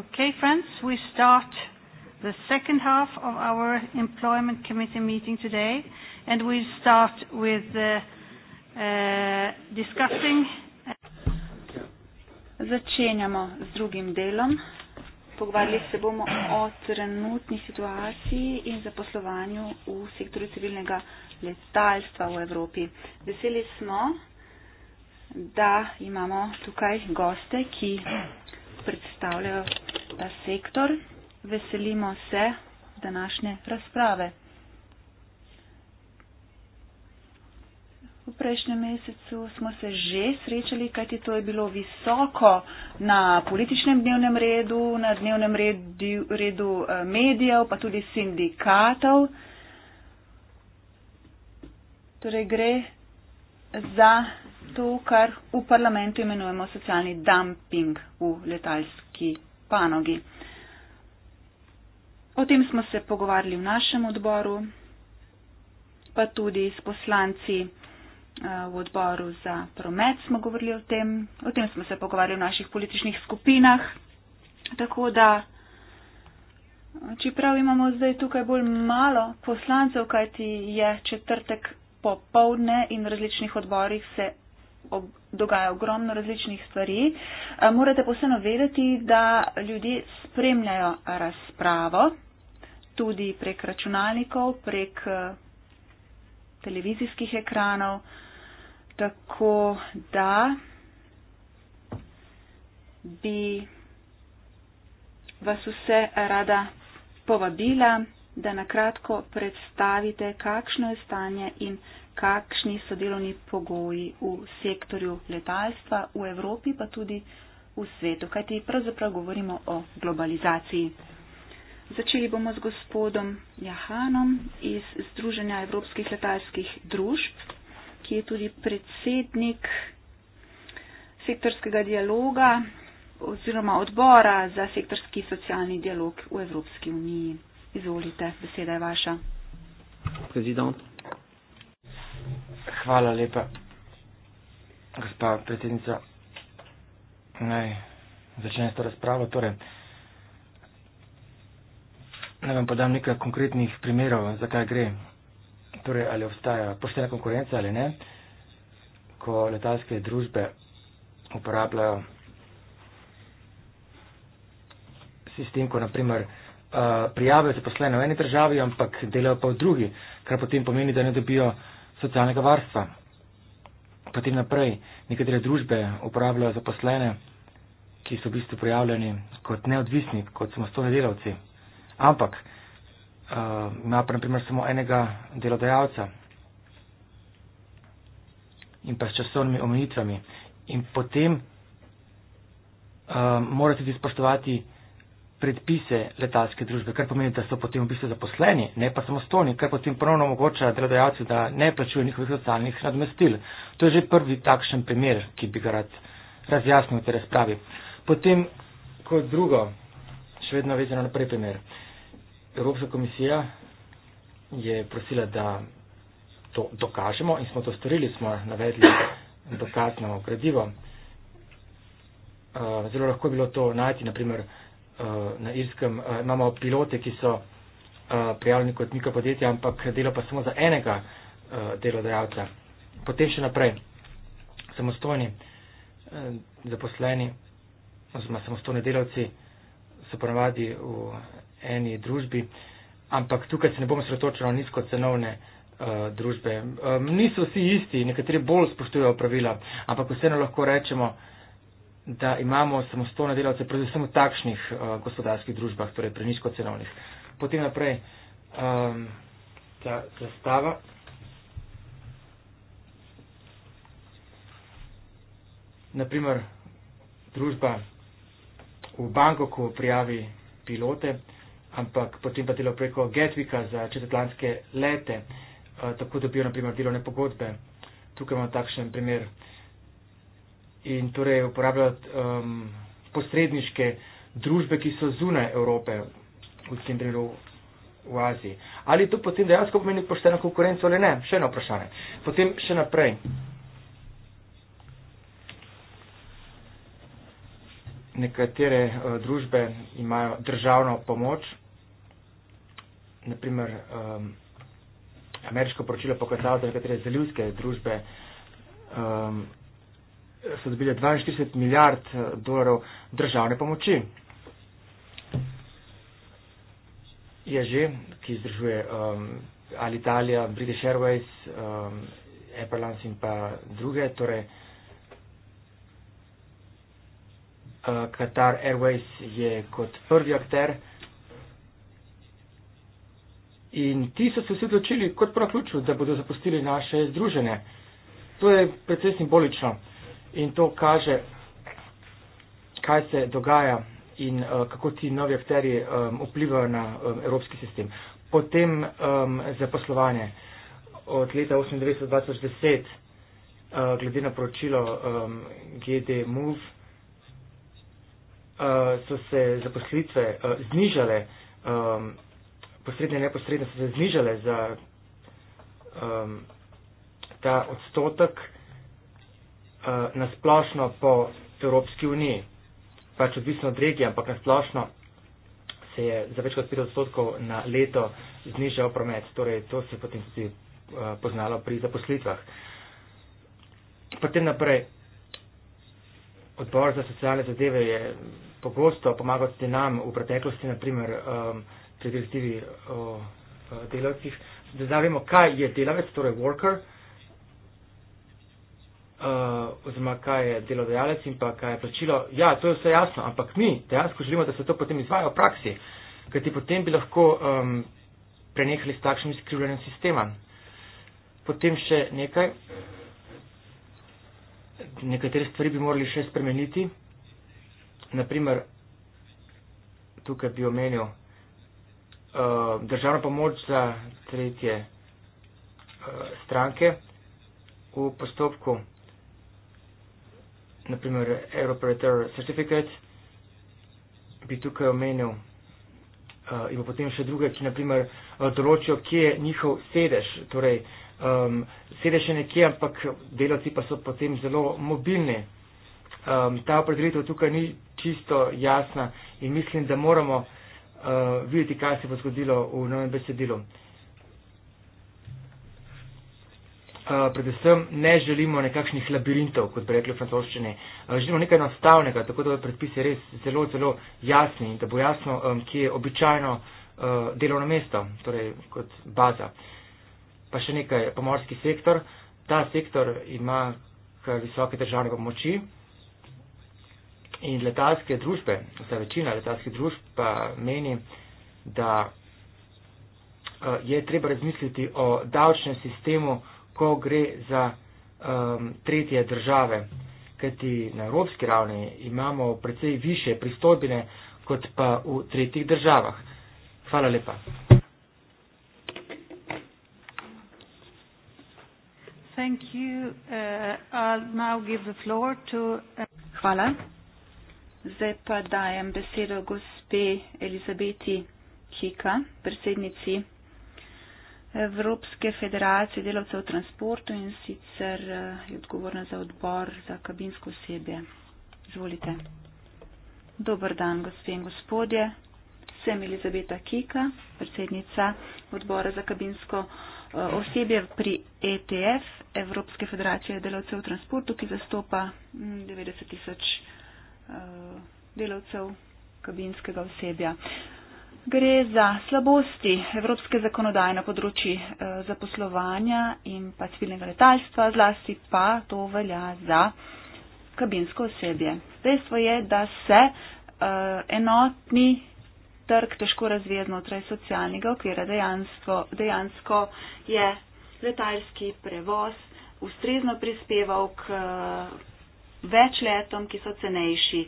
Okay, friends, we start the second half of our employment committee meeting today, and we start with the, uh, uh, discussing. Uh, začenjamo z drugim delom. Pogovarjali se bomo o trenutni situaciji in zaposlovanju v sektorju civilnega letalstva v Evropi. Veseli smo, da imamo tukaj goste, ki predstavljajo ta sektor. Veselimo se današnje razprave. V prejšnjem mesecu smo se že srečali, kajti to je bilo visoko na političnem dnevnem redu, na dnevnem redu, redu eh, medijev, pa tudi sindikatov. Torej gre za to, kar v parlamentu imenujemo socialni dumping v letalski panogi. O tem smo se pogovarjali v našem odboru, pa tudi s poslanci eh, v odboru za promet smo govorili o tem, o tem smo se pogovarjali v naših političnih skupinah. Tako da, čeprav imamo zdaj tukaj bolj malo poslancev, kajti je četrtek popovdne in v različnih odborih se ob, dogaja ogromno različnih stvari, eh, morate posebno vedeti, da ljudje spremljajo razpravo tudi prek računalnikov, prek eh, televizijskih ekranov, tako da bi vas vse rada povabila, da nakratko predstavite, kakšno je stanje in kakšno je stanje kakšni so delovni pogoji v sektorju letalstva v Evropi, pa tudi v svetu, kajti pravzaprav govorimo o globalizaciji. Začeli bomo z gospodom Jahanom iz Združenja evropskih letalskih družb, ki je tudi predsednik sektorskega dialoga oziroma odbora za sektorski socialni dialog v Evropski uniji. Izvolite, beseda je vaša. Predsednik. Hvala lepa, gospa predsednica. Naj začne s to razpravo. Torej, naj vam podam nekaj konkretnih primerov, zakaj gre. Torej, ali obstaja poštena konkurenca ali ne, ko letalske družbe uporabljajo sistem, ko naprimer uh, eh, prijavijo zaposlene v eni državi, ampak delajo pa v drugi, kar potem pomeni, da ne dobijo socialnega varstva. Potem naprej nekatere družbe upravljajo zaposlene, ki so v bistvu prijavljeni kot neodvisni, kot samostojni delavci. Ampak uh, ima pa naprimer samo enega delodajalca in pa s časovnimi omejitvami. In potem uh, mora tudi spoštovati predpise letalske družbe, kar pomeni, da so potem v bistvu zaposleni, ne pa samostojni, kar potem ponovno omogoča delodajalcu, da ne plačuje njihovih socialnih nadomestil. To je že prvi takšen primer, ki bi ga rad razjasnil v tej razpravi. Potem, kot drugo, še vedno vezano na prvi primer. Evropska komisija je prosila, da to dokažemo in smo to storili, smo navedli dokazno gradivo. Eh, zelo lahko je bilo to najti, naprimer, Eh, na Irskem uh, imamo pilote, ki so uh, prijavljeni kot mikropodjetja, ampak delo pa samo za enega uh, delodajalca. Potem še naprej, samostojni uh, zaposleni oziroma samostojni delavci so ponavadi v eni družbi, ampak tukaj se ne bomo sretočili na nizko cenovne uh, družbe. Um, niso vsi isti, nekateri bolj spoštujejo pravila, ampak vseeno lahko rečemo, da imamo samostalne delavce predvsem v takšnih uh, gospodarskih družbah, torej pre nizkocenovnih. Potem naprej um, ta zastava. Naprimer, družba v Bangkoku prijavi pilote, ampak potem pa delo preko Getvika za četatlantske lete, uh, tako dobijo naprimer delovne pogodbe. Tukaj imamo takšen primer in torej uporabljati um, posredniške družbe, ki so zunaj Evrope, v tem primeru v Aziji. Ali to potem dejansko pomeni pošteno konkurenco ali ne? Še eno vprašanje. Potem še naprej. Nekatere uh, družbe imajo državno pomoč, naprimer um, ameriško poročilo pokazalo, da nekatere zaljuske družbe um, so dobile 42 milijard eh, dolarov državne pomoči. Je že, ki združuje um, Alitalia, British Airways, um, Airlines in pa druge, torej uh, Qatar Airways je kot prvi akter in ti so se vsi odločili kot prav ključu, da bodo zapustili naše združene. To je precej simbolično in to kaže, kaj se dogaja in uh, kako ti novi akteri um, vplivajo na um, evropski sistem. Potem um, zaposlovanje od leta 1998-2010, uh, eh, glede na poročilo um, GD Move, uh, so se zaposlitve uh, znižale, um, posredne in neposredne so se znižale za um, ta odstotek. Eh, nasplošno po Evropski uniji, pač odvisno od regije, ampak nasplošno se je za več kot 5 odstotkov na leto znižal promet. Torej, to se je potem tudi eh, poznalo pri zaposlitvah. Potem naprej, odbor za socialne zadeve je pogosto pomagal tudi nam v preteklosti, naprimer ehm, pri direktivi o eh, delavcih, da zavemo, kaj je delavec, torej worker, uh, oziroma kaj je delodajalec in pa kaj je plačilo. Ja, to je vse jasno, ampak mi dejansko želimo, da se to potem izvaja v praksi, ker ti potem bi lahko um, prenehali s takšnim skrivljenjem sistema. Potem še nekaj. Nekatere stvari bi morali še spremeniti. Naprimer, tukaj bi omenil uh, državno pomoč za tretje uh, stranke v postopku naprimer Aeroperator Certificate, bi tukaj omenil uh, in potem še druge, ki naprimer uh, eh, določijo, kje je njihov sedež. Torej, um, sedež je nekje, ampak delavci pa so potem zelo mobilni. Um, ta opredelitev tukaj ni čisto jasna in mislim, da moramo uh, videti, kaj se bo zgodilo v novem besedilu. Uh, Eh, predvsem ne želimo nekakšnih labirintov, kot bi rekli v francoščini. Eh, želimo nekaj enostavnega, tako da bo predpis res zelo, zelo jasni in da bo jasno, kje je običajno eh, delovno mesto, torej kot baza. Pa še nekaj, pomorski sektor. Ta sektor ima kar visoke državne pomoči in letalske družbe, vsaj večina letalskih družb pa meni, da je treba razmisliti o davčnem sistemu ko gre za um, tretje države, kajti na evropski ravni imamo precej više pristojbine kot pa v tretjih državah. Hvala lepa. Uh, uh, Hvala. Zdaj pa dajem besedo gospe Elizabeti Kika, predsednici Evropske federacije delavcev v transportu in sicer eh, je odgovorna za odbor za kabinsko osebje. Izvolite. Dobar dan, gospe in gospodje. Sem Elizabeta Kika, predsednica odbora za kabinsko eh, osebje pri ETF, Evropske federacije delavcev v transportu, ki zastopa 90 mm, tisoč eh, delavcev kabinskega osebja. Gre za slabosti evropske zakonodaje na področji eh, zaposlovanja in pa civilnega letalstva, zlasti pa to velja za kabinsko osebje. Dejstvo je, da se eh, enotni trg težko razvije znotraj socialnega okvira. Dejansko, dejansko je letalski prevoz ustrezno prispeval k eh, več letom, ki so cenejši.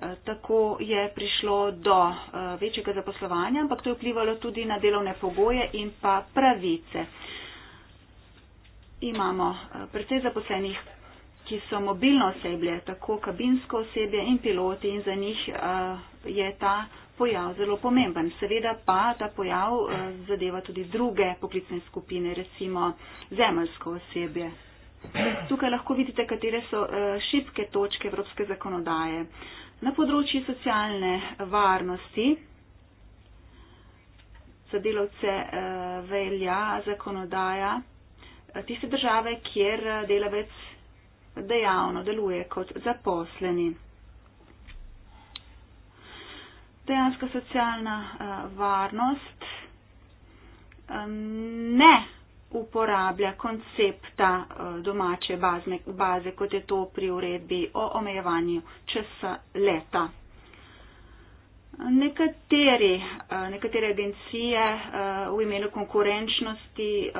Eh, tako je prišlo do eh, večjega zaposlovanja, ampak to je vplivalo tudi na delovne pogoje in pa pravice. Imamo eh, predvsej zaposlenih, ki so mobilno osebje, tako kabinsko osebje in piloti in za njih je ta pojav zelo pomemben. Seveda pa ta pojav zadeva tudi druge poklicne skupine, recimo zemljsko osebje. Tukaj lahko vidite, katere so šipke točke evropske zakonodaje. Na področju socialne eh, varnosti za delavce eh, velja zakonodaja eh, tiste države, kjer delavec dejavno deluje kot zaposleni. Dejanska socialna varnost ne uporablja koncepta eh, domače bazne, baze, kot je to pri uredbi o omejevanju časa leta. Nekateri, eh, nekatere agencije eh, v imenu konkurenčnosti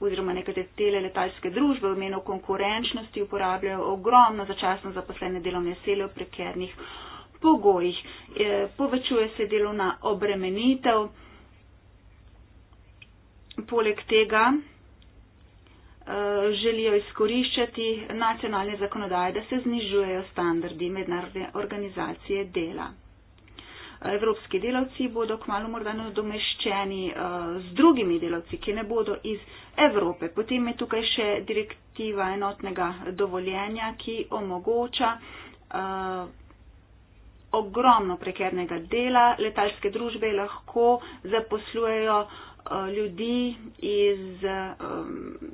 oziroma nekatere tele letalske družbe v imenu konkurenčnosti uporabljajo ogromno začasno zaposlene delovne sile v prekernih pogojih. Povečuje se delovna obremenitev. Poleg tega Eh, želijo izkoriščati nacionalne zakonodaje, da se znižujejo standardi mednarodne organizacije dela. Evropski delavci bodo kmalo morda nadomeščeni eh, z drugimi delavci, ki ne bodo iz Evrope. Potem je tukaj še direktiva enotnega dovoljenja, ki omogoča eh, ogromno prekernega dela. Letalske družbe lahko zaposlujejo Eh, ljudi iz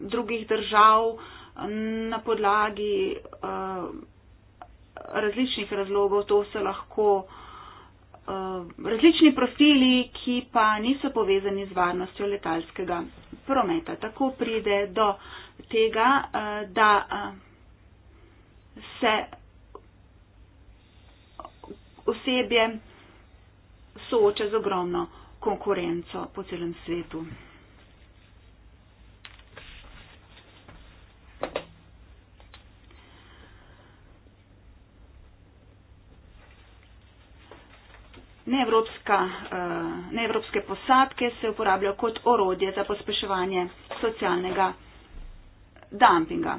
drugih držav na podlagi eh, različnih razlogov. To so lahko eh, različni profili, ki pa niso povezani z varnostjo letalskega prometa. Tako pride do tega, da se osebje sooča z ogromno konkurenco po celem svetu. Neevropska, eh, neevropske posadke se uporabljajo kot orodje za pospeševanje socialnega dumpinga.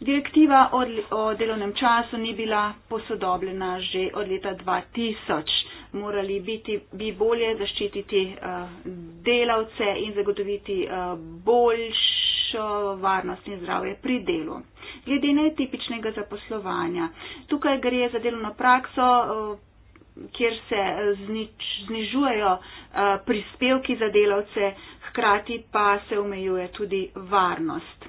Direktiva o delovnem času ni bila posodobljena že od leta 2000 morali biti, bi bolje zaščititi uh, delavce in zagotoviti uh, boljšo varnost in zdravje pri delu. Glede netipičnega zaposlovanja. Tukaj gre za delovno prakso. Uh, kjer se znič, znižujejo uh, prispevki za delavce, hkrati pa se omejuje tudi varnost.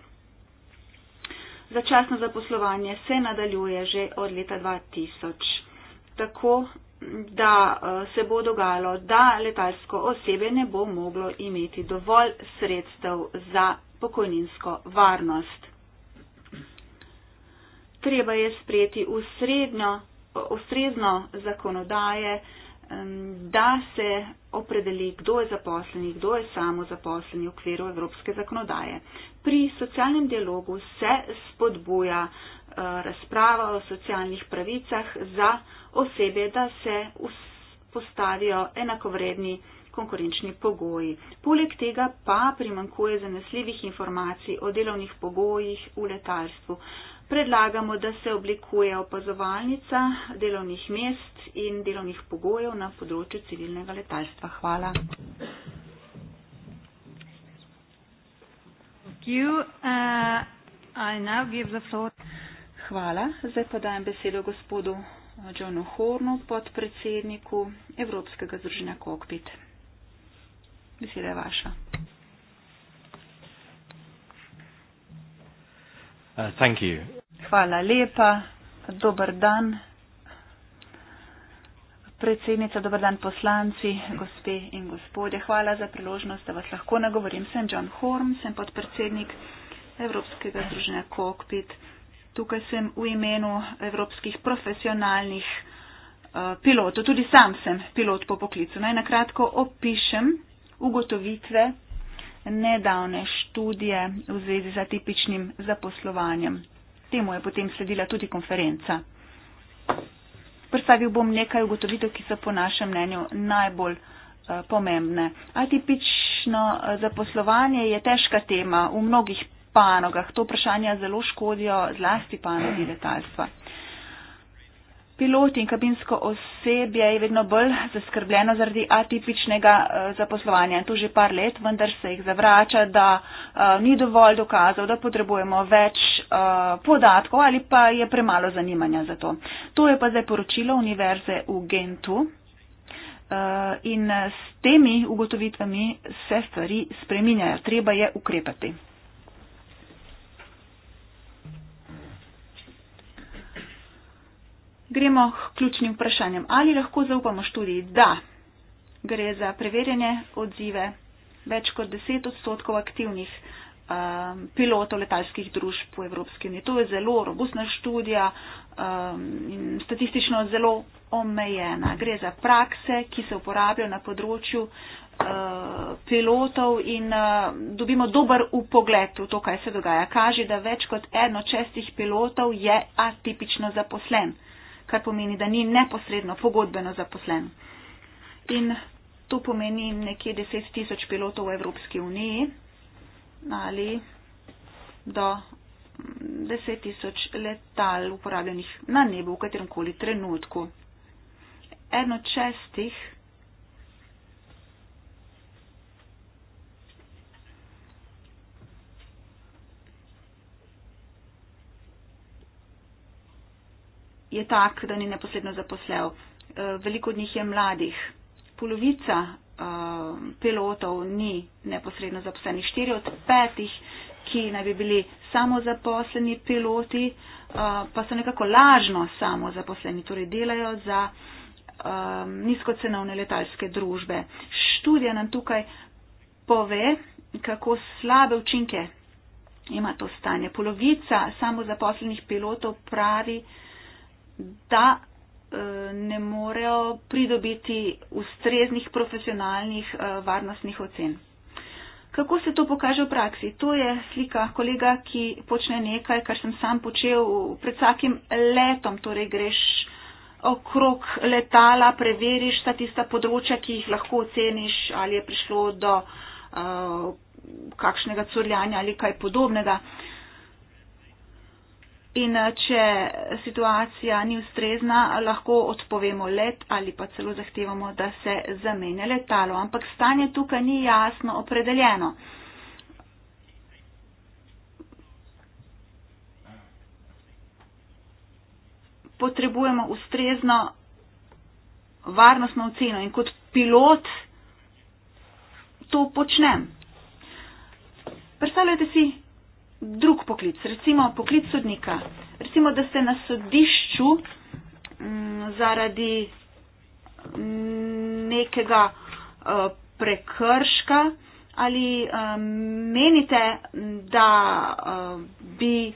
Začasno zaposlovanje se nadaljuje že od leta 2000. Tako da eh, se bo dogajalo, da letalsko osebe ne bo moglo imeti dovolj sredstev za pokojninsko varnost. Treba je sprejeti ustrezno zakonodaje, da se opredeli, kdo je zaposleni, kdo je samozaposleni v okviru evropske zakonodaje. Pri socialnem dialogu se spodbuja eh, razprava o socialnih pravicah za osebe, da se postavijo enakovredni konkurenčni pogoji. Poleg tega pa primankuje zanesljivih informacij o delovnih pogojih v letalstvu. Predlagamo, da se oblikuje opazovalnica delovnih mest in delovnih pogojev na področju civilnega letalstva. Hvala. Uh, Hvala. Zdaj pa dajem besedo gospodu Johnu Hornu, podpredsedniku Evropskega združenja Kokpit. Beseda je vaša. Uh, thank you. Hvala lepa. Dobar dan, predsednica, dobar dan poslanci, gospe in gospode. Hvala za priložnost, da vas lahko nagovorim. Sem John Horn, sem podpredsednik Evropskega združenja Kokpit tukaj sem v imenu evropskih profesionalnih eh, pilotov, tudi sam sem pilot po poklicu. Naj nakratko opišem ugotovitve nedavne študije v zvezi z atipičnim zaposlovanjem. Temu je potem sledila tudi konferenca. Predstavil bom nekaj ugotovitev, ki so po našem mnenju najbolj eh, pomembne. Atipično eh, zaposlovanje je težka tema v mnogih panogah. To vprašanje zelo škodijo zlasti panogi letalstva. Piloti in kabinsko osebje je vedno bolj zaskrbljeno zaradi atipičnega eh, zaposlovanja in to že par let, vendar se jih zavrača, da eh, ni dovolj dokazov, da potrebujemo več eh, podatkov ali pa je premalo zanimanja za to. To je pa zdaj poročilo Univerze v Gentu in s temi ugotovitvami se stvari spreminjajo, treba je ukrepati. gremo k ključnim vprašanjem. Ali lahko zaupamo študiji? Da. Gre za preverjene odzive več kot 10 odstotkov aktivnih um, pilotov letalskih družb v Evropski uniji. To je zelo robustna študija um, in statistično zelo omejena. Gre za prakse, ki se uporabljajo na področju uh, pilotov in uh, dobimo dober upogled v to, kaj se dogaja. Kaže, da več kot eno čestih pilotov je atipično zaposlen. Uh, kar pomeni, da ni neposredno pogodbeno zaposlen. In to pomeni nekje 10 tisoč pilotov v Evropski uniji ali do 10 mm, tisoč letal uporabljenih na nebu v katerem koli trenutku. Eno čestih je tak, da ni neposredno zaposlel. Eh, veliko od njih je mladih. Polovica eh, pilotov ni neposredno zaposlenih. Štiri od petih, ki naj bi bili samozaposleni piloti, eh, pa so nekako lažno samozaposleni, torej delajo za nizkocenovne letalske družbe. Študija nam tukaj pove, kako slabe učinke ima to stanje. Polovica samozaposlenih pilotov pravi, da eh, ne morejo pridobiti ustreznih profesionalnih eh, varnostnih ocen. Kako se to pokaže v praksi? To je slika kolega, ki počne nekaj, kar sem sam počel pred vsakim letom. Torej greš okrog letala, preveriš ta tista področja, ki jih lahko oceniš, ali je prišlo do uh, kakšnega curljanja ali kaj podobnega. Uh, in eh, če situacija ni ustrezna, lahko odpovemo let ali pa celo zahtevamo, da se zamenja letalo. Ampak stanje tukaj ni jasno opredeljeno. Potrebujemo ustrezno varnostno oceno in kot pilot to počnem. Predstavljajte si, drug poklic, recimo poklic sodnika. Recimo, da ste na sodišču mm, zaradi mm, nekega eh, prekrška ali eh, menite, da eh, bi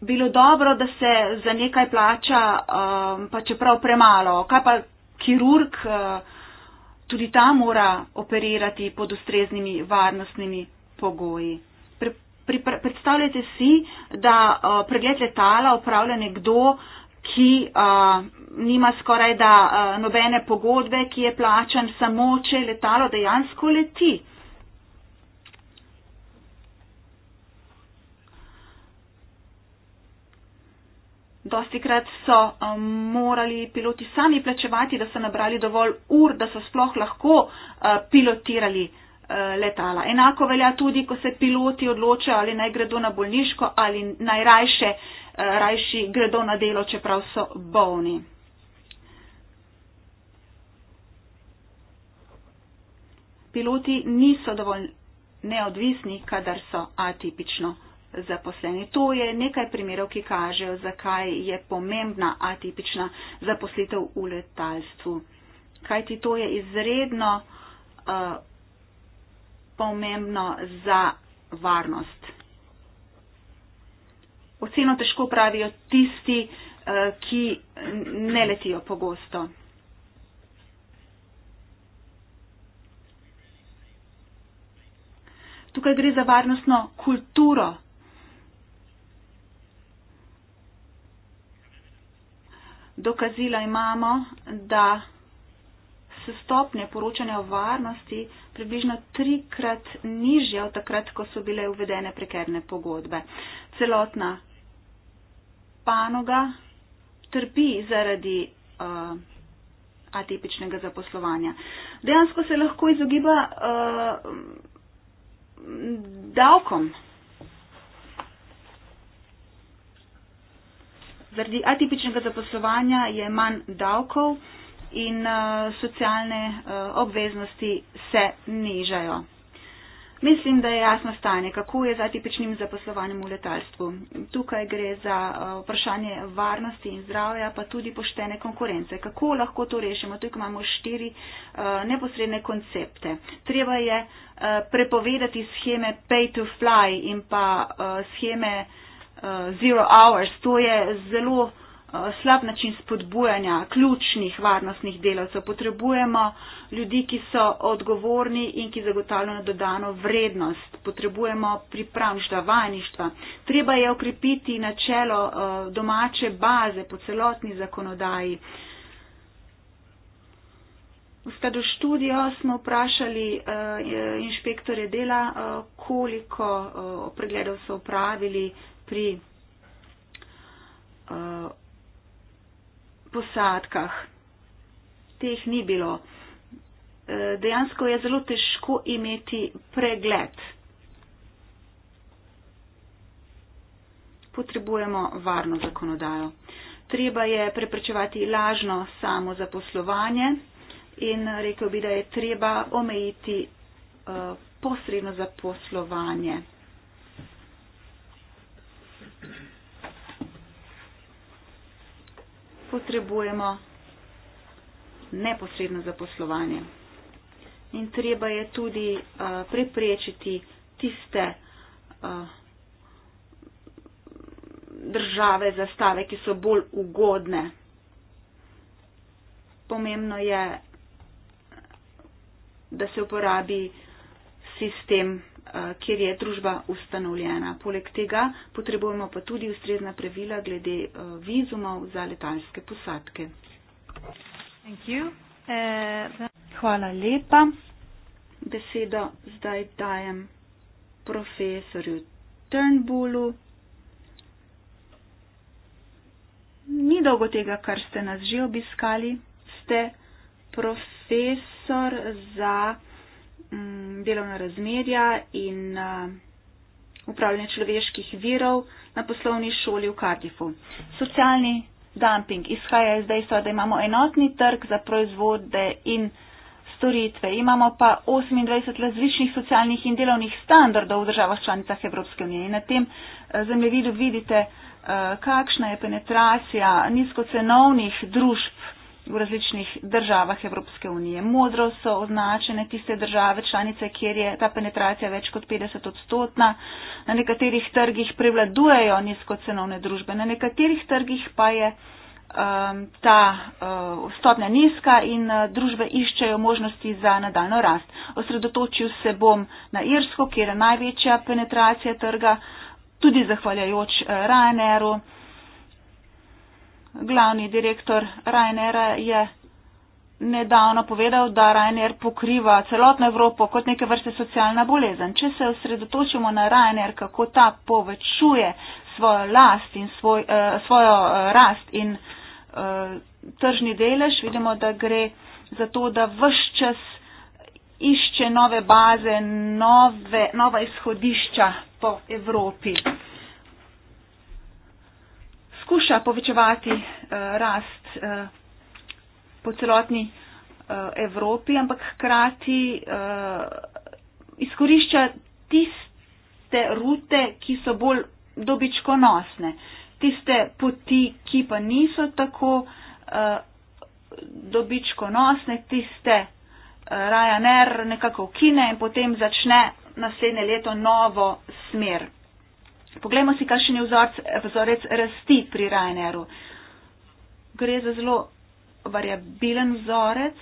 bilo dobro, da se za nekaj plača, pa čeprav premalo. Kaj pa kirurg? tudi ta mora operirati pod ustreznimi varnostnimi pogoji. Pre, pre, pre, predstavljajte si, da a, uh, pregled letala upravlja nekdo, ki a, uh, nima skoraj da a, uh, nobene pogodbe, ki je plačan samo, če letalo dejansko leti. Dostikrat so um, morali piloti sami plačevati, da so nabrali dovolj ur, da so sploh lahko uh, pilotirali uh, letala. Enako velja tudi, ko se piloti odločajo, ali naj gredo na bolniško ali naj rajše, uh, rajši gredo na delo, čeprav so bolni. Piloti niso dovolj neodvisni, kadar so atipično zaposleni. To je nekaj primerov, ki kažejo, zakaj je pomembna atipična zaposlitev v letalstvu. Kaj ti to je izredno uh, pomembno za varnost. Oceno težko pravijo tisti, eh, ki ne letijo pogosto. Tukaj gre za varnostno kulturo. dokazila imamo, da so stopnje poročanja o varnosti približno trikrat nižje od takrat, ko so bile uvedene prekerne pogodbe. Celotna panoga trpi zaradi uh, atipičnega zaposlovanja. Dejansko se lahko izogiba uh, davkom. Zaradi atipičnega zaposlovanja je manj davkov in uh, socialne uh, obveznosti se nižajo. Mislim, da je jasno stanje, kako je z atipičnim zaposlovanjem v letalstvu. Tukaj gre za uh, vprašanje varnosti in zdravja, pa tudi poštene konkurence. Kako lahko to rešimo? Tukaj imamo štiri uh, neposredne koncepte. Treba je uh, prepovedati scheme pay to fly in pa uh, scheme uh, uh, zero hours. To je zelo uh, slab način spodbujanja ključnih varnostnih delavcev. Potrebujemo ljudi, ki so odgovorni in ki zagotavljajo dodano vrednost. Potrebujemo pripravništva, vajništva. Treba je okrepiti načelo uh, domače baze po celotni zakonodaji. V skladu študijo smo vprašali uh, inšpektore dela, uh, koliko uh, pregledov so upravili uh, pri uh, posadkah. Teh ni bilo. Uh, dejansko je zelo težko imeti pregled. Potrebujemo varno zakonodajo. Treba je preprečevati lažno samo zaposlovanje in rekel bi, da je treba omejiti uh, posredno zaposlovanje. potrebujemo neposredno zaposlovanje. In treba je tudi uh, preprečiti tiste uh, države zastave, ki so bolj ugodne. Pomembno je, da se uporabi sistem. Eh, kjer je družba ustanovljena. Poleg tega potrebujemo pa tudi ustrezna pravila glede eh, vizumov za letalske posadke. Eh, Hvala lepa. Besedo zdaj dajem profesorju Turnbullu. Ni dolgo tega, kar ste nas že obiskali. Ste profesor za. Mm, delovna razmerja in upravljanje človeških virov na poslovni šoli v Cardiffu. Socialni dumping izhaja iz dejstva, da imamo enotni trg za proizvode in storitve. Imamo pa 28 različnih socialnih in delovnih standardov v državah članicah Evropske unije. In na tem zemljevidu vidite, kakšna je penetracija nizkocenovnih družb v različnih državah Evropske unije. Modro so označene tiste države članice, kjer je ta penetracija več kot 50 odstotna. Na nekaterih trgih prevladujejo nizkocenovne družbe, na nekaterih trgih pa je um, ta um, stopnja nizka in uh, družbe iščejo možnosti za nadaljno rast. Osredotočil se bom na Irsko, kjer je največja penetracija trga, tudi zahvaljajoč uh, Ryanairu glavni direktor Rajnera je nedavno povedal, da Rajner pokriva celotno Evropo kot neke vrste socialna bolezen. Če se osredotočimo na Rajner, kako ta povečuje svojo last in svoj, eh, svojo eh, rast in eh, tržni delež, vidimo, da gre za to, da vse čas išče nove baze, nove, nova izhodišča po Evropi skuša povečevati eh, rast eh, po celotni eh, Evropi, ampak hkrati izkorišča tiste rute, ki so bolj dobičkonosne, tiste poti, ki pa niso tako dobičkonosne, tiste Ryanair nekako ukine in potem začne naslednje leto novo smer. Poglejmo si, kakšen je vzorc, vzorec rasti pri Ryanairu. Gre za zelo variabilen vzorec.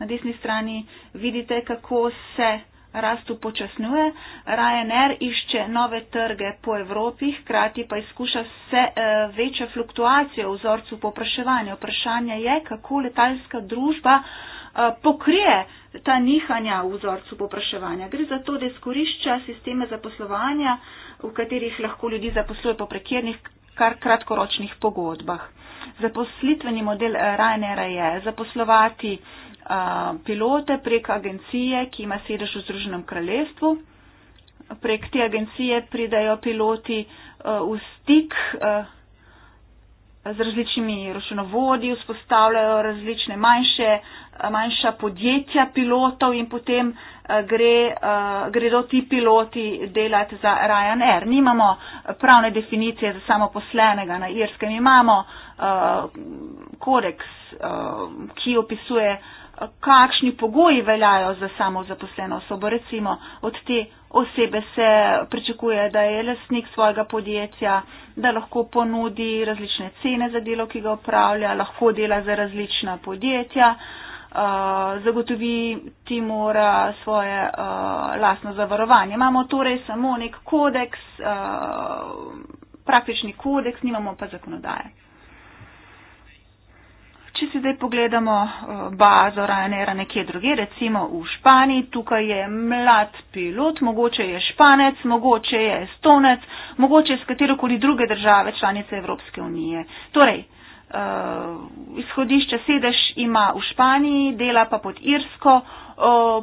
Na desni strani vidite, kako se rast upočasnjuje. Ryanair išče nove trge po Evropi, hkrati pa izkuša vse eh, večjo fluktuacijo v vzorcu popraševanja. Vprašanje je, kako letalska družba Eh, pokrije ta nihanja v vzorcu popraševanja. Gre za to, da izkorišča sisteme zaposlovanja, v katerih lahko ljudi zaposluje po prekernih kar kratkoročnih pogodbah. Zaposlitveni model Rajnera je zaposlovati a, eh, pilote prek agencije, ki ima sedež v Združenem kraljestvu. Prek te agencije pridajo piloti a, eh, v stik. A, z različnimi računovodji, vzpostavljajo različne manjše, manjša podjetja pilotov in potem eh, gre, eh, gredo ti piloti delati za Ryanair. Nimamo pravne definicije za samoposlenega na Irskem, imamo eh, kodeks, ki opisuje, kakšni pogoji veljajo za samozaposleno osobo, recimo od te osebe se pričakuje, da je lasnik svojega podjetja, da lahko ponudi različne cene za delo, ki ga upravlja, lahko dela za različna podjetja, uh, zagotovi ti mora svoje uh, lastno zavarovanje. Imamo torej samo nek kodeks, uh, praktični kodeks, nimamo pa zakonodaje. Če si zdaj pogledamo eh, bazo Ryanaira nekje druge, recimo v Španiji, tukaj je mlad pilot, mogoče je španec, mogoče je estonec, mogoče iz katerokoli druge države članice Evropske unije. Torej, Uh, izhodišče sedež ima v Španiji, dela pa pod Irsko, uh,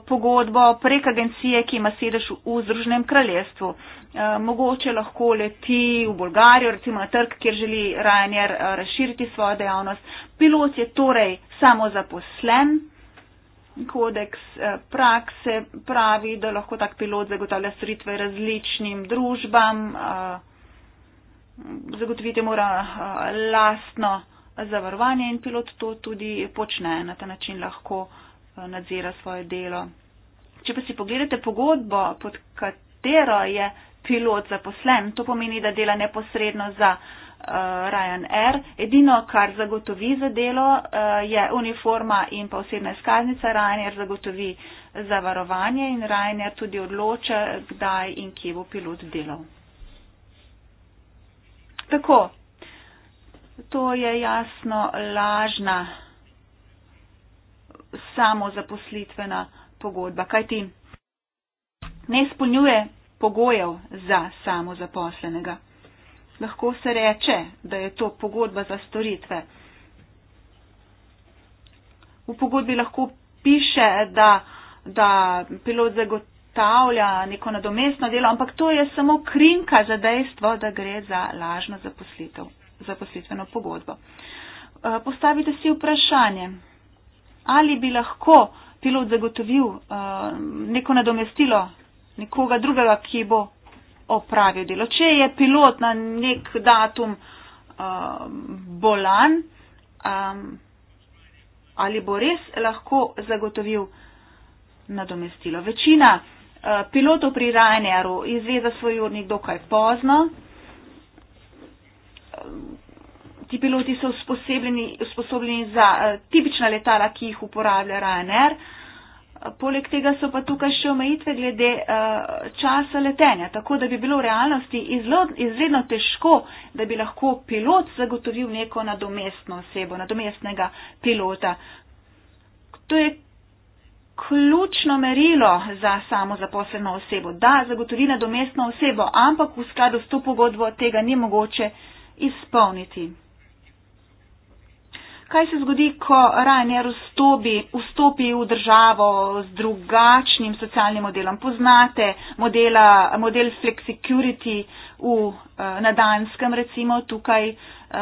pogodbo prek agencije, ki ima sedež v Združenem kraljestvu. E, mogoče lahko leti v Bolgarijo, recimo na trg, kjer želi Ryanair e, razširiti svojo dejavnost. Pilot je torej samo zaposlen. Kodeks e, prakse pravi, da lahko tak pilot zagotavlja sritve različnim družbam, zagotoviti mora lastno zavarovanje in pilot to tudi počne. Na ta način lahko nadzira svoje delo. Če pa si pogledate pogodbo, pod katero je pilot zaposlen, to pomeni, da dela neposredno za uh, Ryanair. Edino, kar zagotovi za delo, uh, je uniforma in pa osebna izkaznica. Ryanair zagotovi zavarovanje in Ryanair tudi odloča, kdaj in kje bo pilot delal. Tako, to je jasno lažna samozaposlitvena pogodba, kajti ne izpolnjuje pogojev za samozaposlenega. Lahko se reče, da je to pogodba za storitve. V pogodbi lahko piše, da, da pilot zagotavlja neko nadomestno delo, ampak to je samo krinka za dejstvo, da gre za lažno zaposlitev, zaposlitveno pogodbo. Eh, postavite si vprašanje, ali bi lahko pilot zagotovil uh, neko nadomestilo nekoga drugega, ki bo opravil delo. Če je pilot na nek datum uh, bolan, um, ali bo res lahko zagotovil nadomestilo. Večina uh, pilotov pri Ryanairu izve za svoj urnik dokaj pozno. Uh, ti piloti so usposobljeni za uh, tipična letala, ki jih uporablja Ryanair. Eh, poleg tega so pa tukaj še omejitve glede uh, časa letenja, tako da bi bilo v realnosti izlo, izredno težko, da bi lahko pilot zagotovil neko nadomestno osebo, nadomestnega pilota. To je ključno merilo za samo zaposleno osebo, da zagotovi nadomestno osebo, ampak v skladu s to pogodbo tega ni mogoče izpolniti kaj se zgodi, ko Ryanair vstopi, vstopi v državo z drugačnim socialnim modelom. Poznate modela, model flexicurity v, eh, na Danskem, recimo tukaj uh,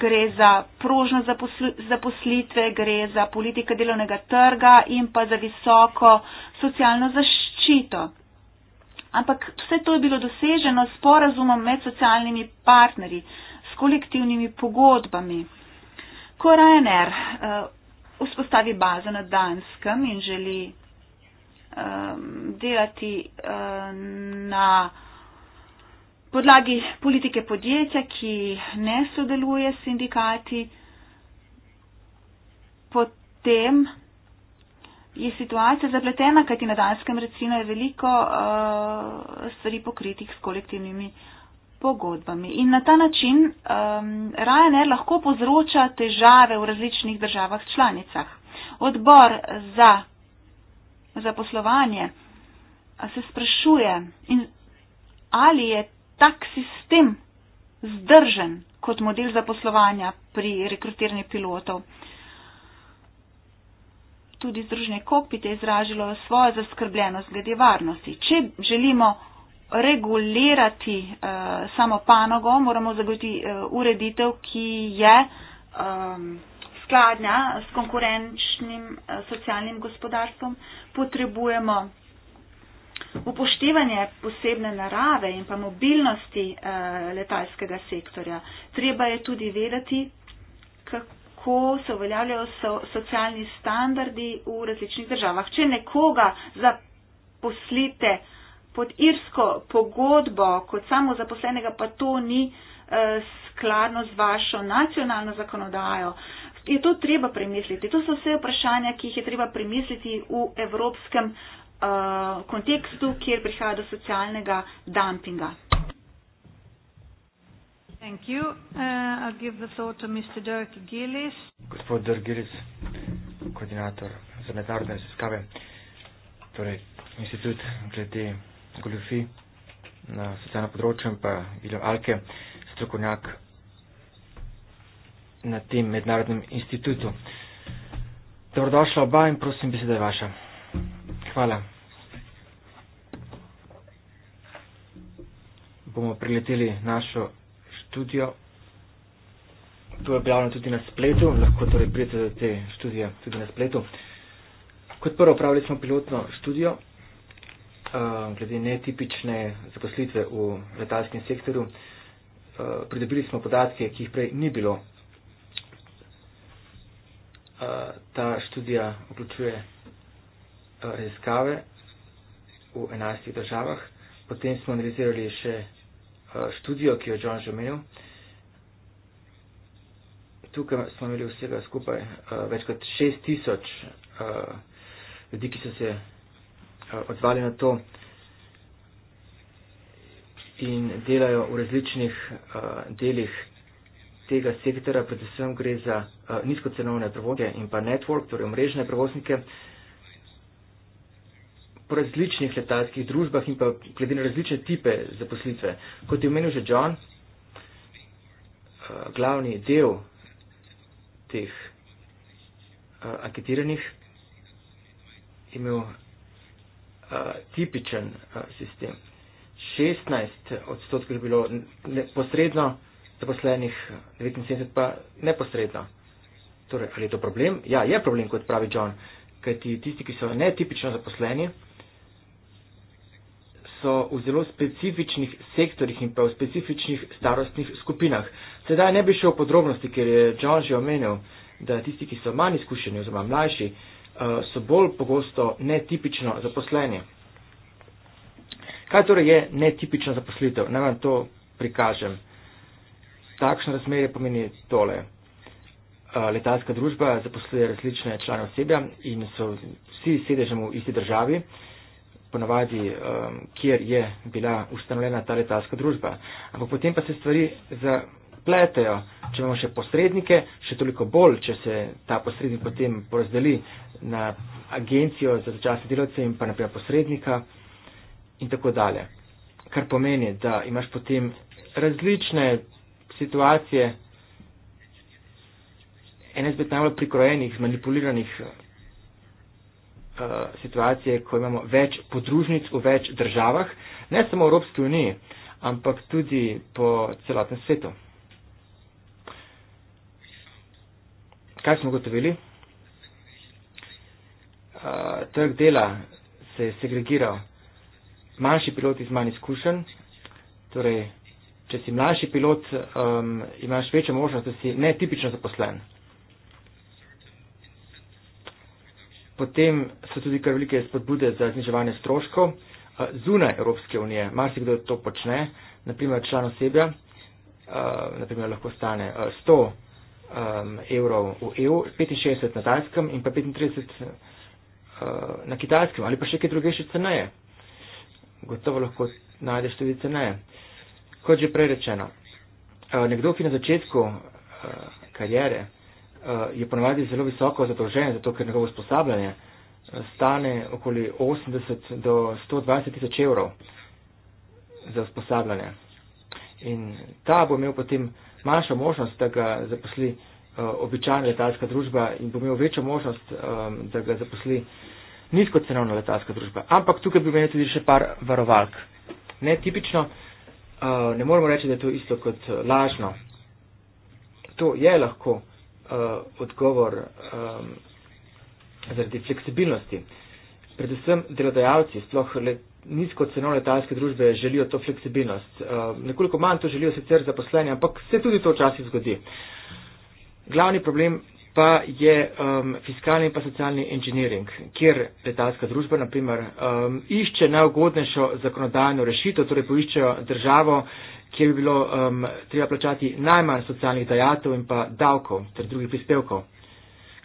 gre za prožnost zaposlitve, gre za politike delovnega trga in pa za visoko socialno zaščito. Ampak vse to je bilo doseženo s porazumom med socialnimi partnerji, s kolektivnimi pogodbami. Ko Ryanair uh, vzpostavi bazo na Danskem in želi um, delati uh, na podlagi politike podjetja, ki ne sodeluje s sindikati, potem je situacija zapletena, kajti na Danskem recimo je veliko uh, stvari pokritih s kolektivnimi. Uh, pogodbami. In na ta način um, Ryanair lahko povzroča težave v različnih državah članicah. Odbor za zaposlovanje se sprašuje, in, ali je tak sistem zdržen kot model zaposlovanja pri rekrutiranju pilotov. Tudi združenje kopite je izražilo svojo zaskrbljenost glede varnosti. Če želimo regulirati uh, samo panogo, moramo zagotoviti uh, ureditev, ki je um, skladna s konkurenčnim uh, socialnim gospodarstvom. Potrebujemo upoštevanje posebne narave in pa mobilnosti uh, letalskega sektorja. Treba je tudi vedeti, kako se uveljavljajo so, socialni standardi v različnih državah. Če nekoga zaposlite, uh, pod irsko pogodbo kot samozaposlenega, pa to ni eh, skladno z vašo nacionalno zakonodajo. Je to treba premisliti. To so vse vprašanja, ki jih je treba premisliti v evropskem uh, kontekstu, kjer prihaja do socialnega dumpinga. Uh, Gospod Dirgilis, koordinator za mednarodne raziskave, torej institut glede goljofi na socialnem področju in pa Viljam Alke, strokovnjak na tem mednarodnem institutu. Dobrodošla oba in prosim, beseda je vaša. Hvala. Bomo prileteli našo študijo. To je objavljeno tudi na spletu, lahko torej prijete do te študije tudi na spletu. Kot prvo, upravili smo pilotno študijo. Eh, glede netipične zaposlitve v letalskem sektorju. Eh, pridobili smo podatke, ki jih prej ni bilo. Eh, ta študija vključuje raziskave v enajstih državah. Potem smo analizirali še študijo, ki jo John že omenil. Tukaj smo imeli vsega skupaj več kot 6000 ljudi, ki so se odzvali na to in delajo v različnih eh, delih tega sektora, predvsem gre za eh, nizkocenovne prevoge in pa network, torej mrežne prevoznike. Po različnih letalskih družbah in pa glede na različne tipe zaposlitve. Kot je omenil že John, eh, glavni del teh anketiranih je imel Eh, tipičen eh, sistem. 16 odstotkov je bilo neposredno zaposlenih, 79 pa neposredno. Torej, ali je to problem? Ja, je problem, kot pravi John, kajti tisti, ki so netipično zaposleni, so v zelo specifičnih sektorjih in pa v specifičnih starostnih skupinah. Sedaj ne bi šel v podrobnosti, ker je John že omenil, da tisti, ki so manj izkušeni oziroma mlajši, uh, so bolj pogosto netipično zaposleni. Kaj torej je netipična zaposlitev? Naj vam to prikažem. Takšno razmerje pomeni tole. Eh, letalska družba zaposluje različne člane osebja in so vsi sedežemo v isti državi, ponavadi, eh, kjer je bila ustanovljena ta letalska družba. Ampak potem pa se stvari za pletejo, če imamo še posrednike, še toliko bolj, če se ta posrednik potem porazdeli na agencijo za začasne delavce in pa naprej posrednika in tako dalje. Kar pomeni, da imaš potem različne situacije, ene izmed najbolj prikrojenih, zmanipuliranih eh, situacije, ko imamo več podružnic v več državah, ne samo v Evropski uniji, ampak tudi po celotnem svetu. kaj smo gotovili? Uh, trg dela se je segregiral. Manjši pilot iz manj izkušen, torej, če si mlajši pilot, um, imaš večjo možnost, da si netipično zaposlen. Potem so tudi kar velike spodbude za zniževanje stroškov uh, zunaj Evropske unije. Marsikdo to počne, naprimer član osebja, uh, naprimer lahko stane uh, 100 um, evrov v EU, 65 na Tajskem in pa 35 uh, na Kitajskem ali pa še kaj druge še ceneje. Gotovo lahko najdeš tudi ceneje. Kot že prej rečeno, uh, nekdo, ki na začetku uh, karijere uh, je ponovadi zelo visoko zadolžen, zato ker njegovo usposabljanje uh, stane okoli 80 do 120 tisoč evrov za usposabljanje. In ta bo imel potem uh, manjša možnost, da ga zaposli uh, običajna letalska družba in bo imel večjo možnost, um, da ga zaposli nizko cenovna letalska družba. Ampak tukaj bi imeli tudi še par varovalk. Netipično, uh, ne moremo reči, da je to isto kot lažno. To je lahko uh, odgovor um, zaradi fleksibilnosti. Predvsem delodajalci, sploh let, nizko ceno letalske družbe želijo to fleksibilnost. Eh, nekoliko manj to želijo sicer zaposleni, ampak se tudi to včasih zgodi. Glavni problem pa je um, fiskalni in pa socialni inženiring, kjer letalska družba, na primer, um, išče najugodnejšo zakonodajno rešitev, torej poiščejo državo, kjer bi bilo um, treba plačati najmanj socialnih dajatov in pa davkov ter drugih prispevkov.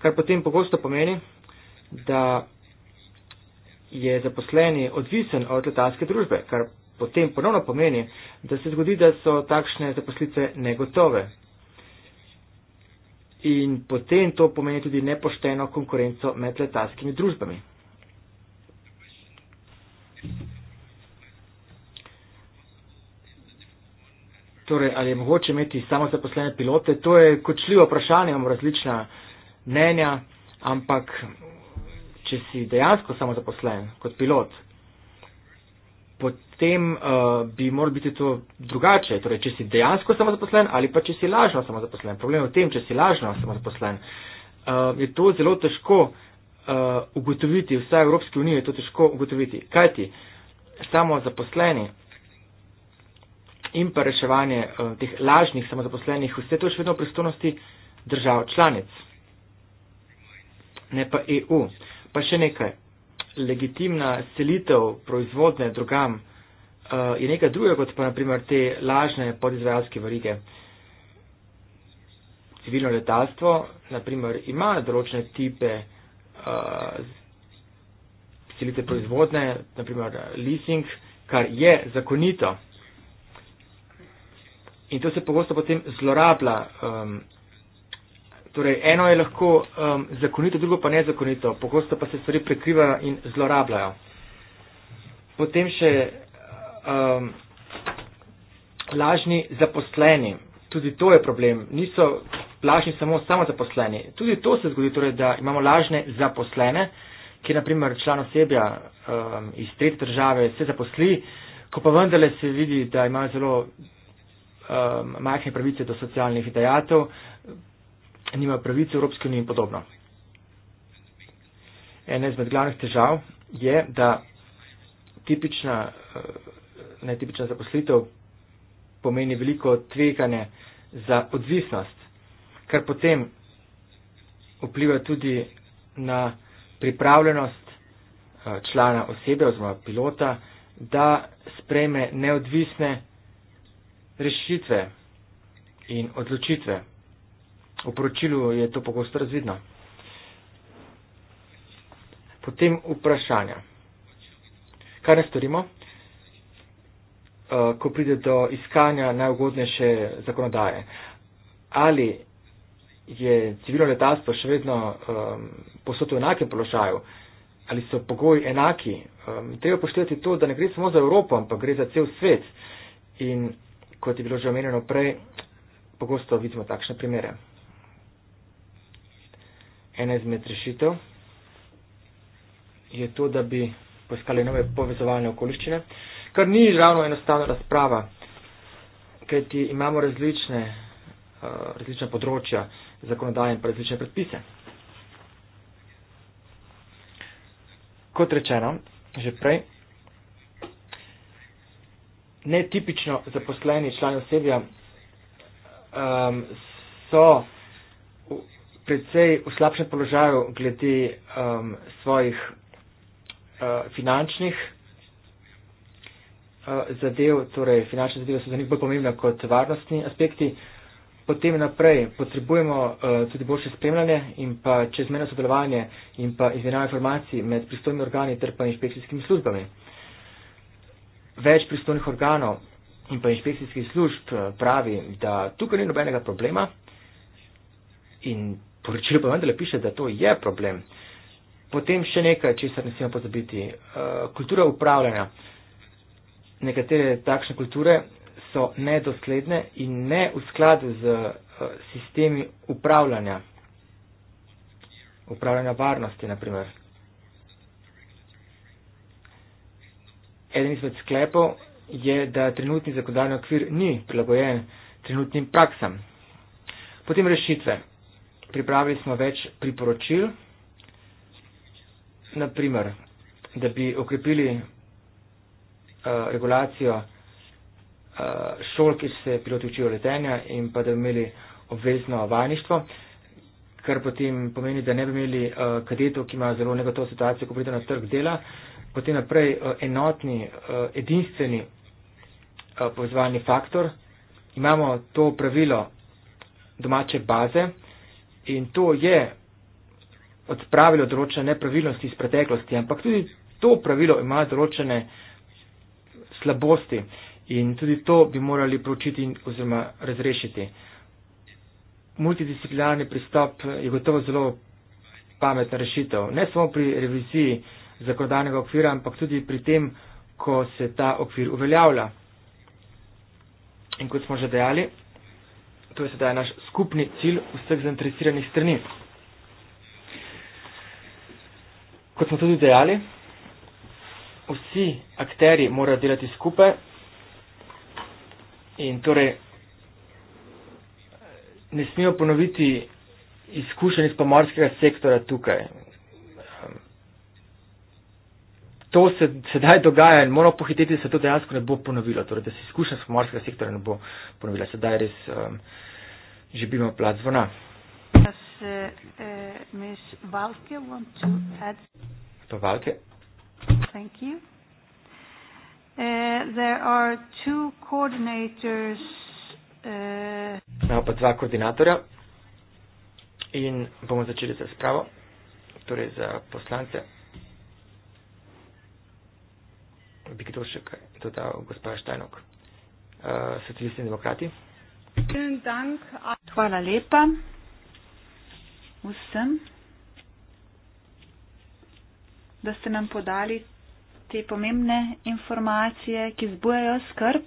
Kar potem pogosto pomeni, da je zaposleni odvisen od letalske družbe, kar potem ponovno pomeni, da se zgodi, da so takšne zaposlice negotove. In potem to pomeni tudi nepošteno konkurenco med letalskimi družbami. Torej, ali je mogoče imeti samo zaposlene pilote, to je kočljivo vprašanje, imamo različna mnenja, ampak če si dejansko samozaposlen kot pilot, potem uh, bi moral biti to drugače. Torej, če si dejansko samozaposlen ali pa če si lažno samozaposlen. Problem je v tem, če si lažno samozaposlen. Uh, je to zelo težko uh, ugotoviti, vsaj v Evropski uniji je to težko ugotoviti. Kaj ti? Samozaposleni in pa reševanje uh, teh lažnih samozaposlenih, vse to je še vedno v pristojnosti držav članic, ne pa EU. Pa še nekaj. Legitimna selitev proizvodne drugam uh, je nekaj drugega, kot pa naprimer te lažne podizvajalske verige. Civilno letalstvo naprimer, ima določene tipe uh, selitve proizvodne, naprimer leasing, kar je zakonito. In to se pogosto potem zlorablja. Um, Torej, eno je lahko um, zakonito, drugo pa nezakonito. Pogosto pa se stvari prekrivajo in zlorabljajo. Potem še um, lažni zaposleni. Tudi to je problem. Niso lažni samo samo zaposleni. Tudi to se zgodi, torej, da imamo lažne zaposlene, ki je naprimer član osebja um, iz tretje države, se zaposli, ko pa vendarle se vidi, da imajo zelo um, majhne pravice do socialnih dejatov, uh, nimajo pravice v Evropski uniji in podobno. Ena izmed glavnih težav je, da tipična, eh, netipična zaposlitev pomeni veliko tveganje za odvisnost, kar potem vpliva tudi na pripravljenost eh, člana osebe oziroma pilota, da sprejme neodvisne rešitve in odločitve. V poročilu je to pogosto razvidno. Potem vprašanja. Kaj ne storimo, eh, ko pride do iskanja najugodnejše zakonodaje? Ali je civilno letalstvo še vedno um, posod v enakem položaju? Ali so pogoji enaki? Um, treba poštevati to, da ne gre samo za Evropo, ampak gre za cel svet. In kot je bilo že omenjeno prej, pogosto vidimo takšne primere. Ena izmed rešitev je to, da bi poiskali nove povezovalne okoliščine, kar ni ravno enostavna razprava, kajti imamo različne, eh, različne področja zakonodaje in pa različne predpise. Kot rečeno, že prej, netipično zaposleni člani osebja um, so precej v slabšem položaju glede um, svojih uh, finančnih uh, zadev, torej finančne zadeve so za njih bolj pomembne kot varnostni aspekti. Potem naprej potrebujemo uh, tudi boljše spremljanje in pa čezmeno sodelovanje in pa izmenjavo informacij med pristojnimi organi ter pa inšpekcijskimi službami. Več pristojnih organov in pa inšpekcijskih služb uh, pravi, da tukaj ni nobenega problema in poročilu pa vendarle piše, da to je problem. Potem še nekaj, česar ne smemo pozabiti. Eh, kultura upravljanja. Nekatere takšne kulture so nedosledne in ne v skladu z eh, sistemi upravljanja. Upravljanja varnosti, naprimer. Eden izmed sklepov je, da trenutni zakonodajni okvir ni prilagojen trenutnim praksam. Potem rešitve pripravili smo več priporočil, naprimer, da bi okrepili uh, regulacijo uh, šol, ki se piloti učijo letenja in pa da bi imeli obvezno vajništvo, kar potem pomeni, da ne bi imeli uh, kadetov, ki imajo zelo negotovo situacijo, ko pride na trg dela, potem naprej uh, enotni, uh, edinstveni uh, povezovalni faktor. Imamo to pravilo domače baze, in to je odpravilo določene nepravilnosti iz preteklosti, ampak tudi to pravilo ima določene slabosti in tudi to bi morali pročiti oziroma razrešiti. Multidisciplinarni pristop je gotovo zelo pametna rešitev, ne samo pri reviziji zakonodajnega okvira, ampak tudi pri tem, ko se ta okvir uveljavlja. In kot smo že dejali, To je sedaj naš skupni cilj vseh zainteresiranih strani. Kot smo tudi dejali, vsi akteri morajo delati skupaj in torej ne smijo ponoviti izkušenj iz pomorskega sektora tukaj. to se sedaj dogaja in moramo pohiteti, da se to dejansko ne bo ponovilo, torej da se izkušnja s pomorskega sektora ne bo ponovila. Sedaj res um, že bimo plat zvona. Eh, eh, to valke. Thank you. Uh, there are two coordinators. Uh, Imamo pa dva koordinatorja in bomo začeli z razpravo, torej za poslance. Bikdošek dodal gospod Štajnok. Eh, socialisti in demokrati. Hvala lepa vsem, da ste nam podali te pomembne informacije, ki zbujajo skrb.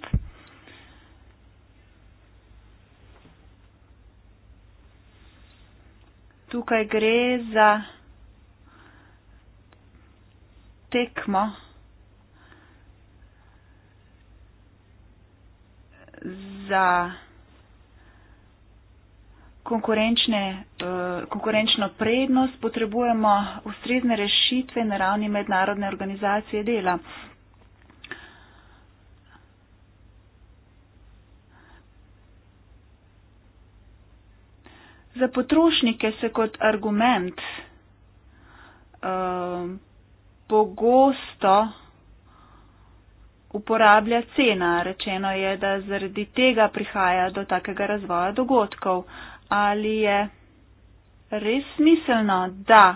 Tukaj gre za tekmo. za eh, konkurenčno prednost potrebujemo ustrezne rešitve na ravni mednarodne organizacije dela. Za potrošnike se kot argument uh, pogosto uporablja cena. Rečeno je, da zaradi tega prihaja do takega razvoja dogodkov. Ali je res smiselno, da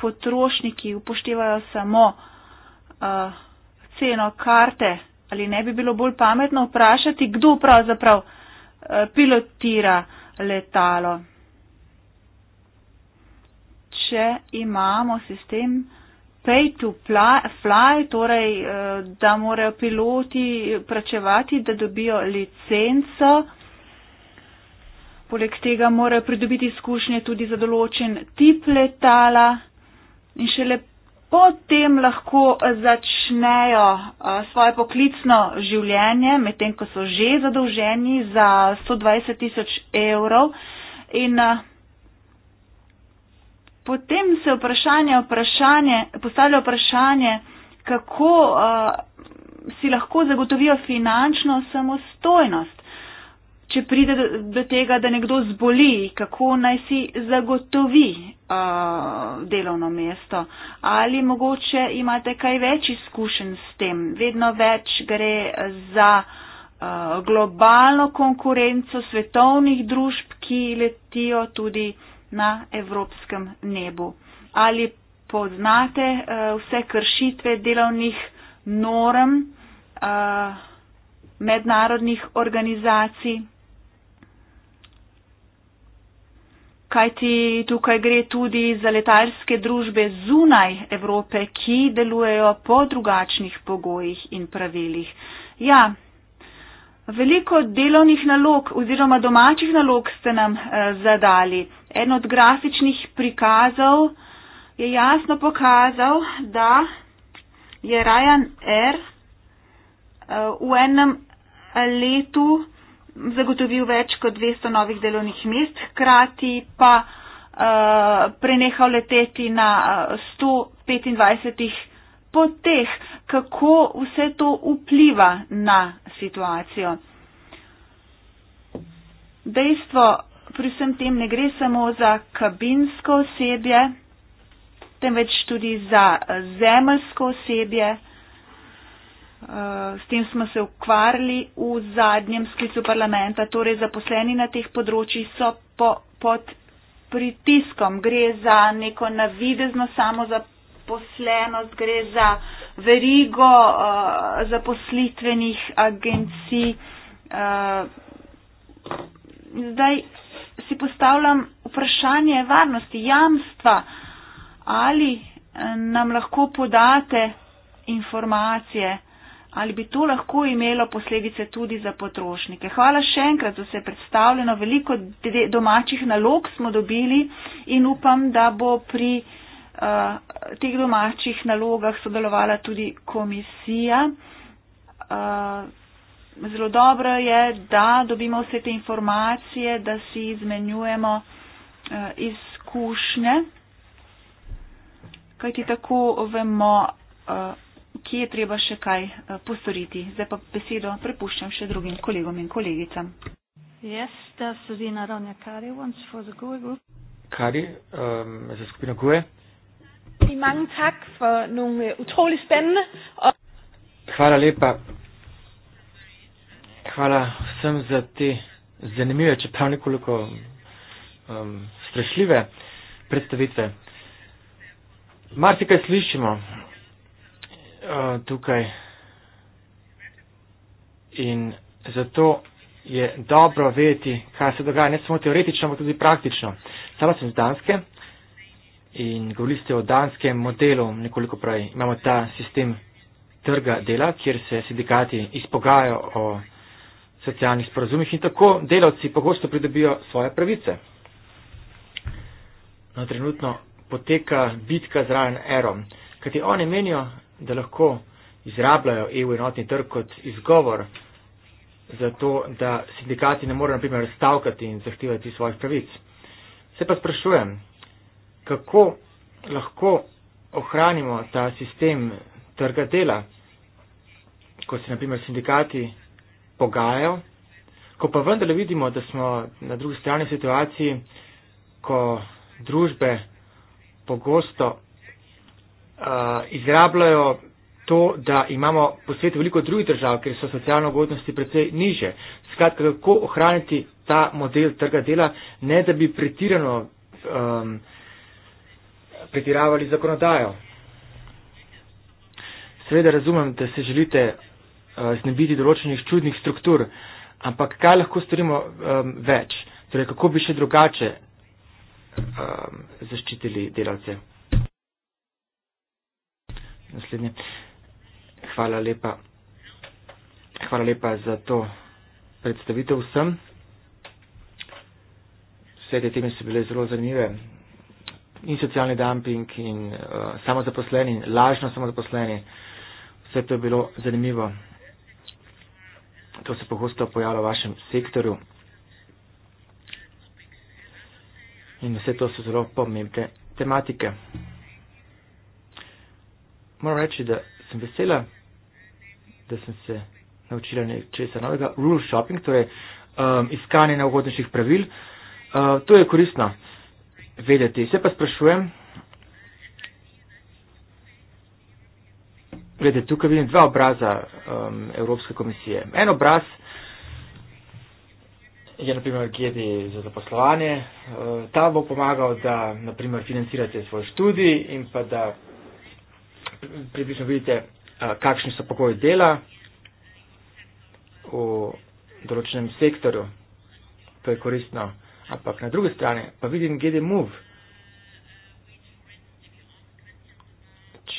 potrošniki upoštevajo samo uh, ceno karte? Ali ne bi bilo bolj pametno vprašati, kdo pravzaprav uh, pilotira letalo? Če imamo sistem, pay to fly, torej eh, da morajo piloti plačevati, da dobijo licenco. Poleg tega morajo pridobiti izkušnje tudi za določen tip letala in šele potem lahko začnejo eh, svoje poklicno življenje, medtem ko so že zadolženi za 120 tisoč evrov. In eh, potem se vprašanje, vprašanje, postavlja vprašanje, kako uh, si lahko zagotovijo finančno samostojnost. Če pride do tega, da nekdo zboli, kako naj si zagotovi uh, delovno mesto? Ali mogoče imate kaj več izkušenj s tem? Vedno več gre za uh, globalno konkurenco svetovnih družb, ki letijo tudi uh, na evropskem nebu. Ali poznate uh, vse kršitve delovnih norem uh, eh, mednarodnih organizacij? Kaj ti tukaj gre tudi za letalske družbe zunaj Evrope, ki delujejo po drugačnih pogojih in pravilih? Ja, veliko delovnih nalog oziroma domačih nalog ste nam eh, zadali en od grafičnih prikazov je jasno pokazal, da je Ryanair eh, v enem letu zagotovil več kot 200 novih delovnih mest, hkrati pa eh, prenehal leteti na 125 eh, poteh. Kako vse to vpliva na situacijo? Dejstvo, pri vsem tem ne gre samo za kabinsko osebje, temveč tudi za eh, zemljsko osebje. Eh, s tem smo se ukvarjali v zadnjem sklicu parlamenta, torej zaposleni na teh področjih so po, pod pritiskom. Gre za neko navidezno samozaposlenost, gre za verigo uh, zaposlitvenih agencij. Uh, zdaj, si postavljam vprašanje varnosti, jamstva, ali eh, nam lahko podate informacije, ali bi to lahko imelo posledice tudi za potrošnike. Hvala še enkrat za vse predstavljeno. Veliko domačih nalog smo dobili in upam, da bo pri uh, teh domačih nalogah sodelovala tudi komisija. Uh, zelo dobro je, da dobimo vse te informacije, da si izmenjujemo uh, izkušnje, kajti tako vemo, uh, kje je treba še kaj uh, postoriti. Zdaj pa besedo prepuščam še drugim kolegom in kolegicam. Yes, Kari, um, za skupino Gue. Hvala lepa Hvala vsem za te zanimive, čeprav nekoliko um, strašljive predstavitve. Marsikaj slišimo uh, tukaj in zato je dobro vedeti, kaj se dogaja ne samo teoretično, ampak tudi praktično. Sama sem iz Danske in govorili ste o danskem modelu, nekoliko pravi, imamo ta sistem trga dela, kjer se sindikati izpogajajo o socialnih sporazumih in tako delavci pogosto pridobijo svoje pravice. No, trenutno poteka bitka z Ryan Aerom, kajti oni menijo, da lahko izrabljajo EU enotni trg kot izgovor za to, da sindikati ne morejo, na primer, stavkati in zahtevati svojih pravic. Se pa sprašujem, kako lahko ohranimo ta sistem trga dela, ko se, na primer, sindikati pogajajo. Ko pa vendarle vidimo, da smo na drugi strani situaciji, ko družbe pogosto uh, izrabljajo to, da imamo po svetu veliko drugih držav, ker so socialne ugodnosti precej niže. Skratka, kako ohraniti ta model trga dela, ne da bi pretirano um, pretiravali zakonodajo. Seveda razumem, da se želite znebiti eh, določenih čudnih struktur. Ampak kaj lahko storimo um, več? Torej, kako bi še drugače um, zaščitili delavce? Naslednje. Hvala lepa. Hvala lepa za to predstavitev vsem. Vse te teme so bile zelo zanimive. In socialni dumping, in uh, samozaposleni, lažno samozaposleni. Vse to je bilo zanimivo. To se pogosto pojavlja v vašem sektorju. In vse to so zelo pomembne tematike. Moram reči, da sem vesela, da sem se naučila nečesa novega. Rule shopping, torej um, iskanje neugodnejših pravil. Uh, to je koristno vedeti. Se pa sprašujem, Gledajte, tukaj vidim dva obraza um, Evropske komisije. En obraz je naprimer GEDI za zaposlovanje. Uh, ta bo pomagal, da naprimer financirate svoj študij in pa da približno vidite, uh, kakšni so pokoji dela v določenem sektorju. To je koristno. Ampak na drugi strani pa vidim GEDI Move.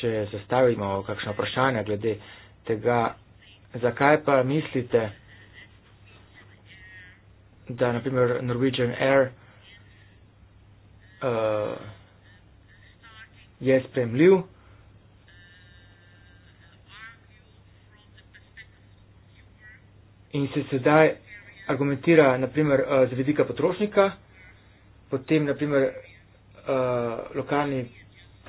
še zastavimo kakšno vprašanje glede tega, zakaj pa mislite, da naprimer Norwegian Air uh, je spremljiv. In se sedaj argumentira, naprimer, uh, z vidika potrošnika, potem, naprimer, uh, lokalni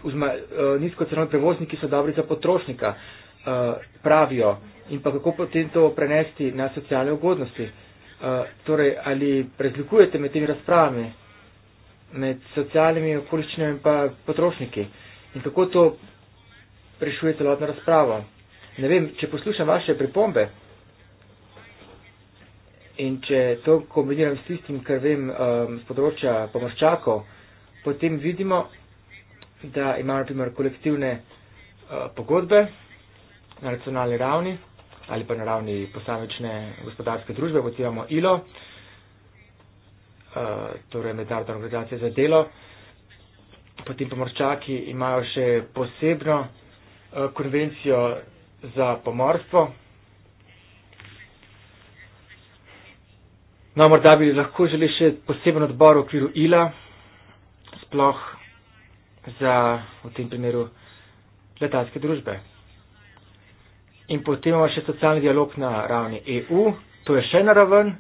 uzma, uh, eh, nizko ceno prevozniki so dobri za potrošnika, uh, pravijo. In pa kako potem to prenesti na socialne ugodnosti? Uh, torej, ali razlikujete med temi razpravami, med socialnimi okoliščinami pa potrošniki? In kako to rešuje celotno razpravo? Ne vem, če poslušam vaše pripombe in če to kombiniram s tistim, kar vem um, z področja pomorščakov, potem vidimo, da imajo na primer kolektivne uh, pogodbe na nacionalni ravni ali pa na ravni posamične gospodarske družbe, kot imamo ILO, uh, torej Mednarodna organizacija za delo. Potem pomorščaki imajo še posebno uh, konvencijo za pomorstvo. No, morda bi lahko želeli še poseben odbor v okviru ILA, sploh za v tem primeru letalske družbe. In potem imamo še socialni dialog na ravni EU, to je še na raven,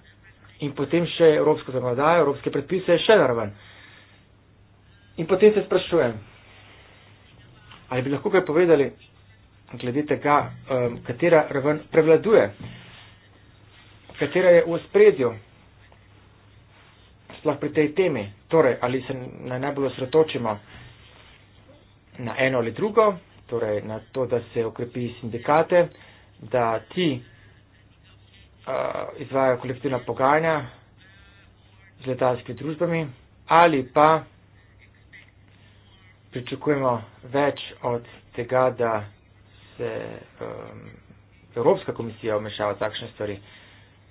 in potem še evropsko zakonodajo, evropske predpise je še na raven. In potem se sprašujem, ali bi lahko kaj povedali glede tega, um, katera raven prevladuje, katera je v spredju, sploh pri tej temi, torej ali se naj najbolj osredotočimo na eno ali drugo, torej na to, da se okrepi sindikate, da ti uh, izvajajo kolektivna pogajanja z letalskimi družbami ali pa pričakujemo več od tega, da se um, Evropska komisija omešava takšne stvari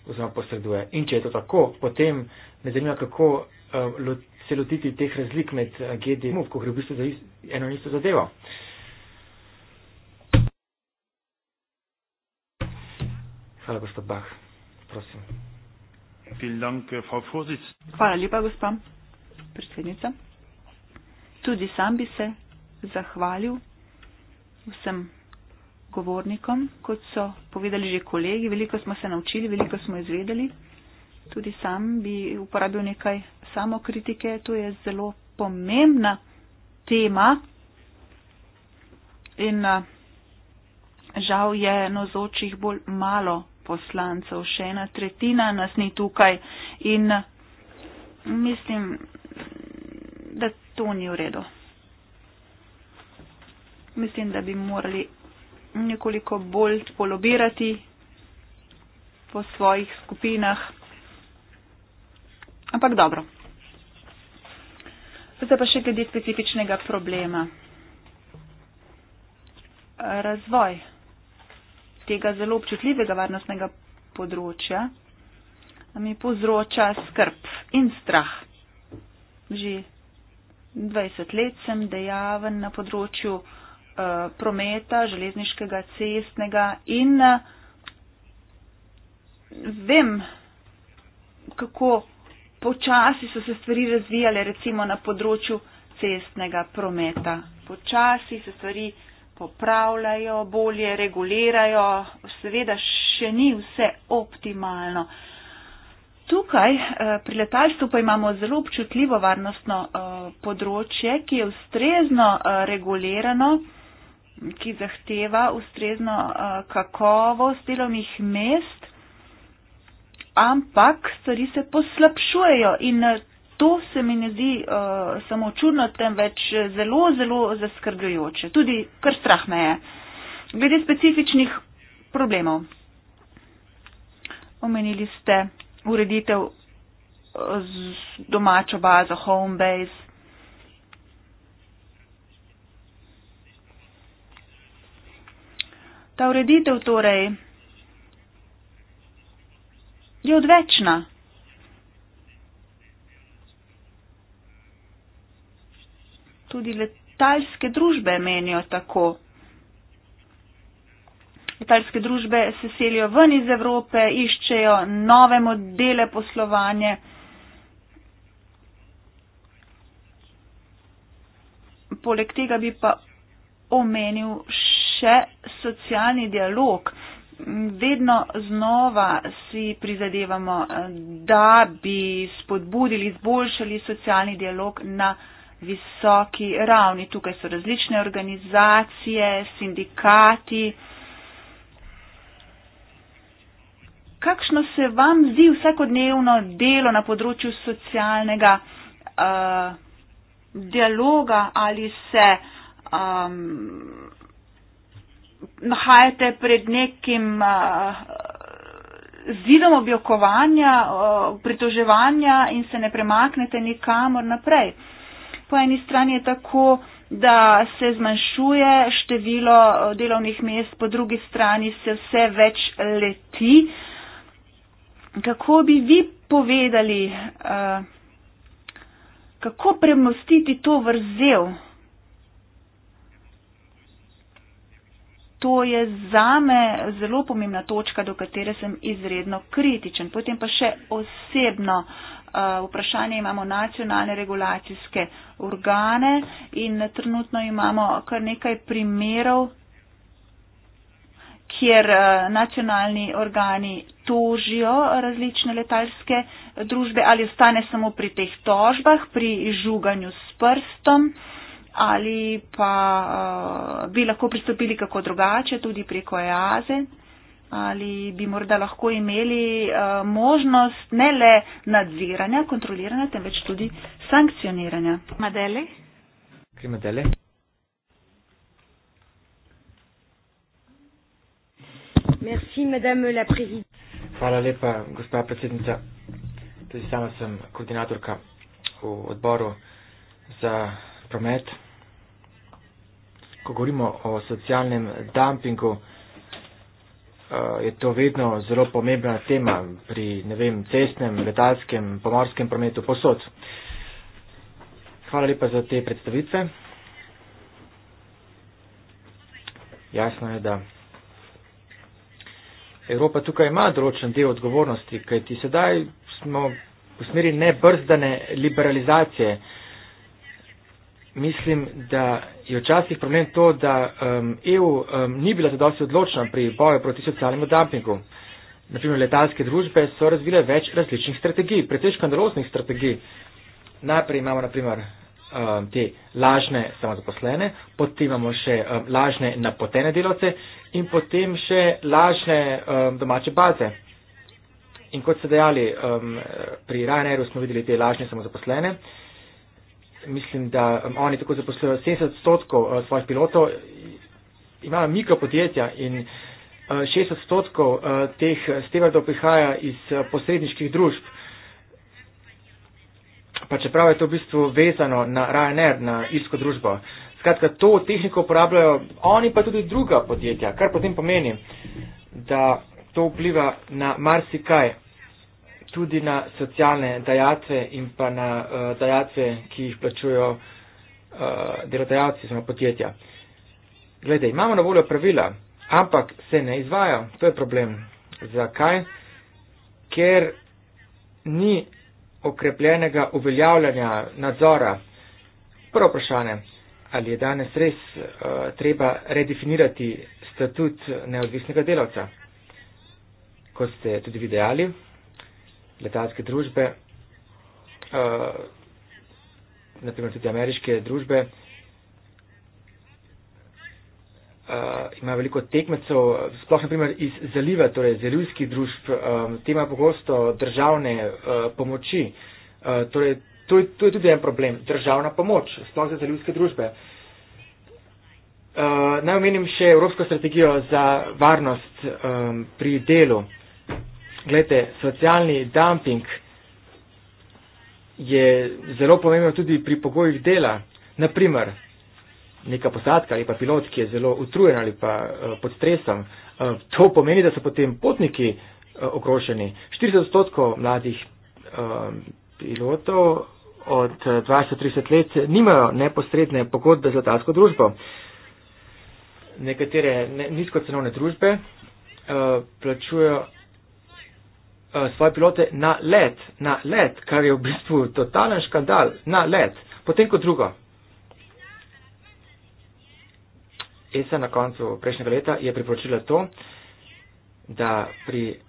oziroma posreduje. In če je to tako, potem me zanima, kako uh, se lotiti teh razlik med eh, GDM-ov, ko gre v bistvu za eno in isto zadevo. Hvala, gospod Bah. Prosim. Eh, Hvala lepa, gospa predsednica. Tudi sam bi se zahvalil vsem govornikom, kot so povedali že kolegi. Veliko smo se naučili, veliko smo izvedeli. Tudi sam bi uporabil nekaj samokritike, to je zelo pomembna tema in eh, žal je nozočih bolj malo poslancev, še ena tretjina nas ni tukaj in eh, mislim, da to ni v redu. Mislim, da bi morali nekoliko bolj polobirati po svojih skupinah. Ampak dobro. Zdaj pa še glede specifičnega problema. Razvoj tega zelo občutljivega varnostnega področja mi povzroča skrb in strah. Že 20 let sem dejaven na področju uh, prometa, železniškega, cestnega in uh, vem, kako počasi so se stvari razvijale, recimo na področju cestnega prometa. Počasi se stvari popravljajo, bolje regulirajo, seveda še ni vse optimalno. Tukaj eh, pri letalstvu pa imamo zelo občutljivo varnostno eh, področje, ki je ustrezno eh, regulirano, ki zahteva ustrezno kakovost delovnih mest ampak stvari se poslabšujejo in eh, to se mi ne zdi uh, samo čudno, temveč eh, zelo, zelo zaskrbljujoče. Tudi kar strah me je. Glede specifičnih problemov. Omenili ste ureditev z domačo bazo Homebase. Ta ureditev torej je odvečna. Tudi letalske družbe menijo tako. Letalske družbe se selijo ven iz Evrope, iščejo nove modele poslovanja. Poleg tega bi pa omenil še socialni dialog vedno znova si prizadevamo, eh, da bi spodbudili, izboljšali socialni dialog na visoki ravni. Tukaj so različne organizacije, sindikati. Kakšno se vam zdi vsakodnevno delo na področju socialnega uh, dialoga ali se um, nahajate pred nekim uh, zidom objokovanja, uh, pritoževanja in se ne premaknete nikamor naprej. Po eni strani je tako, da se zmanjšuje število eh, delovnih mest, po drugi strani se vse več leti. Kako bi vi povedali, uh, kako premostiti to vrzel? to je zame zelo pomembna točka, do katere sem izredno kritičen. Potem pa še osebno eh, vprašanje imamo nacionalne regulacijske organe in trenutno imamo kar nekaj primerov kjer eh, nacionalni organi tožijo različne letalske družbe ali ostane samo pri teh tožbah, pri žuganju s prstom. Uh, ali pa uh, bi lahko pristopili kako drugače, tudi preko EAZE, ali bi morda lahko imeli uh, možnost ne le nadziranja, kontroliranja, temveč tudi sankcioniranja. Madeli? Kaj Madeli? Merci, madame la présidente. Hvala lepa, gospa predsednica. Tudi sama sem koordinatorka v odboru za promet, ko govorimo o socialnem dumpingu, eh, je to vedno zelo pomembna tema pri, ne vem, cestnem, letalskem, pomorskem prometu posod. Hvala lepa za te predstavitve. Jasno je, da Evropa tukaj ima določen del odgovornosti, kajti sedaj smo v smeri nebrzdane liberalizacije mislim, da je včasih problem to, da um, EU um, ni bila zadosti odločna pri boju proti socialnemu dumpingu. Naprimer, letalske družbe so razvile več različnih strategij, precej škandalosnih strategij. Najprej imamo naprimer um, te lažne samozaposlene, potem imamo še um, lažne napotene delovce in potem še lažne um, domače baze. In kot ste dejali, um, pri Ryanairu smo videli te lažne samozaposlene mislim, da um, oni tako zaposlujejo 70 odstotkov uh, svojih pilotov, imajo mikropodjetja in uh, 60 odstotkov uh, teh stevardov prihaja iz uh, posredniških družb. Pa čeprav je to v bistvu vezano na Ryanair, na isko družbo. Skratka, to tehniko uporabljajo oni pa tudi druga podjetja, kar potem pomeni, da to vpliva na marsikaj tudi na socialne dajatve in pa na uh, dajatve, ki jih plačujo uh, eh, delodajalci, samo podjetja. Glede, imamo na voljo pravila, ampak se ne izvajo. To je problem. Zakaj? Ker ni okrepljenega uveljavljanja nadzora. Prvo vprašanje, ali je danes res uh, treba redefinirati statut neodvisnega delavca, kot ste tudi videli letalske družbe, uh, eh, naprimer tudi ameriške družbe, uh, eh, imajo veliko tekmecev, sploh naprimer iz zaliva, torej iz ruskih družb, um, eh, tema pogosto državne uh, pomoči. Uh, torej, to je, to je tudi en problem, državna pomoč, sploh za zalivske družbe. Uh, naj omenim še Evropsko strategijo za varnost um, pri delu. Glejte, socialni dumping je zelo pomembno tudi pri pogojih dela. Naprimer, neka posadka ali pa pilot, ki je zelo utrujen ali pa uh, pod stresom, uh, to pomeni, da so potem potniki uh, okrošeni. 40 odstotkov mladih uh, pilotov od 20-30 let nimajo neposredne pogodbe za tatsko družbo. Nekatere ne, nizkocenovne družbe uh, plačujo Eh, svoje pilote na let, na let, kar je v bistvu totalen škandal, na let, potem kot drugo. ESA na koncu prejšnjega leta je priporočila to, da pri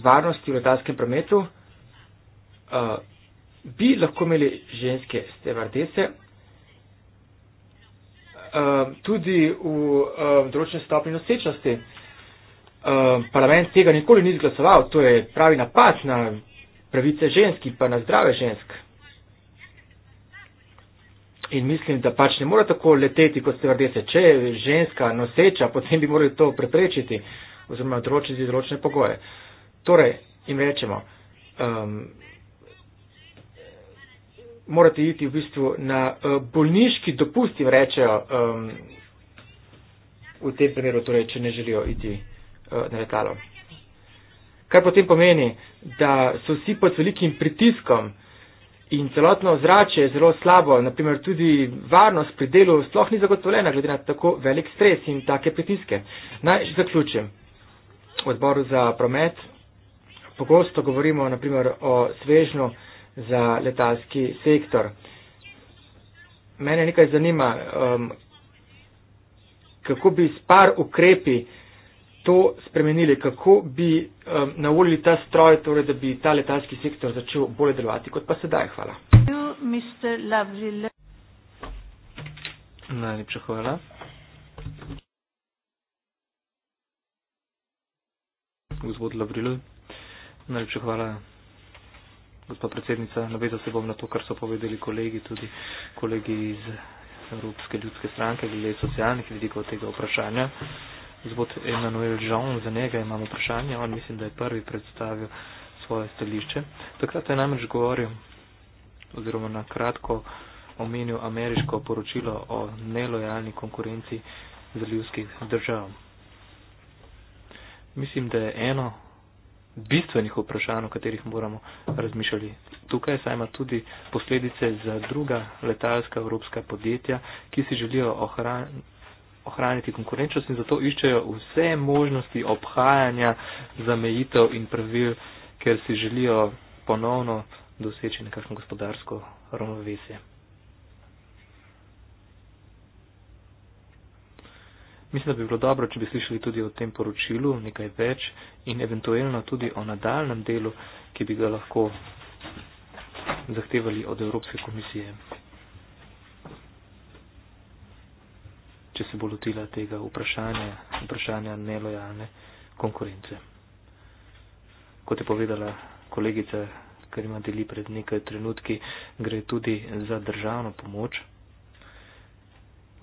varnosti v letalskem prometu uh, bi lahko imeli ženske stevardese uh, eh, tudi v uh, določene stopnje nosečnosti. Eh, parlament tega nikoli ni izglasoval, to je pravi napad na pravice žensk in pa na zdrave žensk. In mislim, da pač ne mora tako leteti, kot ste vrdese. Če je ženska noseča, potem bi morali to preprečiti oziroma določiti izročne pogoje. Torej, jim rečemo, um, morate iti v bistvu na uh, bolniški dopust, jim rečejo um, v tem primeru, torej, če ne želijo iti. Eh, letalo. Kar potem pomeni, da so vsi pod velikim pritiskom in celotno ozračje je zelo slabo, naprimer tudi varnost pri delu sploh ni zagotovljena, glede na tako velik stres in take pritiske. Naj še zaključim. V odboru za promet pogosto govorimo naprimer o svežnju za letalski sektor. Mene nekaj zanima, um, kako bi s par ukrepi uh, to spremenili, kako bi um, navolili ta stroj, torej da bi ta letalski sektor začel bolje delovati kot pa sedaj. Hvala. Najlepša hvala. Gospod Lavrilo, najlepša hvala. Gospod predsednica, navezal se bom na to, kar so povedali kolegi, tudi kolegi iz Evropske ljudske stranke, glede socialnih vidikov tega vprašanja gospod Emanuel Žon, za njega imamo vprašanje, on mislim, da je prvi predstavil svoje stališče. Takrat je namreč govoril oziroma na kratko omenil ameriško poročilo o nelojalni konkurenci zalivskih držav. Mislim, da je eno bistvenih vprašanj, o katerih moramo razmišljati. Tukaj saj ima tudi posledice za druga letalska evropska podjetja, ki si želijo ohraniti ohraniti konkurenčnost in zato iščejo vse možnosti obhajanja zamejitev in pravil, ker si želijo ponovno doseči nekakšno gospodarsko ravnovesje. Mislim, da bi bilo dobro, če bi slišali tudi o tem poročilu nekaj več in eventualno tudi o nadaljnem delu, ki bi ga lahko zahtevali od Evropske komisije. če se bo lotila tega vprašanja, vprašanja nelojalne konkurence. Kot je povedala kolegica, kar ima deli pred nekaj trenutki, gre tudi za državno pomoč,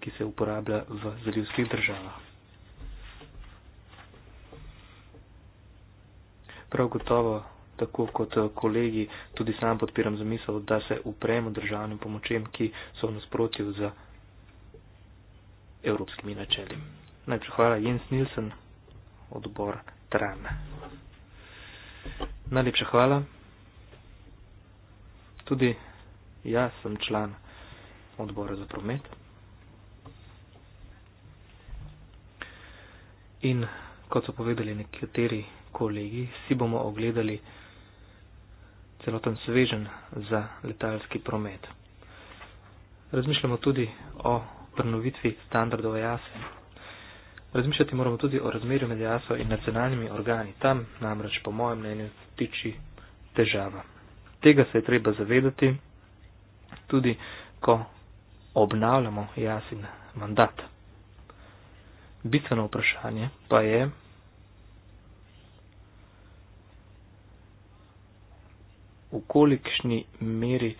ki se uporablja v zaljivskih državah. Prav gotovo, tako kot eh, kolegi, tudi sam podpiram zamisel, da se upremo državnim pomočem, ki so v nasprotju za evropskimi načeli. Najprej hvala Jens Nilsen, odbor TRAN. Najlepša hvala. Tudi jaz sem član odbora za promet. In kot so povedali nekateri kolegi, si bomo ogledali celoten svežen za letalski promet. Razmišljamo tudi o prenovitvi standardov jase. Razmišljati moramo tudi o razmerju med jaso e in nacionalnimi organi. Tam namreč, po mojem mnenju, tiči težava. Tega se je treba zavedati, tudi ko obnavljamo jasin e mandat. Bistveno vprašanje pa je, v kolikšni meri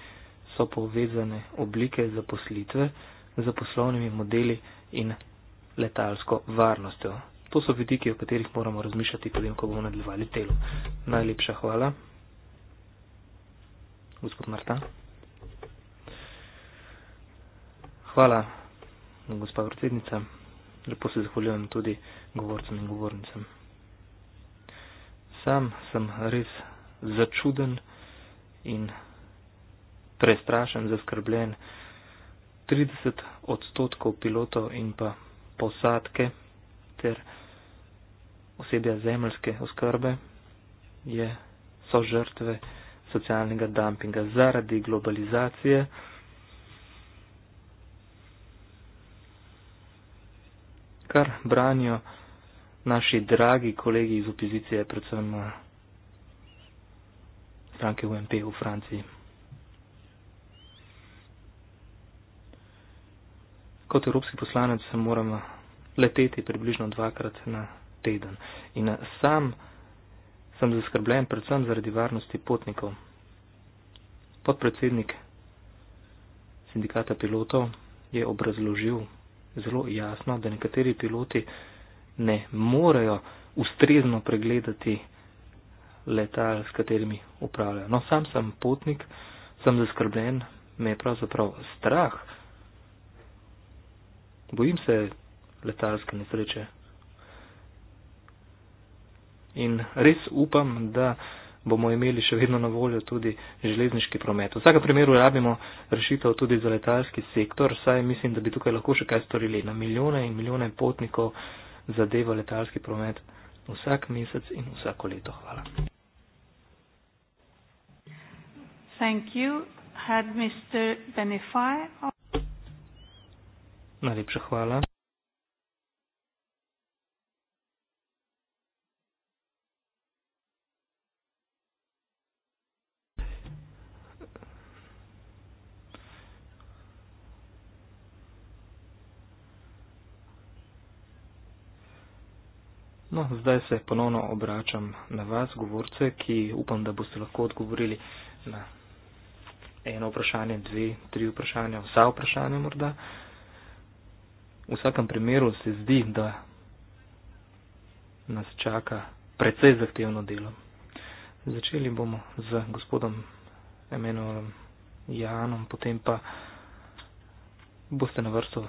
so povezane oblike zaposlitve, za poslovnimi modeli in letalsko varnostjo. To so vidiki, o katerih moramo razmišljati, tudi ko bomo nadaljevali telo. Najlepša hvala, gospod Marta. Hvala, gospa predsednica. Lepo se zahvaljujem tudi govorcem in govornicam. Sam sem res začuden in prestrašen, zaskrbljen. 30 odstotkov pilotov in pa posadke ter osebja zemljske oskrbe je, so žrtve socialnega dumpinga zaradi globalizacije. Kar branijo naši dragi kolegi iz opozicije, predvsem eh, stranke UMP v Franciji. kot evropski poslanec moram leteti približno dvakrat na teden. In eh, sam sem zaskrbljen predvsem zaradi varnosti potnikov. Podpredsednik sindikata pilotov je obrazložil zelo jasno, da nekateri piloti ne morejo ustrezno pregledati letal, s katerimi upravljajo. No, sam sem potnik, sem zaskrbljen, me je pravzaprav strah, bojim se letalske nesreče. In res upam, da bomo imeli še vedno na voljo tudi železniški promet. V vsakem primeru rabimo rešitev tudi za letalski sektor, saj mislim, da bi tukaj lahko še kaj storili. Na milijone in milijone potnikov zadeva letalski promet vsak mesec in vsako leto. Hvala. Thank you. Had Mr. Benify? Najlepša hvala. No, zdaj se ponovno obračam na vas, govorce, ki upam, da boste lahko odgovorili na eno vprašanje, dve, tri vprašanja, vsa vprašanja morda. Uh, V vsakem primeru se zdi, da nas čaka precej zahtevno delo. Začeli bomo z gospodom Emenom Janom, potem pa boste na vrsto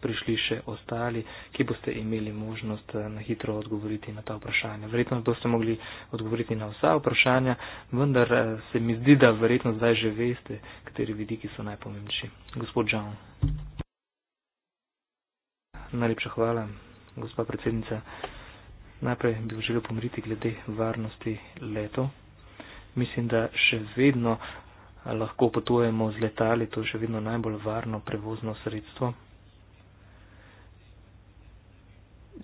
prišli še ostali, ki boste imeli možnost eh, na hitro odgovoriti na ta vprašanja. Verjetno boste mogli odgovoriti na vsa vprašanja, vendar eh, se mi zdi, da verjetno zdaj že veste, kateri vidiki so najpomembnejši. Gospod Džan. Najlepša hvala, gospa predsednica. Najprej bi želel pomiriti glede varnosti leto. Mislim, da še vedno lahko potujemo z letali, to je še vedno najbolj varno prevozno sredstvo.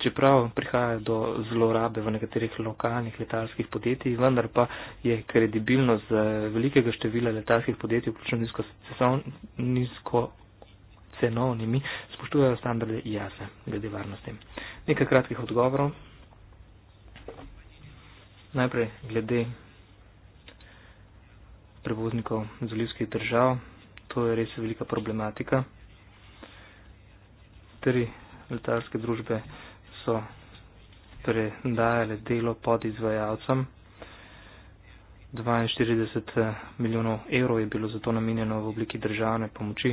Čeprav prihaja do zlorabe v nekaterih lokalnih letalskih podjetjih, vendar pa je kredibilnost eh, velikega števila letalskih podjetij, vključno nizko, nizko vse novni, mi spoštujejo standarde IASA glede varnosti. Nekaj kratkih odgovorov. Najprej glede prevoznikov zalivskih držav. To je res velika problematika. Tri letalske družbe so predajale delo pod izvajalcem. 42 eh, milijonov evrov je bilo zato namenjeno v obliki državne pomoči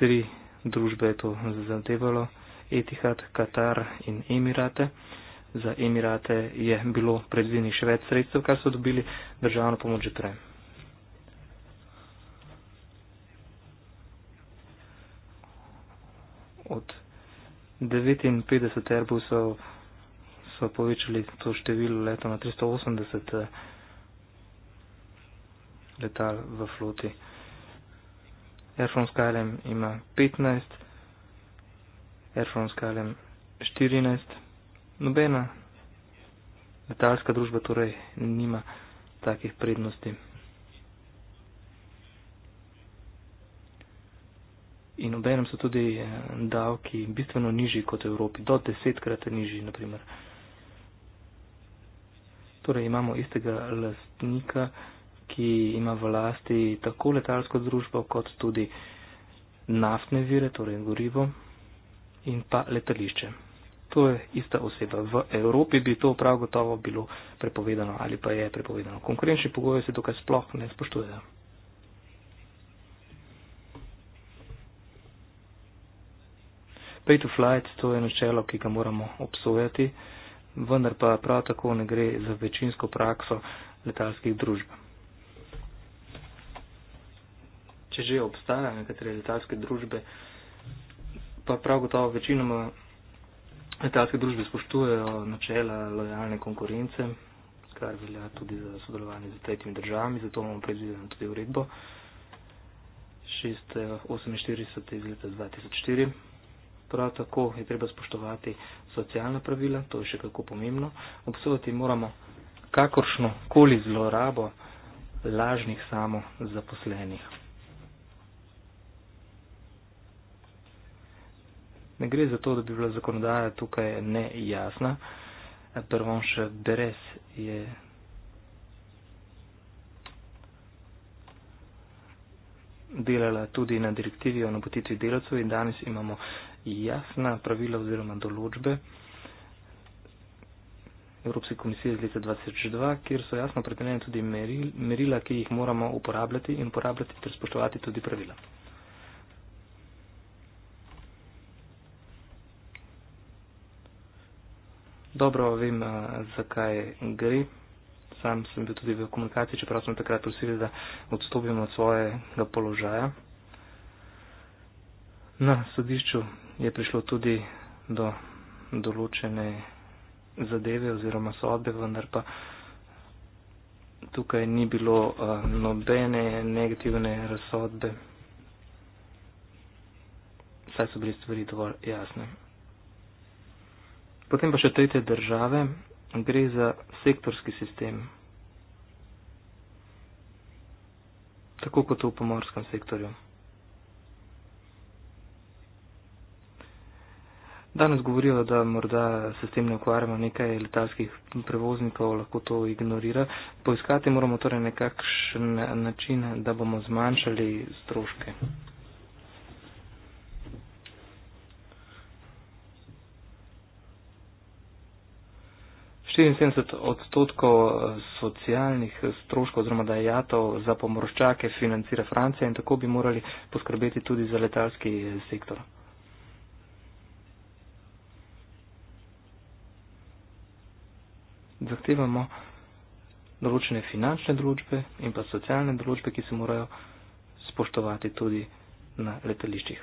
tri družbe je to zadevalo, Etihad, Katar in Emirate. Za Emirate je bilo predvidenih še več sredstev, kar so dobili državno pomoč že prej. Od 59 Airbusov so povečali to število leto na 380 letal v floti. Airphone Skylem ima 15, Airphone Skylem 14, nobena letalska družba torej nima takih prednosti. In obenem so tudi eh, davki bistveno nižji kot v Evropi, do desetkrat nižji, naprimer. Torej imamo istega lastnika ki ima v lasti tako letalsko družbo, kot tudi naftne vire, torej gorivo in pa letališče. To je ista oseba. V Evropi bi to prav gotovo bilo prepovedano ali pa je prepovedano. Konkurenčni pogoji se tukaj sploh ne spoštujejo. Pay to flight, to je načelo, ki ga moramo obsojati, vendar pa prav tako ne gre za večinsko prakso letalskih družb. če že obstajajo nekatere letalske družbe, pa prav gotovo večinoma letalske družbe spoštujejo načela lojalne konkurence, kar velja tudi za sodelovanje z tretjimi državami, zato imamo predvideno tudi uredbo 648 iz leta 2004. Prav tako je treba spoštovati socialna pravila, to je še kako pomembno. Obsoditi moramo kakršno koli zlorabo lažnih samozaposlenih. ne gre za to, da bi bila zakonodaja tukaj nejasna. Prvonša deres je delala tudi na direktivi o napotitvi delavcev in danes imamo jasna pravila oziroma določbe Evropske komisije iz leta 2002, kjer so jasno opredeljene tudi meril, merila, ki jih moramo uporabljati in uporabljati ter spoštovati tudi pravila. Dobro vem, eh, zakaj gre. Sam sem bil tudi v komunikaciji, čeprav sem takrat prosil, da odstopim od svojega položaja. Na sodišču je prišlo tudi do določene zadeve oziroma sodbe, vendar pa tukaj ni bilo eh, nobene negativne razsodbe. Saj so bili stvari dovolj jasne. Potem pa še tretje države, gre za sektorski sistem. Tako kot v pomorskem sektorju. Danes govorijo, da morda se s tem ne ukvarjamo, nekaj letalskih prevoznikov lahko to ignorira. Poiskati moramo torej nekakšen način, da bomo zmanjšali stroške. 74 odstotkov eh, socialnih eh, stroškov oziroma dajatov za pomoroščake financira Francija in tako bi morali poskrbeti tudi za letalski eh, sektor. Zahtevamo določene finančne družbe in pa socialne družbe, ki se morajo spoštovati tudi na letališčih.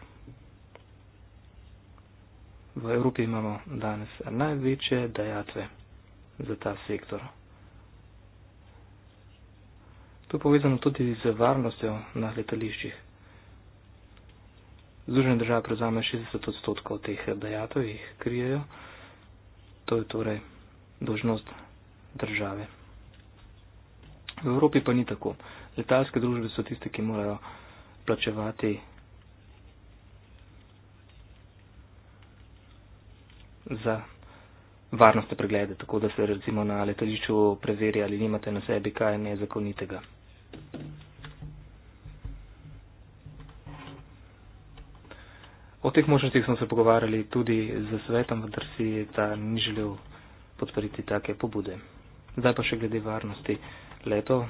V Evropi imamo danes največje dajatve za ta sektor. To je povezano tudi z varnostjo na letališčih. Združene države prevzame 60 odstotkov teh dajatov, jih krijejo. To je torej dožnost države. V Evropi pa ni tako. Letalske družbe so tiste, ki morajo plačevati za varnostne preglede, tako da se recimo na letališču preveri, ali nimate na sebi kaj nezakonitega. O teh možnostih smo se pogovarjali tudi z svetom, vendar si ta ni želel podpriti take pobude. Zdaj pa še glede varnosti letov.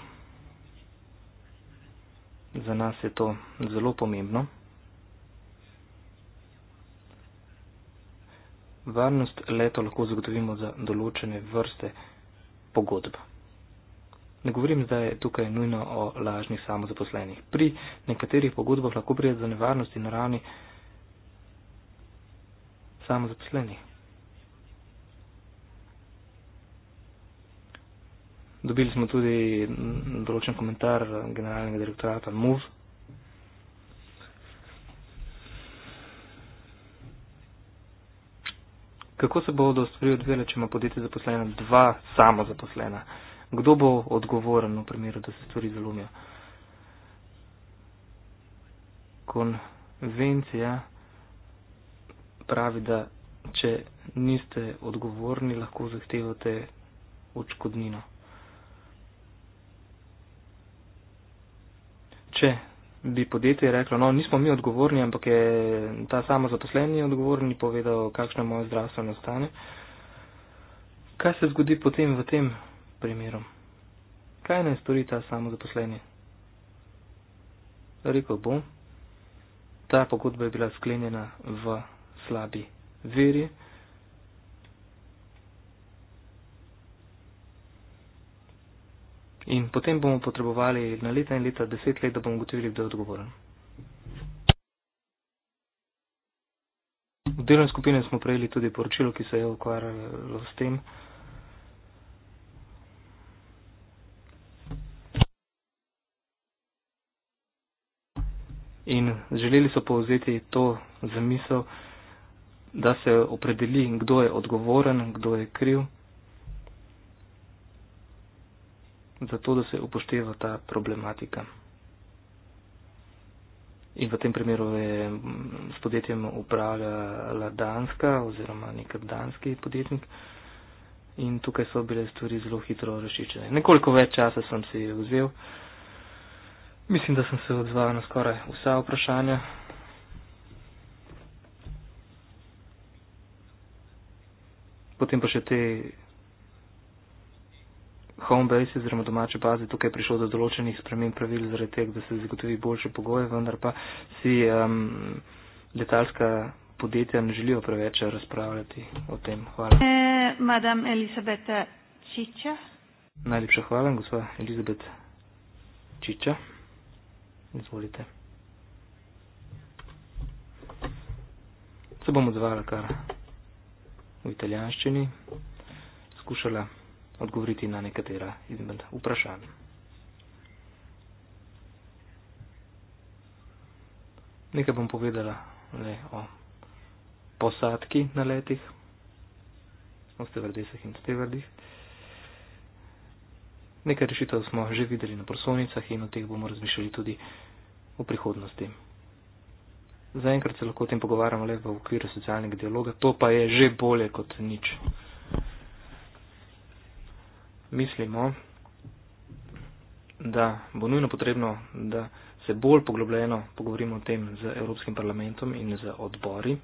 Za nas je to zelo pomembno. varnost leto lahko zagotovimo za določene vrste pogodb. Ne govorim zdaj tukaj nujno o lažnih samozaposlenih. Pri nekaterih pogodbah lahko pride do nevarnosti na ravni samozaposlenih. Dobili smo tudi določen komentar generalnega direktorata MUV, Kako se bodo stvari odvijale, če ima podjetje zaposlena dva samo zaposlena? Kdo bo odgovoren v primeru, da se stvari zalomijo? Konvencija pravi, da če niste odgovorni, lahko zahtevate odškodnino. Če bi podjetje reklo, no, nismo mi odgovorni, ampak je ta samo zaposleni odgovorni povedal, kakšno je moje zdravstveno stanje. Kaj se zgodi potem v tem primeru? Kaj naj stori ta samo zaposleni? Rekl bom, ta pogodba je bila sklenjena v slabi veri. In potem bomo potrebovali na leta in leta deset let, da bomo ugotovili, kdo je odgovoren. V delovni skupini smo prejeli tudi poročilo, ki se je ukvarjalo s tem. In želeli so povzeti to zamisel, da se opredeli, kdo je odgovoren, kdo je kriv. zato da se upošteva ta problematika. In v tem primeru je s podjetjem upravljala Danska oziroma nek danski podjetnik in tukaj so bile stvari zelo hitro rešičene. Nekoliko več časa sem si je vzel. Mislim, da sem se odzval na skoraj vsa vprašanja. Potem pa še te home base oziroma domače baze tukaj prišlo do določenih sprememb pravil zaradi tega, da se zagotovi boljše pogoje, vendar pa si um, letalska podjetja ne želijo preveč razpravljati o tem. Hvala. E, Madam Elizabeta Čiča. Najlepša hvala, gospod Elizabet Čiča. Izvolite. Se bom odzvala kar v italijanščini. Skušala odgovoriti na nekatera izmed vprašanj. Nekaj bom povedala le o posadki na letih, o stevardesah in stevardih. Nekaj rešitev smo že videli na prosovnicah in o teh bomo razmišljali tudi v prihodnosti. Zaenkrat se lahko o tem pogovarjamo le v okviru socialnega dialoga, to pa je že bolje kot nič mislimo, da bo nujno potrebno, da se bolj poglobljeno pogovorimo o tem z Evropskim parlamentom in z odbori.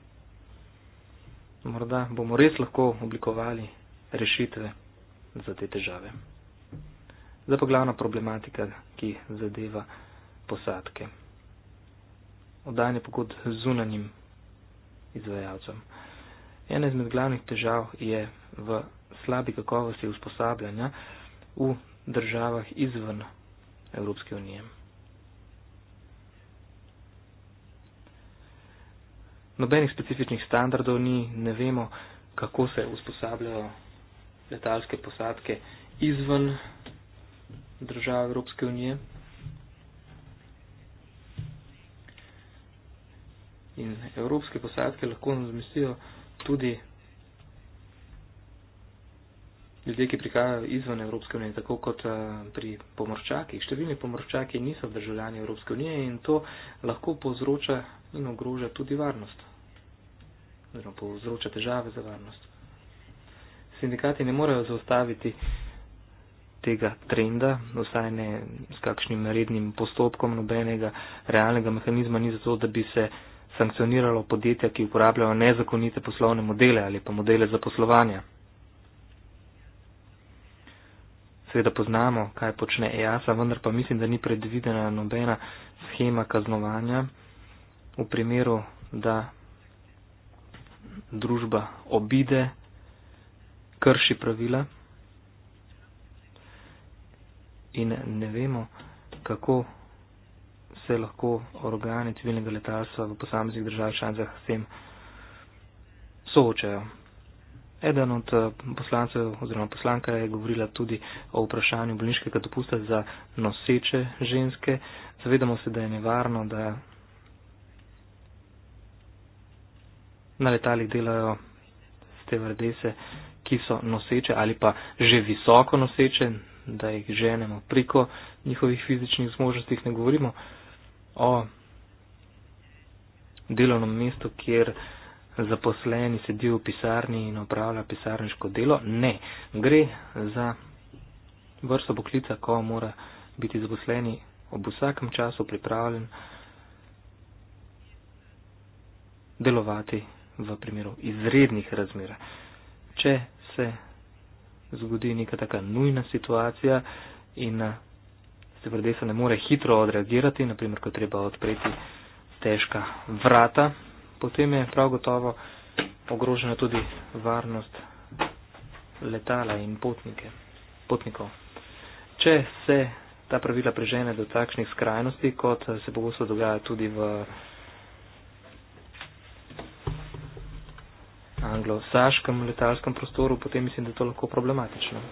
Morda bomo res lahko oblikovali rešitve za te težave. Zdaj pa glavna problematika, ki zadeva posadke. Oddajanje pogod zunanjim izvajalcem. Ena izmed glavnih težav je v slabi kakovosti usposabljanja v državah izven Evropske unije. Nobenih specifičnih standardov ni, ne vemo, kako se usposabljajo letalske posadke izven države Evropske unije. In evropske posadke lahko nam zamislijo tudi ljudje, ki prihajajo izven Evropske unije, tako kot uh, pri pomorščakih. Številni pomorščaki niso državljani Evropske unije in to lahko povzroča in ogroža tudi varnost. Oziroma povzroča težave za varnost. Sindikati ne morejo zaustaviti tega trenda, vsaj ne s kakšnim rednim postopkom, nobenega realnega mehanizma ni zato, da bi se sankcioniralo podjetja, ki uporabljajo nezakonite poslovne modele ali pa modele zaposlovanja. seveda poznamo, kaj počne EASA, vendar pa mislim, da ni predvidena nobena schema kaznovanja v primeru, da družba obide, krši pravila in ne vemo, kako se lahko organi civilnega letalstva v posameznih državah članicah s tem soočajo. Eden od eh, poslancev oziroma poslanka je govorila tudi o vprašanju bolniškega dopusta za noseče ženske. Zavedamo se, da je nevarno, da na letalih delajo stevardese, ki so noseče ali pa že visoko noseče, da jih ženemo priko njihovih fizičnih zmožnostih. Ne govorimo o delovnem mestu, kjer zaposleni sedi v pisarni in opravlja pisarniško delo. Ne, gre za vrsto poklica, ko mora biti zaposleni ob vsakem času pripravljen delovati v primeru izrednih razmer. Če se zgodi neka taka nujna situacija in eh, se vrdesa ne more hitro odreagirati, naprimer, ko treba odpreti težka vrata, potem je prav gotovo ogrožena tudi varnost letala in potnike, potnikov. Če se ta pravila prežene do takšnih skrajnosti, kot se pogosto dogaja tudi v anglosaškem letalskem prostoru, potem mislim, da je to lahko problematično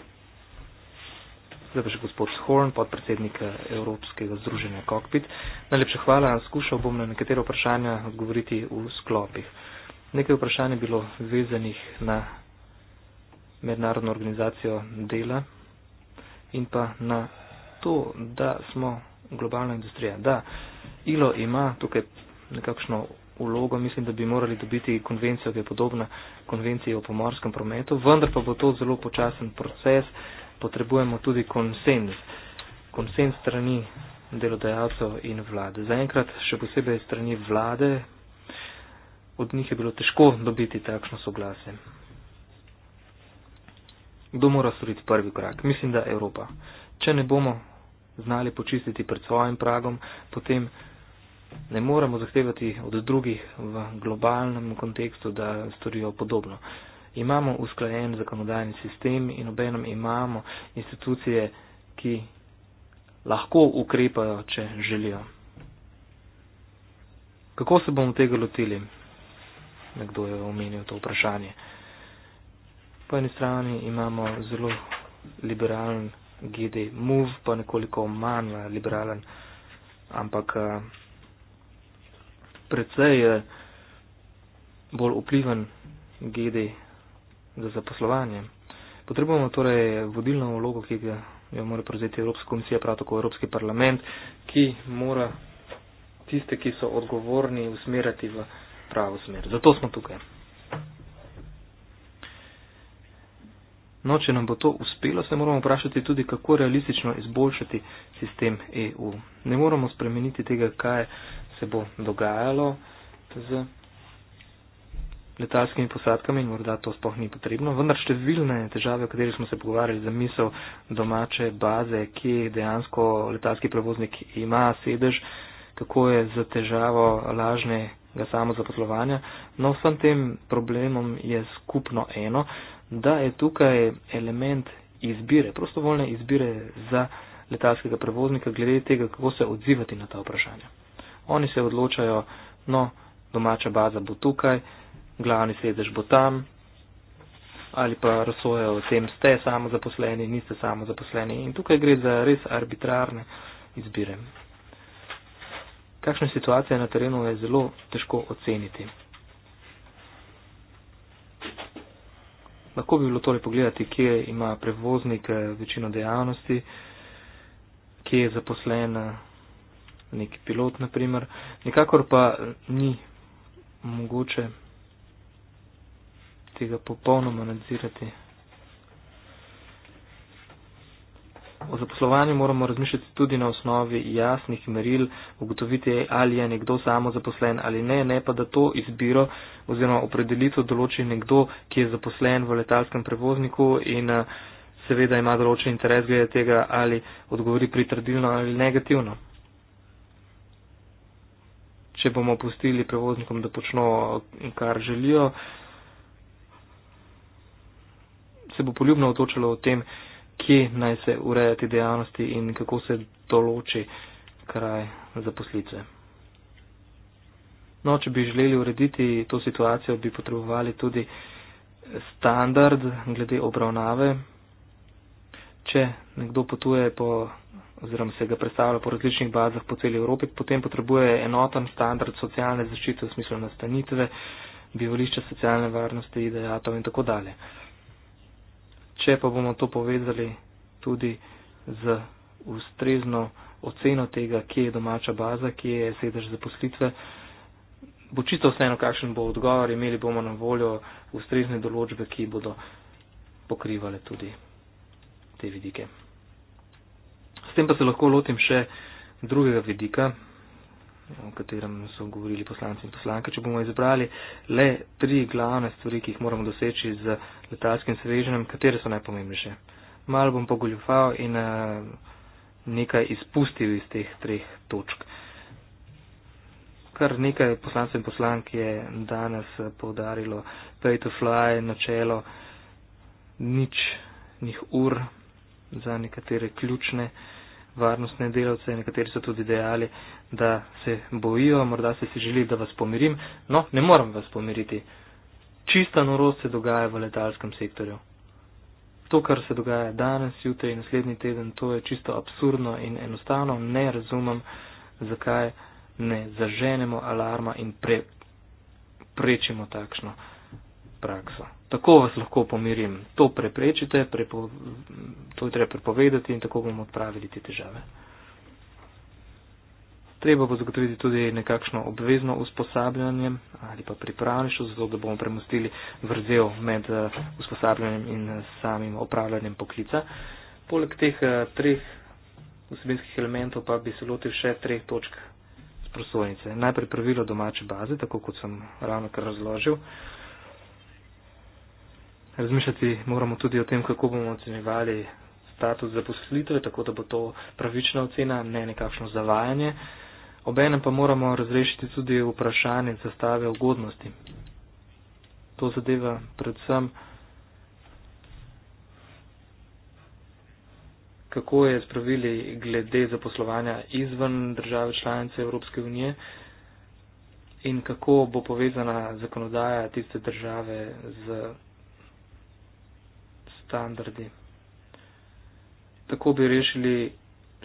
zdaj pa še gospod Horn, podpredsednik eh, Evropskega združenja Cockpit. Najlepša hvala, skušal bom na nekatere vprašanja odgovoriti v sklopih. Nekaj vprašanj je bilo vezanih na mednarodno organizacijo dela in pa na to, da smo globalna industrija. Da, ILO ima tukaj nekakšno ulogo, mislim, da bi morali dobiti konvencijo, ki je podobna konvenciji o pomorskem prometu, vendar pa bo to zelo počasen proces, potrebujemo tudi konsens, konsens strani delodajalcev in vlade. Zaenkrat še posebej strani vlade, od njih je bilo težko dobiti takšno soglasje. Kdo mora storiti prvi korak? Mislim, da Evropa. Če ne bomo znali počistiti pred svojim pragom, potem ne moremo zahtevati od drugih v globalnem kontekstu, da storijo podobno. Uh, imamo usklajen zakonodajni sistem in obenem imamo institucije, ki lahko ukrepajo, če želijo. Kako se bomo tega lotili? Nekdo je omenil to vprašanje. Po eni strani imamo zelo liberalen GD Move, pa nekoliko manj liberalen, ampak eh, predvsej bolj vpliven GD za zaposlovanje. Potrebujemo torej vodilno vlogo, ki jo mora prevzeti Evropska komisija, prav tako Evropski parlament, ki mora tiste, ki so odgovorni, usmerjati v pravo smer. Zato smo tukaj. No, če nam bo to uspelo, se moramo vprašati tudi, kako realistično izboljšati sistem EU. Ne moramo spremeniti tega, kaj se bo dogajalo z letalskimi posadkami in morda to sploh ni potrebno, vendar številne težave, o katerih smo se pogovarjali za misel domače baze, ki dejansko letalski prevoznik ima sedež, kako je za težavo lažnega samozaposlovanja. No, vsem tem problemom je skupno eno, da je tukaj element izbire, prostovoljne izbire za letalskega prevoznika glede tega, kako se odzivati na ta vprašanja. Oni se odločajo, no, domača baza bo tukaj, glavni sedež bo tam, ali pa razsojajo o tem, ste samo zaposleni, niste samo zaposleni. In tukaj gre za res arbitrarne izbire. Kakšna situacija na terenu je zelo težko oceniti. Lahko bi bilo torej pogledati, kje ima prevoznik eh, večino dejavnosti, kje je zaposlen eh, neki pilot, naprimer. Nikakor pa ni mogoče tega popolnoma nadzirati. O zaposlovanju moramo razmišljati tudi na osnovi jasnih meril, ugotoviti, ali je nekdo samo zaposlen ali ne, ne pa da to izbiro oziroma opredelitev določi nekdo, ki je zaposlen v letalskem prevozniku in eh, seveda ima določen interes glede tega, ali odgovori pritrdilno ali negativno. Če bomo pustili prevoznikom, da počnejo, kar želijo, se bo poljubno otočalo o tem, kje naj se ureja te dejavnosti in kako se določi kraj za poslice. No, če bi želeli urediti to situacijo, bi potrebovali tudi standard glede obravnave. Če nekdo potuje po, oziroma se ga predstavlja po različnih bazah po celi Evropi, potem potrebuje enoten standard socialne zaščite v smislu nastanitve, bivališča socialne varnosti, dejatov in tako dalje. Če pa bomo to povezali tudi z ustrezno oceno tega, kje je domača baza, kje je sedež zaposlitve, bo čisto vseeno, kakšen bo odgovor, imeli bomo na voljo ustrezne določbe, ki bodo pokrivale tudi te vidike. S tem pa se lahko lotim še drugega vidika, o katerem so govorili poslanci in poslanke, če bomo izbrali le tri glavne stvari, ki jih moramo doseči z letalskim svežnjem, katere so najpomembnejše. Mal bom pogoljufal in eh, nekaj izpustil iz teh treh točk. Kar nekaj poslancev in poslank je danes eh, povdarilo pay to fly načelo, nič, njih ur za nekatere ključne. Uh, varnostne delavce, nekateri so tudi dejali, da se bojijo, morda ste si želeli, da vas pomirim. No, ne moram vas pomiriti. Čista norost se dogaja v letalskem sektorju. To, kar se dogaja danes, jutri in naslednji teden, to je čisto absurdno in enostavno ne razumem, zakaj ne zaženemo alarma in pre, prečimo takšno prakso. Tako vas lahko pomirim. To preprečite, prepo, to je treba prepovedati in tako bomo odpravili te težave. Treba bo zagotoviti tudi nekakšno obvezno usposabljanje ali pa pripravništvo, zato da bomo premustili vrzel med eh, usposabljanjem in eh, samim opravljanjem poklica. Poleg teh eh, treh vsebinskih elementov pa bi se lotil še treh točk sprosojnice. Najprej pravilo domače baze, tako kot sem ravno kar razložil. Uh, Razmišljati moramo tudi o tem, kako bomo ocenjevali status zaposlitve, tako da bo to pravična ocena, ne nekakšno zavajanje. Obenem pa moramo razrešiti tudi vprašanje zastave ugodnosti. To zadeva predvsem, kako je z pravili glede zaposlovanja izven države članice Evropske unije in kako bo povezana zakonodaja tiste države z standardi. Tako bi rešili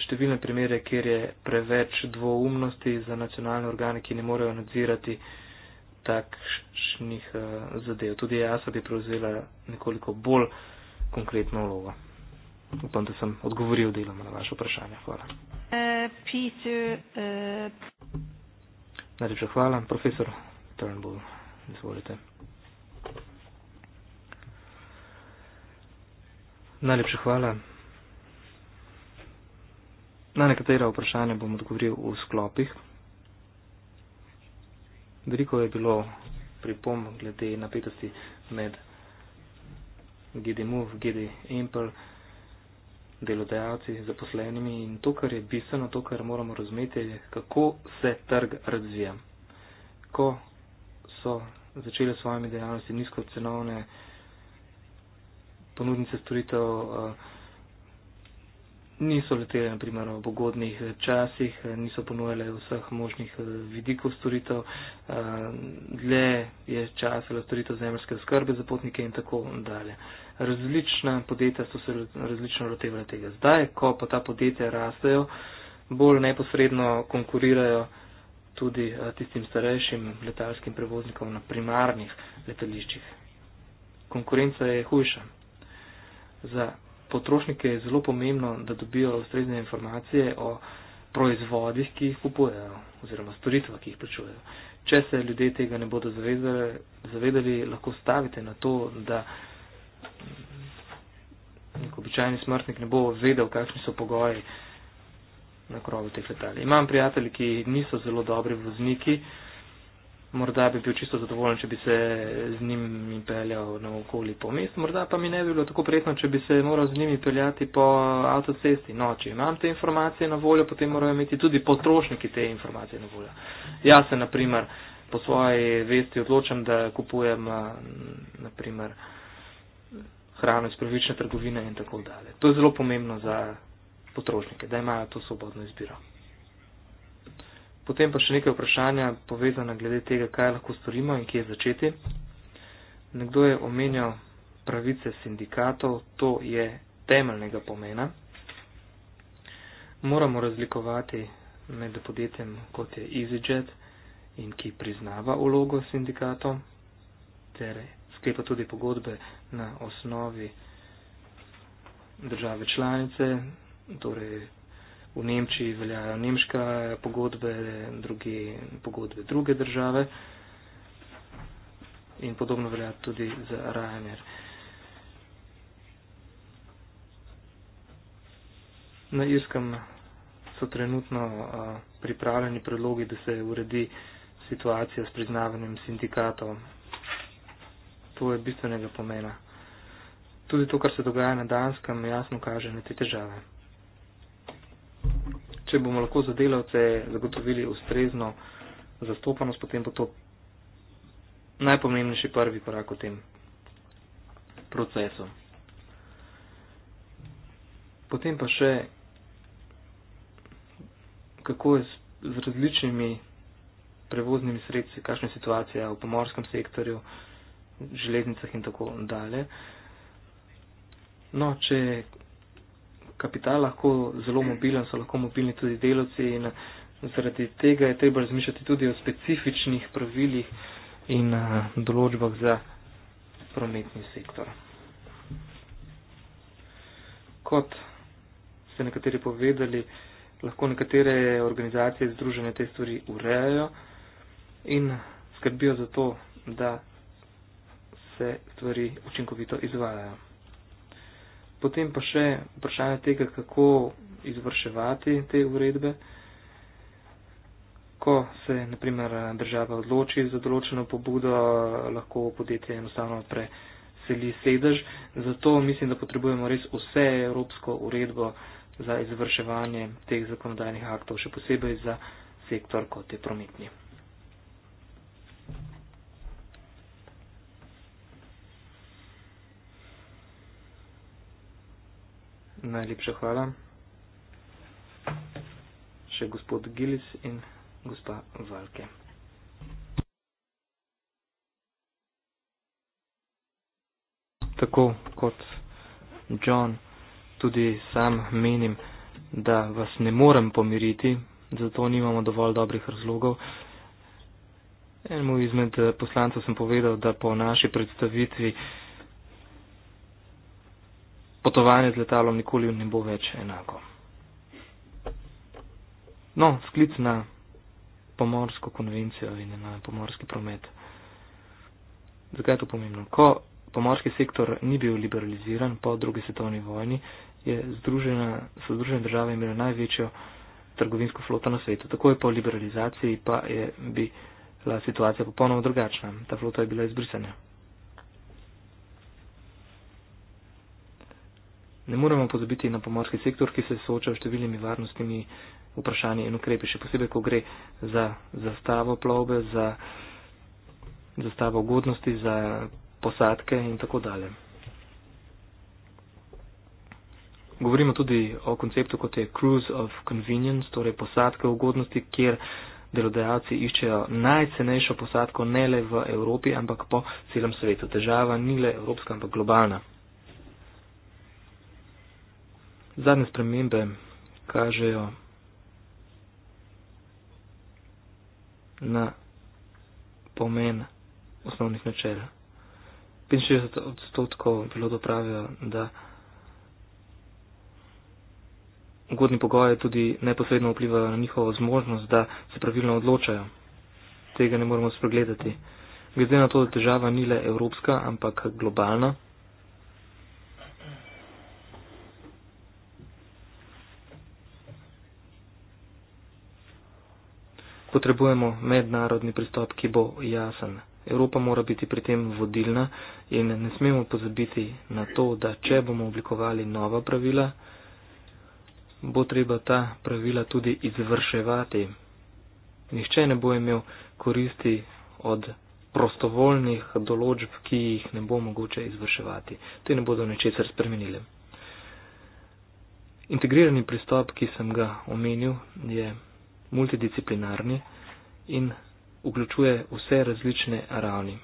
številne primere, kjer je preveč dvoumnosti za nacionalne organe, ki ne morejo nadzirati takšnih eh, zadev. Tudi jasa bi prevzela nekoliko bolj konkretno lovo. Upam, da sem odgovoril deloma na vaše vprašanje. Hvala. Eh, eh. Najlepša hvala, profesor Turnbull. Izvolite. Najlepša hvala. Na nekatera vprašanja bom odgovoril v sklopih. Veliko je bilo pripom glede napetosti med GD Move, GD Ample, delodajalci, zaposlenimi in to, kar je bistveno, to, kar moramo razumeti, je, kako se trg razvija. Ko so začele s svojimi dejavnostmi nizkocenovne, ponudnice storitev eh, niso letele naprimer v pogodnih eh, časih, eh, niso ponujale vseh možnih vidikov storitev, dlje je čas za storitev zemljske skrbe za potnike in tako dalje. Različna podjetja so se različno lotevala tega. Zdaj, ko pa ta podjetja rastejo, bolj neposredno konkurirajo tudi tistim starejšim letalskim prevoznikom na primarnih letališčih. Konkurenca je hujša za potrošnike je zelo pomembno, da dobijo ustrezne informacije o proizvodih, ki jih kupujejo oziroma storitvah, ki jih plačujejo. Če se ljudje tega ne bodo zavedali, zavedali lahko stavite na to, da nek običajni smrtnik ne bo vedel, kakšni so pogoji na krovu teh letal. Imam prijatelje, ki niso zelo dobri vozniki, Morda bi bil čisto zadovoljen, če bi se z njimi peljal naokoli po mestu, morda pa mi ne bi bilo tako prijetno, če bi se moral z njimi peljati po avtocesti. No, če imam te informacije na voljo, potem morajo imeti tudi potrošniki te informacije na voljo. Jaz se, na primer, po svoji vesti odločam, da kupujem, eh, na primer, hrano iz prvične trgovine in tako dalje. To je zelo pomembno za potrošnike, da imajo to svobodno izbiro. Potem pa še nekaj vprašanja povezana glede tega, kaj lahko storimo in kje začeti. Nekdo je omenjal pravice sindikatov, to je temeljnega pomena. Moramo razlikovati med podjetjem kot je EasyJet in ki priznava ulogo sindikatov, ter sklepa tudi pogodbe na osnovi države članice, torej v Nemčiji veljajo nemška pogodbe, druge pogodbe druge države in podobno velja tudi za Ryanair. Na Irskem so trenutno pripravljeni predlogi, da se uredi situacija s priznavanjem sindikatov. To je bistvenega pomena. Tudi to, kar se dogaja na Danskem, jasno kaže na te težave če bomo lahko za delavce zagotovili ustrezno zastopanost, potem bo to najpomembnejši prvi korak v tem procesu. Potem pa še, kako je z različnimi prevoznimi sredstvi, kakšna je situacija v pomorskem sektorju, železnicah in tako dalje. No, če kapital lahko zelo mobilen, so lahko mobilni tudi delovci in zaradi tega je treba razmišljati tudi o specifičnih pravilih in eh, določbah za prometni sektor. Kot ste nekateri povedali, lahko nekatere organizacije združene te stvari urejajo in skrbijo za to, da se stvari učinkovito izvajajo potem pa še vprašanje tega, kako izvrševati te uredbe. Ko se, naprimer, država odloči za določeno pobudo, lahko podjetje enostavno preseli sedež. Zato mislim, da potrebujemo res vse evropsko uredbo za izvrševanje teh zakonodajnih aktov, še posebej za sektor kot je prometni. Najlepša hvala. Še gospod Gilis in gospa Valke. Tako kot John, tudi sam menim, da vas ne morem pomiriti, zato nimamo dovolj dobrih razlogov. Enemu izmed poslancev sem povedal, da po naši predstavitvi potovanje z letalom nikoli ne bo več enako. No, sklic na pomorsko konvencijo in na pomorski promet. Zakaj je to pomembno? Ko pomorski sektor ni bil liberaliziran po drugi svetovni vojni, je združena, so združene države imele največjo trgovinsko floto na svetu. Takoj po liberalizaciji pa je bila situacija popolnoma drugačna. Ta flota je bila izbrisana. Ne moremo pozabiti na pomorski sektor, ki se sooča s številnimi varnostnimi vprašanji in ukrepi, še posebej, ko gre za zastavo plovbe, za zastavo ugodnosti, za posadke in tako dalje. Govorimo tudi o konceptu, kot je cruise of convenience, torej posadke ugodnosti, kjer delodajalci iščejo najcenejšo posadko ne le v Evropi, ampak po celem svetu. Težava ni le evropska, ampak globalna. Zadnje spremembe kažejo na pomen osnovnih načel. 65 odstotkov bilo dopravijo, da ugodni pogoje tudi neposredno vplivajo na njihovo zmožnost, da se pravilno odločajo. Tega ne moremo spregledati. Glede na to, da težava ni le evropska, ampak globalna. Potrebujemo mednarodni pristop, ki bo jasen. Evropa mora biti pri tem vodilna in ne smemo pozabiti na to, da če bomo oblikovali nova pravila, bo treba ta pravila tudi izvrševati. Nihče ne bo imel koristi od prostovoljnih določb, ki jih ne bo mogoče izvrševati. Te ne bodo nečesar spremenili. Integrirani pristop, ki sem ga omenil, je multidisciplinarni in vključuje vse različne ravni,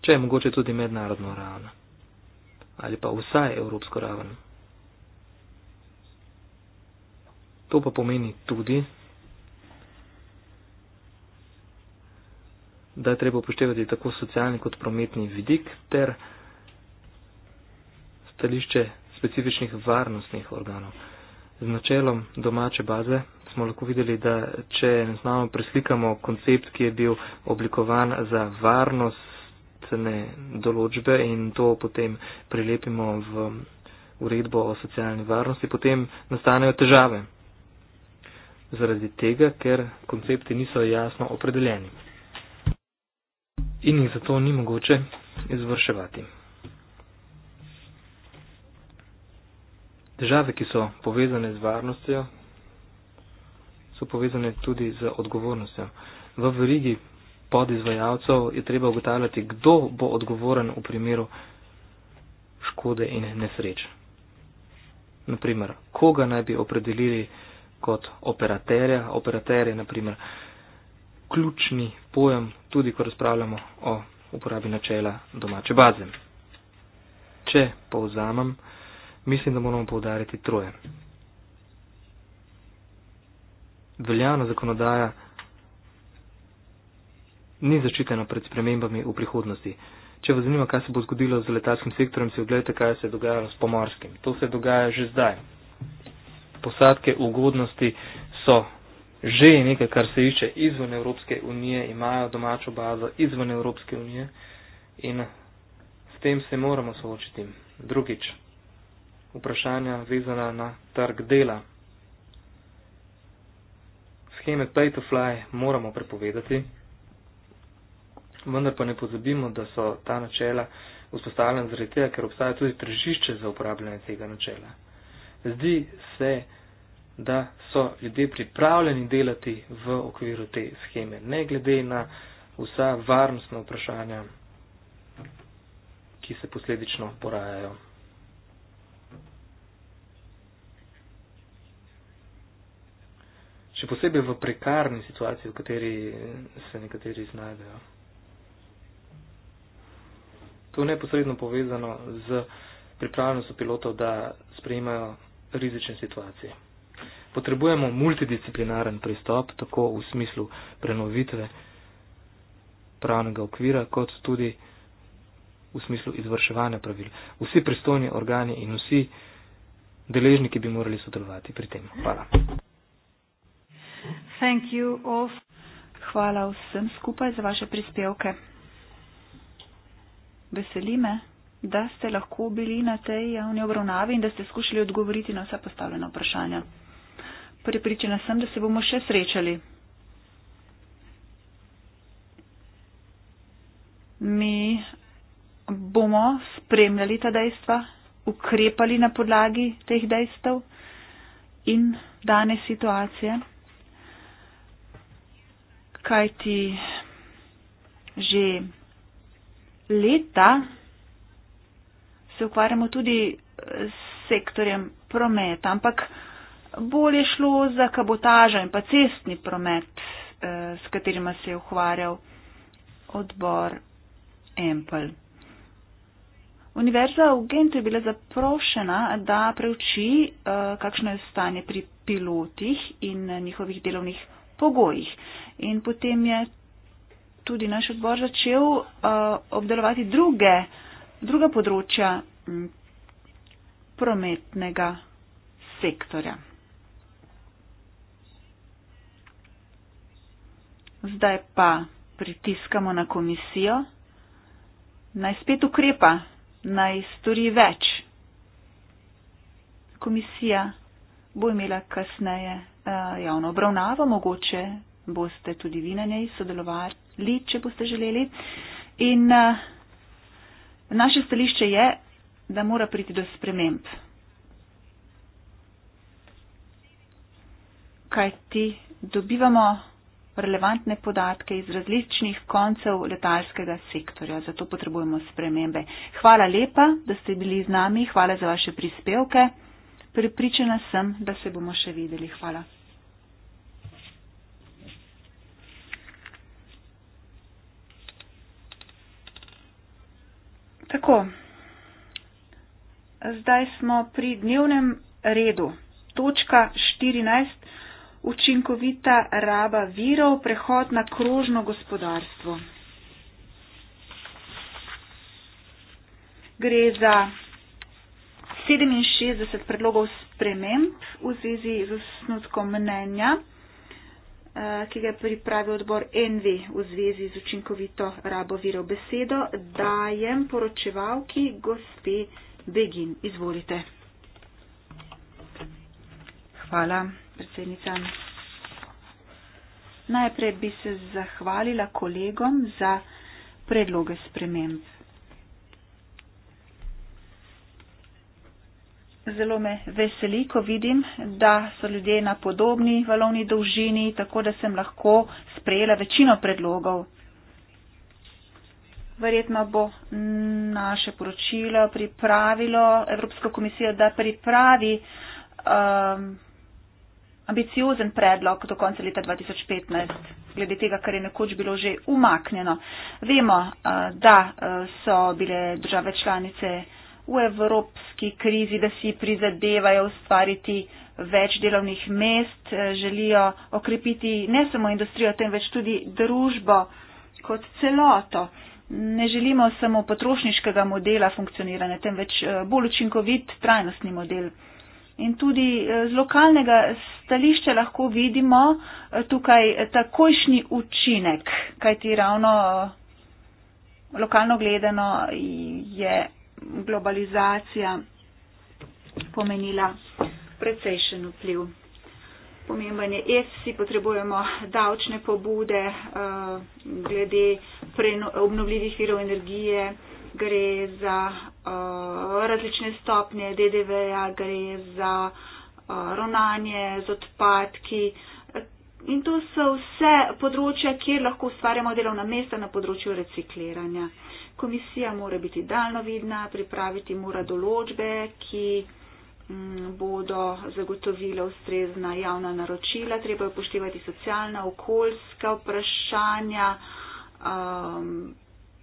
če je mogoče tudi mednarodno raven ali pa vsaj evropsko raven. To pa pomeni tudi, da je treba upoštevati tako socialni kot prometni vidik ter stališče specifičnih varnostnih organov z načelom domače baze smo lahko videli, da če znamo preslikamo koncept, ki je bil oblikovan za varnostne določbe in to potem prilepimo v uredbo o socialni varnosti, potem nastanejo težave. Zaradi tega, ker koncepti niso jasno opredeljeni. In jih zato ni mogoče izvrševati. Države, ki so povezane z varnostjo, so povezane tudi z odgovornostjo. V verigi podizvajalcev je treba ugotavljati, kdo bo odgovoren v primeru škode in nesreč. Naprimer, koga naj bi opredelili kot operaterja. Operater je naprimer ključni pojem, tudi ko razpravljamo o uporabi načela domače baze. Če povzamem, mislim, da moramo povdariti troje. Veljavna zakonodaja ni zaščitena pred spremembami v prihodnosti. Če vas zanima, kaj se bo zgodilo z letalskim sektorjem, si ogledajte, kaj se je dogajalo s pomorskim. To se dogaja že zdaj. Posadke ugodnosti so že nekaj, kar se išče izven Evropske unije, imajo domačo bazo izven Evropske unije in s tem se moramo soočiti. Drugič, vprašanja vezana na trg dela. Scheme pay to fly moramo prepovedati, vendar pa ne pozabimo, da so ta načela vzpostavljena zaradi tega, ker obstaja tudi tržišče za uporabljanje tega načela. Zdi se, da so ljudje pripravljeni delati v okviru te scheme, ne glede na vsa varnostna vprašanja, ki se posledično porajajo. še posebej v prekarni situaciji, v kateri se nekateri znajdejo. To je neposredno povezano z pripravljenostjo pilotov, da sprejmajo rizične situacije. Potrebujemo multidisciplinaren pristop, tako v smislu prenovitve pravnega okvira, kot tudi v smislu izvrševanja pravil. Vsi pristojni organi in vsi deležniki bi morali sodelovati pri tem. Hvala. Thank you all. Hvala vsem skupaj za vaše prispevke. Veseli me, da ste lahko bili na tej javni obravnavi in da ste skušali odgovoriti na vse postavljene vprašanja. Pripričana sem, da se bomo še srečali. Mi bomo spremljali ta dejstva, ukrepali na podlagi teh dejstev in dane situacije kajti že leta se ukvarjamo tudi s sektorjem prometa, ampak bolj je šlo za kabotažo in pa cestni promet, eh, s katerima se je ukvarjal odbor Empel. Univerza v Gentu je bila zaprošena, da preuči, eh, kakšno je stanje pri pilotih in njihovih delovnih pogojih. In potem je tudi naš odbor začel uh, obdelovati druge, druga področja m, mm, prometnega sektorja. Zdaj pa pritiskamo na komisijo, naj spet ukrepa, naj stori več. Komisija bo imela kasneje Eh, javno obravnavo, mogoče boste tudi vi na njej sodelovali, če boste želeli. In eh, naše stališče je, da mora priti do sprememb. Kaj ti dobivamo relevantne podatke iz različnih koncev letalskega sektorja, zato potrebujemo spremembe. Hvala lepa, da ste bili z nami, hvala za vaše prispevke. Pripričana sem, da se bomo še videli. Hvala. Tako, zdaj smo pri dnevnem redu. Točka 14. Učinkovita raba virov, prehod na krožno gospodarstvo. Gre za 67 predlogov sprememb v zvezi z osnutkom mnenja, eh, ki ga je pripravil odbor NV v zvezi z učinkovito rabo virov besedo, dajem poročevalki gospe Begin. Izvolite. Hvala, predsednica. Najprej bi se zahvalila kolegom za predloge sprememb. Zelo me veseli, ko vidim, da so ljudje na podobni valovni dolžini, tako da sem lahko sprejela večino predlogov. Verjetno bo naše poročilo pripravilo Evropsko komisijo, da pripravi um, ambiciozen predlog do konca leta 2015, glede tega, kar je nekoč bilo že umaknjeno. Vemo, uh, da uh, so bile države članice v evropski krizi, da si prizadevajo ustvariti več delovnih mest, eh, želijo okrepiti ne samo industrijo, temveč tudi družbo kot celoto. Ne želimo samo potrošniškega modela funkcioniranja, temveč eh, bolj učinkovit trajnostni model. In tudi eh, z lokalnega stališča lahko vidimo tukaj takojšnji učinek, kajti ravno lokalno gledano je globalizacija pomenila precejšen vpliv. Pomemben je S, si potrebujemo davčne pobude uh, glede preno, obnovljivih virov energije, gre za uh, različne stopnje DDV-ja, gre za uh, eh, ronanje z odpadki. In to so vse področja, kjer lahko ustvarjamo delovna mesta na področju recikliranja. Komisija mora biti daljnovidna, pripraviti mora določbe, ki mm, bodo zagotovile ustrezna javna naročila, treba je upoštevati socialna, okoljska vprašanja, um,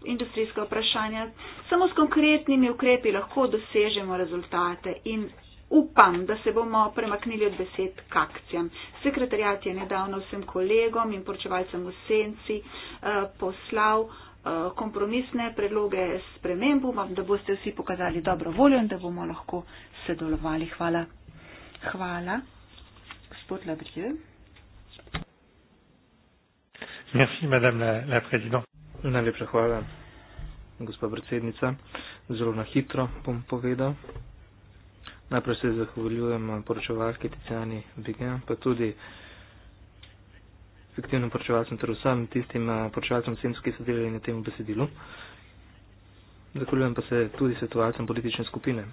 industrijska vprašanja. Samo s konkretnimi ukrepi lahko dosežemo rezultate in upam, da se bomo premaknili od besed k akcijam. Sekretarjat je nedavno vsem kolegom in poročevalcem v senci uh, poslal uh, Eh, kompromisne predloge s premembo, vam, da boste vsi pokazali dobro voljo in da bomo lahko sedolovali. Hvala. Hvala. Gospod Labrije. Merci, madame la, la présidente. Najlepša hvala, gospa predsednica. Zelo na hitro bom povedal. Najprej se zahvaljujem poročevalki Ticani Bigan, pa tudi uh, fiktivnim poročevalcem, torej vsem tistim eh, poročevalcem, vsem, ki so delali na tem besedilu. Zahvaljujem pa se tudi svetovalcem politične skupine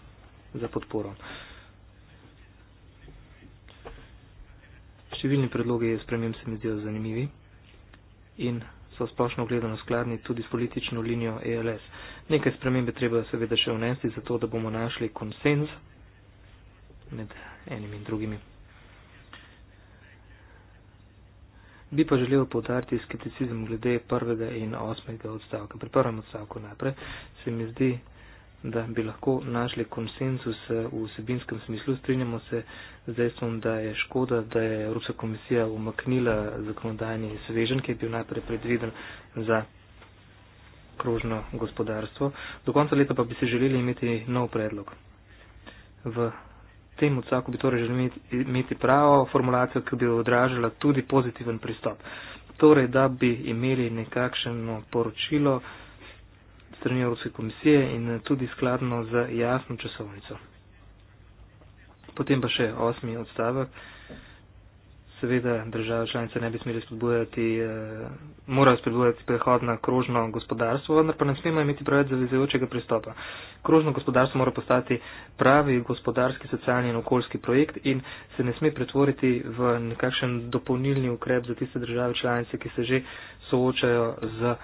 za podporo. Številni predlogi sprememb se mi zdijo zanimivi in so splošno gledano skladni tudi s politično linijo ELS. Nekaj spremembe treba seveda še vnesti, zato da bomo našli konsens med enimi in drugimi. Bi pa želel povdariti skepticizem glede prvega in osmega odstavka. Pri prvem odstavku naprej se mi zdi, da bi lahko našli konsensus eh, v vsebinskem smislu. Strinjamo se z dejstvom, da je škoda, da je Evropska komisija umaknila zakonodajni svežen, ki je bil najprej predviden za krožno gospodarstvo. Do konca leta pa bi si želeli imeti nov predlog. V tem odsaku bi torej želeli imeti, imeti pravo formulacijo, ki bi odražala tudi pozitiven pristop. Torej, da bi imeli nekakšno poročilo strani Evropske komisije in tudi skladno z jasno časovnico. Potem pa še osmi odstavek seveda države članice ne bi smeli spodbujati, eh, morajo spodbujati prehod na krožno gospodarstvo, vendar pa ne smemo imeti preveč zavezujočega pristopa. Krožno gospodarstvo mora postati pravi gospodarski, socialni in okoljski projekt in se ne sme pretvoriti v nekakšen dopolnilni ukrep za tiste države članice, ki se že soočajo z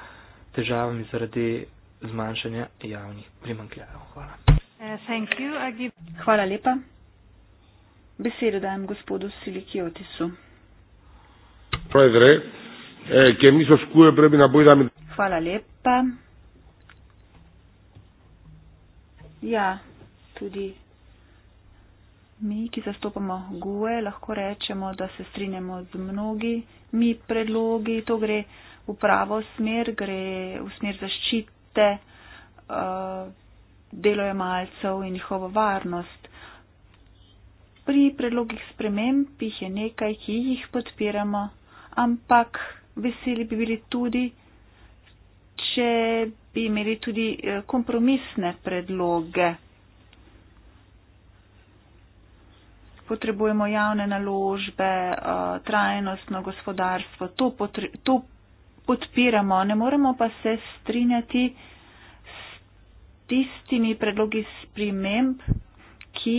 težavami zaradi zmanjšanja javnih primankljajev. Hvala. Uh, Hvala lepa. Besedo dajem gospodu Silikiotisu. Eh, Hvala lepa. Ja, tudi mi, ki zastopamo GUE, lahko rečemo, da se strinjamo z mnogimi predlogi. To gre v pravo smer, gre v smer zaščite uh, delojemalcev in njihovo varnost. Pri predlogih sprememb jih je nekaj, ki jih podpiramo, ampak veseli bi bili tudi, če bi imeli tudi eh, kompromisne predloge. Potrebujemo javne naložbe, eh, trajnostno gospodarstvo, to, potre, to podpiramo, ne moremo pa se strinjati s tistimi predlogi sprememb, ki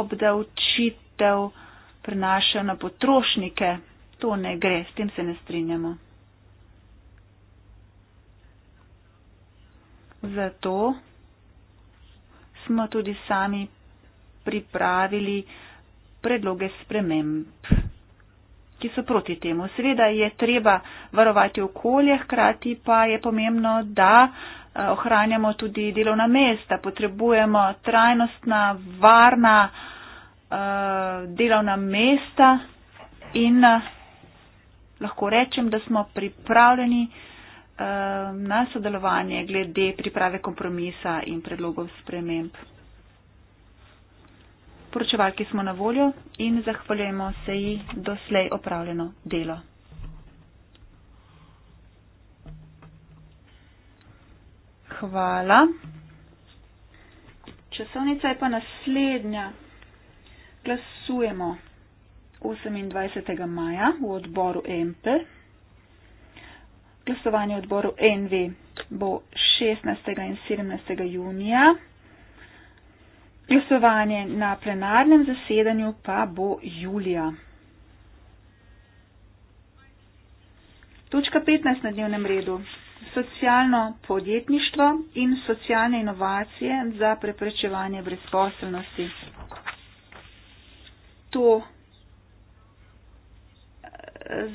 obdavčitev prenaša na potrošnike. To ne gre, s tem se ne strinjamo. Zato smo tudi sami pripravili predloge sprememb, ki so proti temu. Seveda je treba varovati okolje, hkrati pa je pomembno, da Eh, ohranjamo tudi delovna mesta, potrebujemo trajnostna, varna eh, delovna mesta in eh, lahko rečem, da smo pripravljeni na sodelovanje glede priprave kompromisa in predlogov sprememb. Poročevalki smo na voljo in zahvaljujemo se ji doslej opravljeno delo. hvala. Časovnica je pa naslednja. Glasujemo 28. maja v odboru MP. Glasovanje v odboru NV bo 16. in 17. junija. Glasovanje na plenarnem zasedanju pa bo julija. Točka 15 na dnevnem redu socialno podjetništvo in socialne inovacije za preprečevanje brezposelnosti. To eh,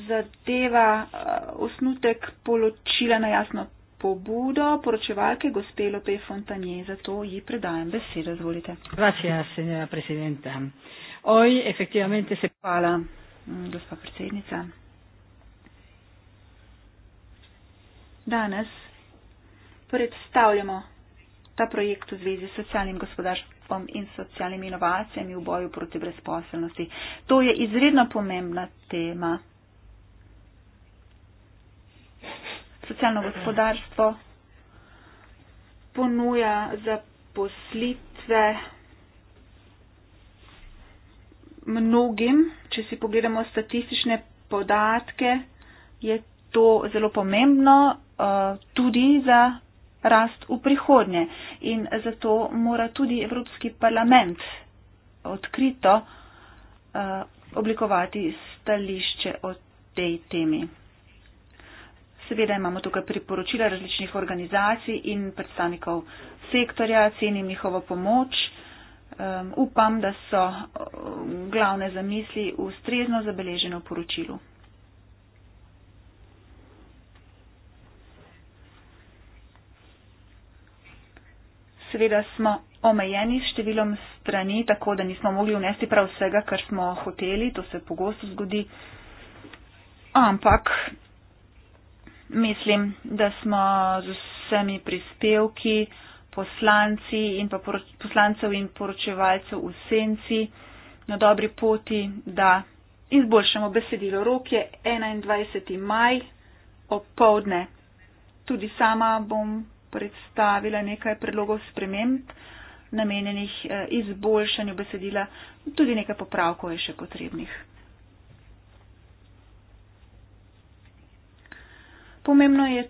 zadeva eh, osnutek poločila na jasno pobudo poročevalke gospe Lope Fontanje, zato ji predajam besedo, zvolite. Hvala, mm, gospa predsednica. danes predstavljamo ta projekt v zvezi s socialnim gospodarstvom in socialnimi inovacijami v boju proti brezposelnosti. To je izredno pomembna tema. Socialno gospodarstvo ponuja zaposlitve mnogim, če si pogledamo statistične podatke, je to zelo pomembno, Eh, tudi za rast v prihodnje. In zato mora tudi Evropski parlament odkrito eh, oblikovati stališče o tej temi. Seveda imamo tukaj priporočila različnih organizacij in predstavnikov sektorja, cenim njihovo pomoč. Ehm, upam, da so eh, glavne zamisli ustrezno zabeležene v poročilu. Seveda smo omejeni s številom strani, tako da nismo mogli vnesti prav vsega, kar smo hoteli. To se pogosto zgodi. Ampak mislim, da smo z vsemi prispevki, poslanci in pa poslancev in poročevalcev v senci na dobri poti, da izboljšamo besedilo. Rok je 21. maj, opovdne. Tudi sama bom predstavila nekaj predlogov sprememb, namenjenih eh, izboljšanju besedila, tudi nekaj popravkov je še potrebnih. Pomembno je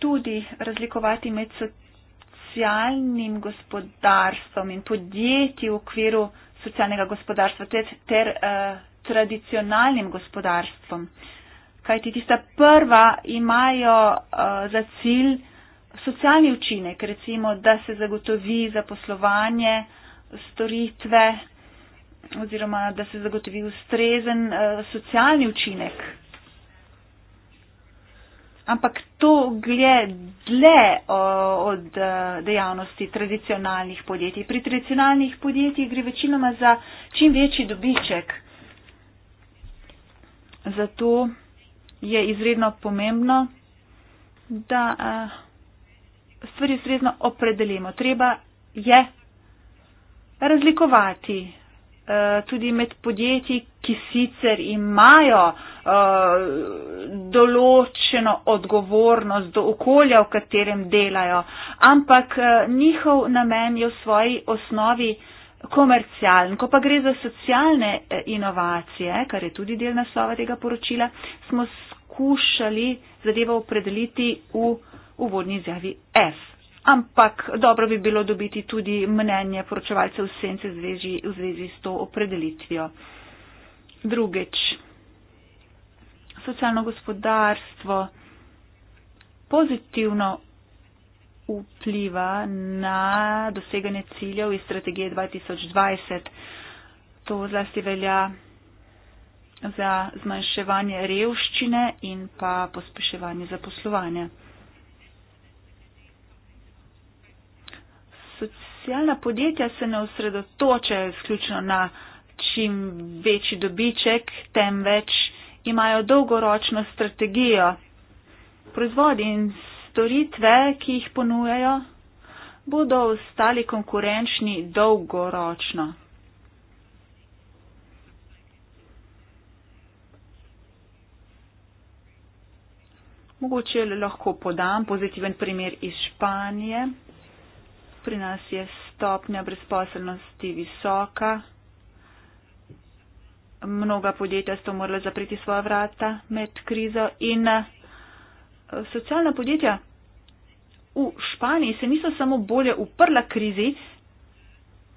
tudi razlikovati med socialnim gospodarstvom in podjetji v okviru socialnega gospodarstva ter, ter uh, tradicionalnim gospodarstvom. Kajti tista prva imajo uh, za cilj, socialni učinek, recimo, da se zagotovi zaposlovanje, storitve oziroma da se zagotovi ustrezen uh, socialni učinek. Ampak to gre dle od eh, dejavnosti tradicionalnih podjetij. Pri tradicionalnih podjetjih gre večinoma za čim večji dobiček. Zato je izredno pomembno, da. Uh, stvari ustrezno opredelimo. Treba je razlikovati eh, tudi med podjetji, ki sicer imajo eh, določeno odgovornost do okolja, v katerem delajo, ampak eh, njihov namen je v svoji osnovi komercialen. Ko pa gre za socialne inovacije, kar je tudi del naslova tega poročila, smo skušali zadevo opredeliti v uvodni izjavi F. Ampak dobro bi bilo dobiti tudi mnenje poročevalcev sence v zvezi, v zvezi s to opredelitvijo. Drugič, socialno gospodarstvo pozitivno vpliva na doseganje ciljev iz strategije 2020. To zlasti velja za zmanjševanje revščine in pa pospeševanje zaposlovanja. komercialna podjetja se ne osredotočajo izključno na čim večji dobiček, temveč imajo dolgoročno strategijo. Proizvodi in storitve, ki jih ponujajo, bodo ostali konkurenčni dolgoročno. Mogoče lahko podam pozitiven primer iz Španije pri nas je stopnja brezposelnosti visoka. Mnoga podjetja so morala zapreti svoja vrata med krizo in eh, socialna podjetja v Španiji se niso samo bolje uprla krizi,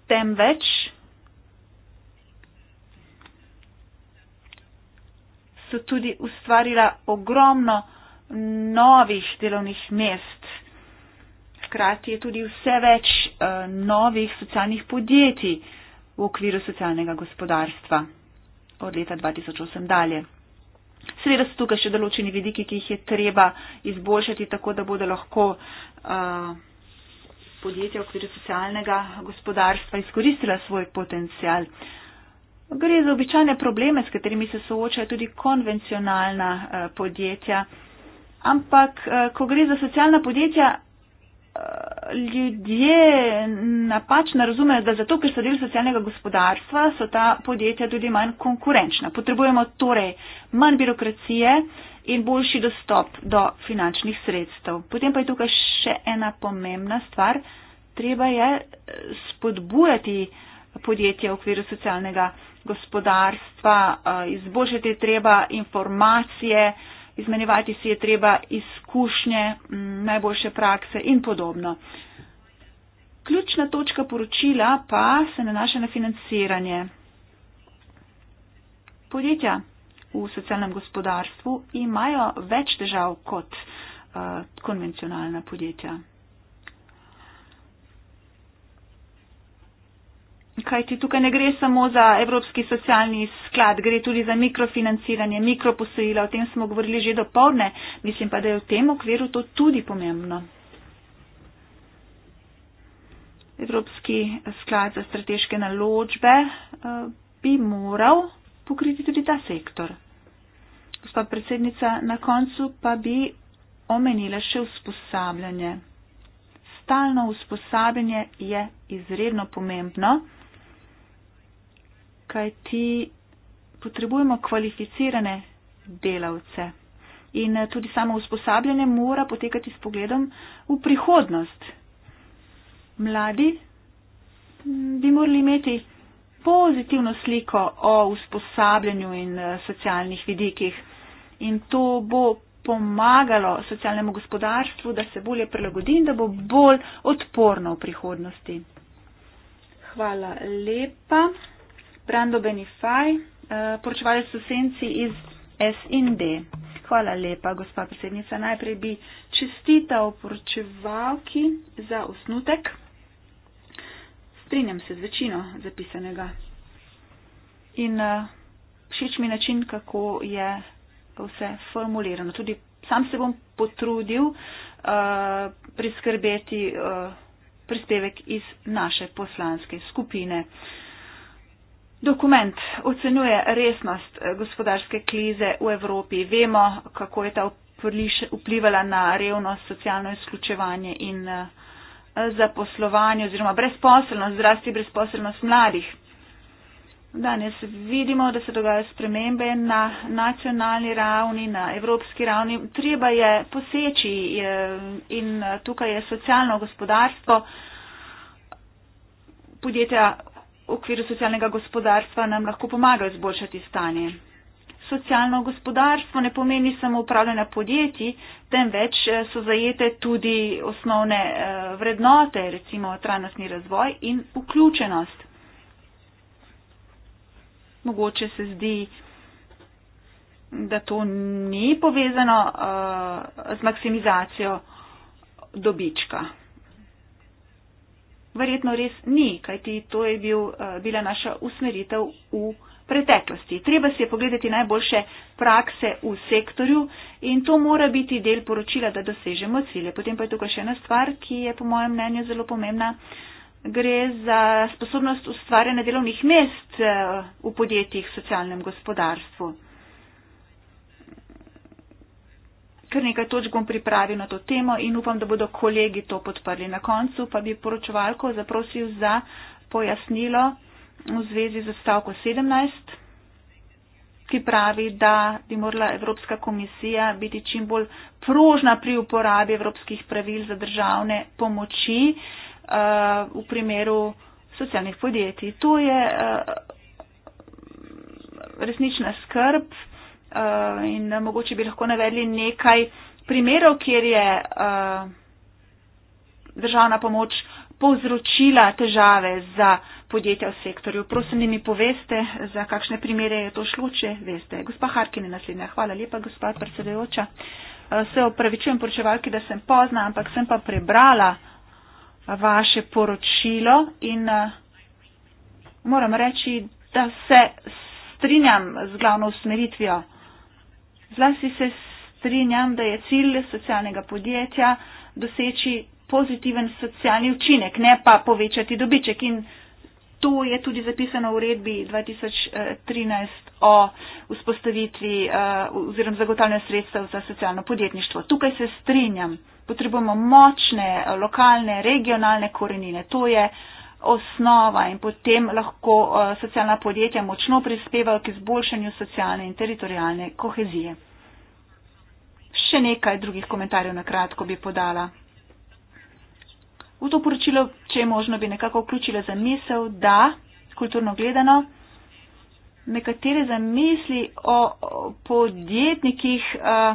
temveč so tudi ustvarila ogromno novih delovnih mest hkrati je tudi vse več uh, novih socialnih podjetij v okviru socialnega gospodarstva od leta 2008 dalje. Seveda so tukaj še določeni vidiki, ki jih je treba izboljšati, tako da bodo lahko uh, podjetja v okviru socialnega gospodarstva izkoristila svoj potencial. Gre za običajne probleme, s katerimi se soočajo tudi konvencionalna uh, podjetja, ampak uh, ko gre za socialna podjetja, ljudje napačno razumejo, da zato, ker so del socialnega gospodarstva, so ta podjetja tudi manj konkurenčna. Potrebujemo torej manj birokracije in boljši dostop do finančnih sredstev. Potem pa je tukaj še ena pomembna stvar. Treba je eh, spodbujati podjetja v okviru socialnega gospodarstva, eh, izboljšati treba informacije, izmenjevati si je treba izkušnje, najboljše prakse in podobno. Ključna točka poročila pa se nanaša na financiranje podjetja v socialnem gospodarstvu imajo več težav kot uh, konvencionalna podjetja. kajti tukaj ne gre samo za Evropski socialni sklad, gre tudi za mikrofinanciranje, mikroposojila, o tem smo govorili že do povdne, mislim pa, da je v tem okviru to tudi pomembno. Evropski sklad za strateške naložbe eh, bi moral pokriti tudi ta sektor. Gospa predsednica, na koncu pa bi omenila še usposabljanje. Stalno usposabljanje je izredno pomembno kaj ti potrebujemo kvalificirane delavce. In eh, tudi samo usposabljanje mora potekati s pogledom v prihodnost. Mladi mm, bi morali imeti pozitivno sliko o usposabljanju in eh, socialnih vidikih. In to bo pomagalo socialnemu gospodarstvu, da se bolje prilagodi in da bo bolj odporno v prihodnosti. Hvala lepa. Brando Benifaj, uh, poročevalec v Senci iz SND. Hvala lepa, gospa predsednica. Najprej bi čestital poročevalki za osnutek. Strinjam se z večino zapisanega. In eh, všeč uh, mi način, kako je vse formulirano. Tudi sam se bom potrudil uh, priskrbeti uh, prispevek iz naše poslanske skupine. Uh, Dokument ocenjuje resnost eh, gospodarske krize v Evropi. Vemo, kako je ta vplivala na revnost, socialno izključevanje in eh, zaposlovanje oziroma brezposelnost, zrasti brezposelnost mladih. Danes vidimo, da se dogajajo spremembe na nacionalni ravni, na evropski ravni. Treba je poseči eh, in tukaj je socialno gospodarstvo, podjetja v okviru socialnega gospodarstva nam lahko pomagajo izboljšati stanje. Socialno gospodarstvo ne pomeni samo upravljanja podjetij, temveč eh, so zajete tudi osnovne eh, vrednote, recimo trajnostni razvoj in vključenost. Mogoče se zdi, da to ni povezano eh, z maksimizacijo dobička verjetno res ni, kajti to je bil, eh, bila naša usmeritev v preteklosti. Treba si je pogledati najboljše prakse v sektorju in to mora biti del poročila, da dosežemo cilje. Potem pa je tukaj še ena stvar, ki je po mojem mnenju zelo pomembna. Gre za sposobnost ustvarjanja delovnih mest eh, v podjetjih v socialnem gospodarstvu. kar nekaj točk bom pripravil na to temo in upam, da bodo kolegi to podprli. Na koncu pa bi poročevalko zaprosil za pojasnilo v zvezi z stavko 17, ki pravi, da bi morala Evropska komisija biti čim bolj prožna pri uporabi evropskih pravil za državne pomoči uh, v primeru socialnih podjetij. To je uh, resnična skrb, uh, in mogoče bi lahko navedli nekaj primerov, kjer je uh, državna pomoč povzročila težave za podjetja v sektorju. Prosim, da mi poveste, za kakšne primere je to šlo, če veste. Gospa Harkin je naslednja. Hvala lepa, gospa predsedujoča. Eh, se opravičujem poročevalki, da sem pozna, ampak sem pa prebrala vaše poročilo in moram reči, da se strinjam z glavno usmeritvijo. Zlasti se strinjam, da je cilj socialnega podjetja doseči pozitiven socialni učinek, ne pa povečati dobiček. In to je tudi zapisano v uredbi 2013 o vzpostavitvi eh, oziroma zagotavljanju sredstev za socialno podjetništvo. Tukaj se strinjam. Potrebujemo močne eh, lokalne, regionalne korenine. To je uh, osnova in potem lahko eh, socialna podjetja močno prispevajo k izboljšanju socialne in teritorijalne kohezije. Še nekaj drugih komentarjev na kratko bi podala. V to poročilo, če je možno, bi nekako vključila zamisel, da, kulturno gledano, nekatere zamisli o podjetnikih eh,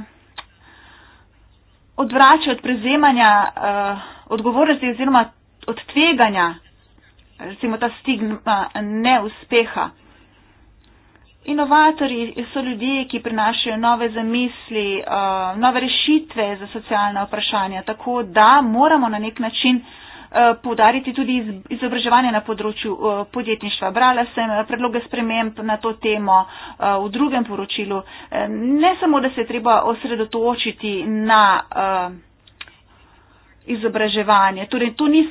odvračajo od prezemanja eh, odgovornosti oziroma od tveganja recimo ta stigma neuspeha. Inovatori so ljudje, ki prinašajo nove zamisli, uh, nove rešitve za socialna vprašanja, tako da moramo na nek način uh, povdariti tudi izobraževanje na področju uh, podjetništva. Brala sem predloge sprememb na to temo v drugem poročilu. Ne samo, da se je treba osredotočiti na izobraževanje, torej to ni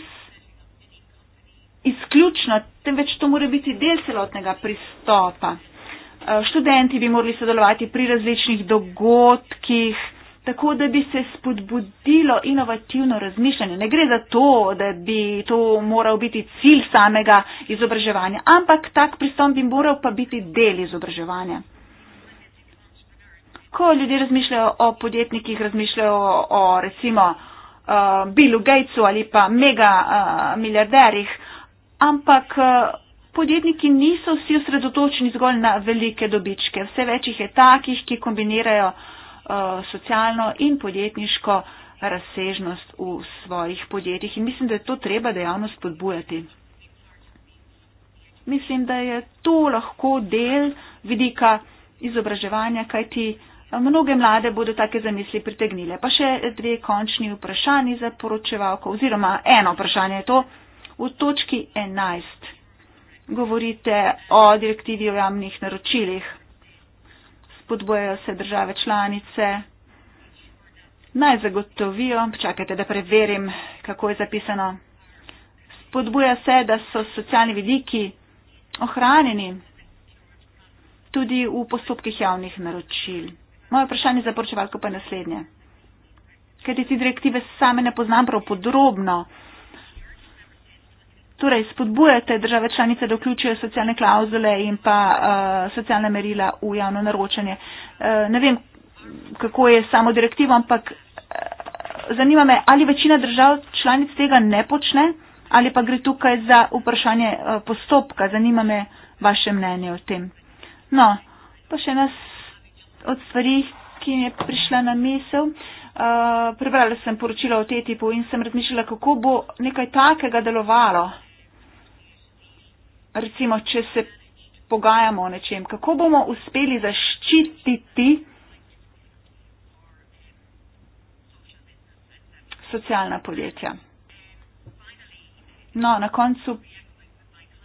izključna, temveč to mora biti del celotnega pristopa. Eh, študenti bi morali sodelovati pri različnih dogodkih, tako da bi se spodbudilo inovativno razmišljanje. Ne gre za to, da bi to moral biti cilj samega izobraževanja, ampak tak pristop bi moral pa biti del izobraževanja. Ko ljudje razmišljajo o podjetnikih, razmišljajo o, o recimo uh, Billu Gatesu ali pa mega uh, milijarderjih, ampak eh, podjetniki niso vsi osredotočeni zgolj na velike dobičke. Vse večjih je takih, ki kombinirajo eh, socialno in podjetniško razsežnost v svojih podjetjih in mislim, da je to treba dejavnost podbujati. Mislim, da je to lahko del vidika izobraževanja, kajti eh, mnoge mlade bodo take zamisli pritegnile. Pa še dve končni vprašanji za poročevalko oziroma eno vprašanje je to. V točki 11 govorite o direktivi o javnih naročilih. Spodbojajo se države članice. Naj zagotovijo, čakajte, da preverim, kako je zapisano. Spodbuja se, da so socialni vidiki ohranjeni tudi v postopkih javnih naročil. Moje vprašanje za poročevalko pa je naslednje. Ker ti direktive same ne poznam prav podrobno, torej spodbujate države članice, da vključijo socialne klauzule in pa uh, socialne merila v javno naročanje. Uh, ne vem, kako je samo direktivo, ampak. Uh, zanima me, ali večina držav članic tega ne počne, ali pa gre tukaj za vprašanje uh, postopka. Zanima me vaše mnenje o tem. No, pa še ena od stvari, ki mi je prišla na misel. Uh, prebrala sem poročila o TTIP-u in sem razmišljala, kako bo nekaj takega delovalo recimo, če se pogajamo o nečem, kako bomo uspeli zaščititi socialna podjetja. No, na koncu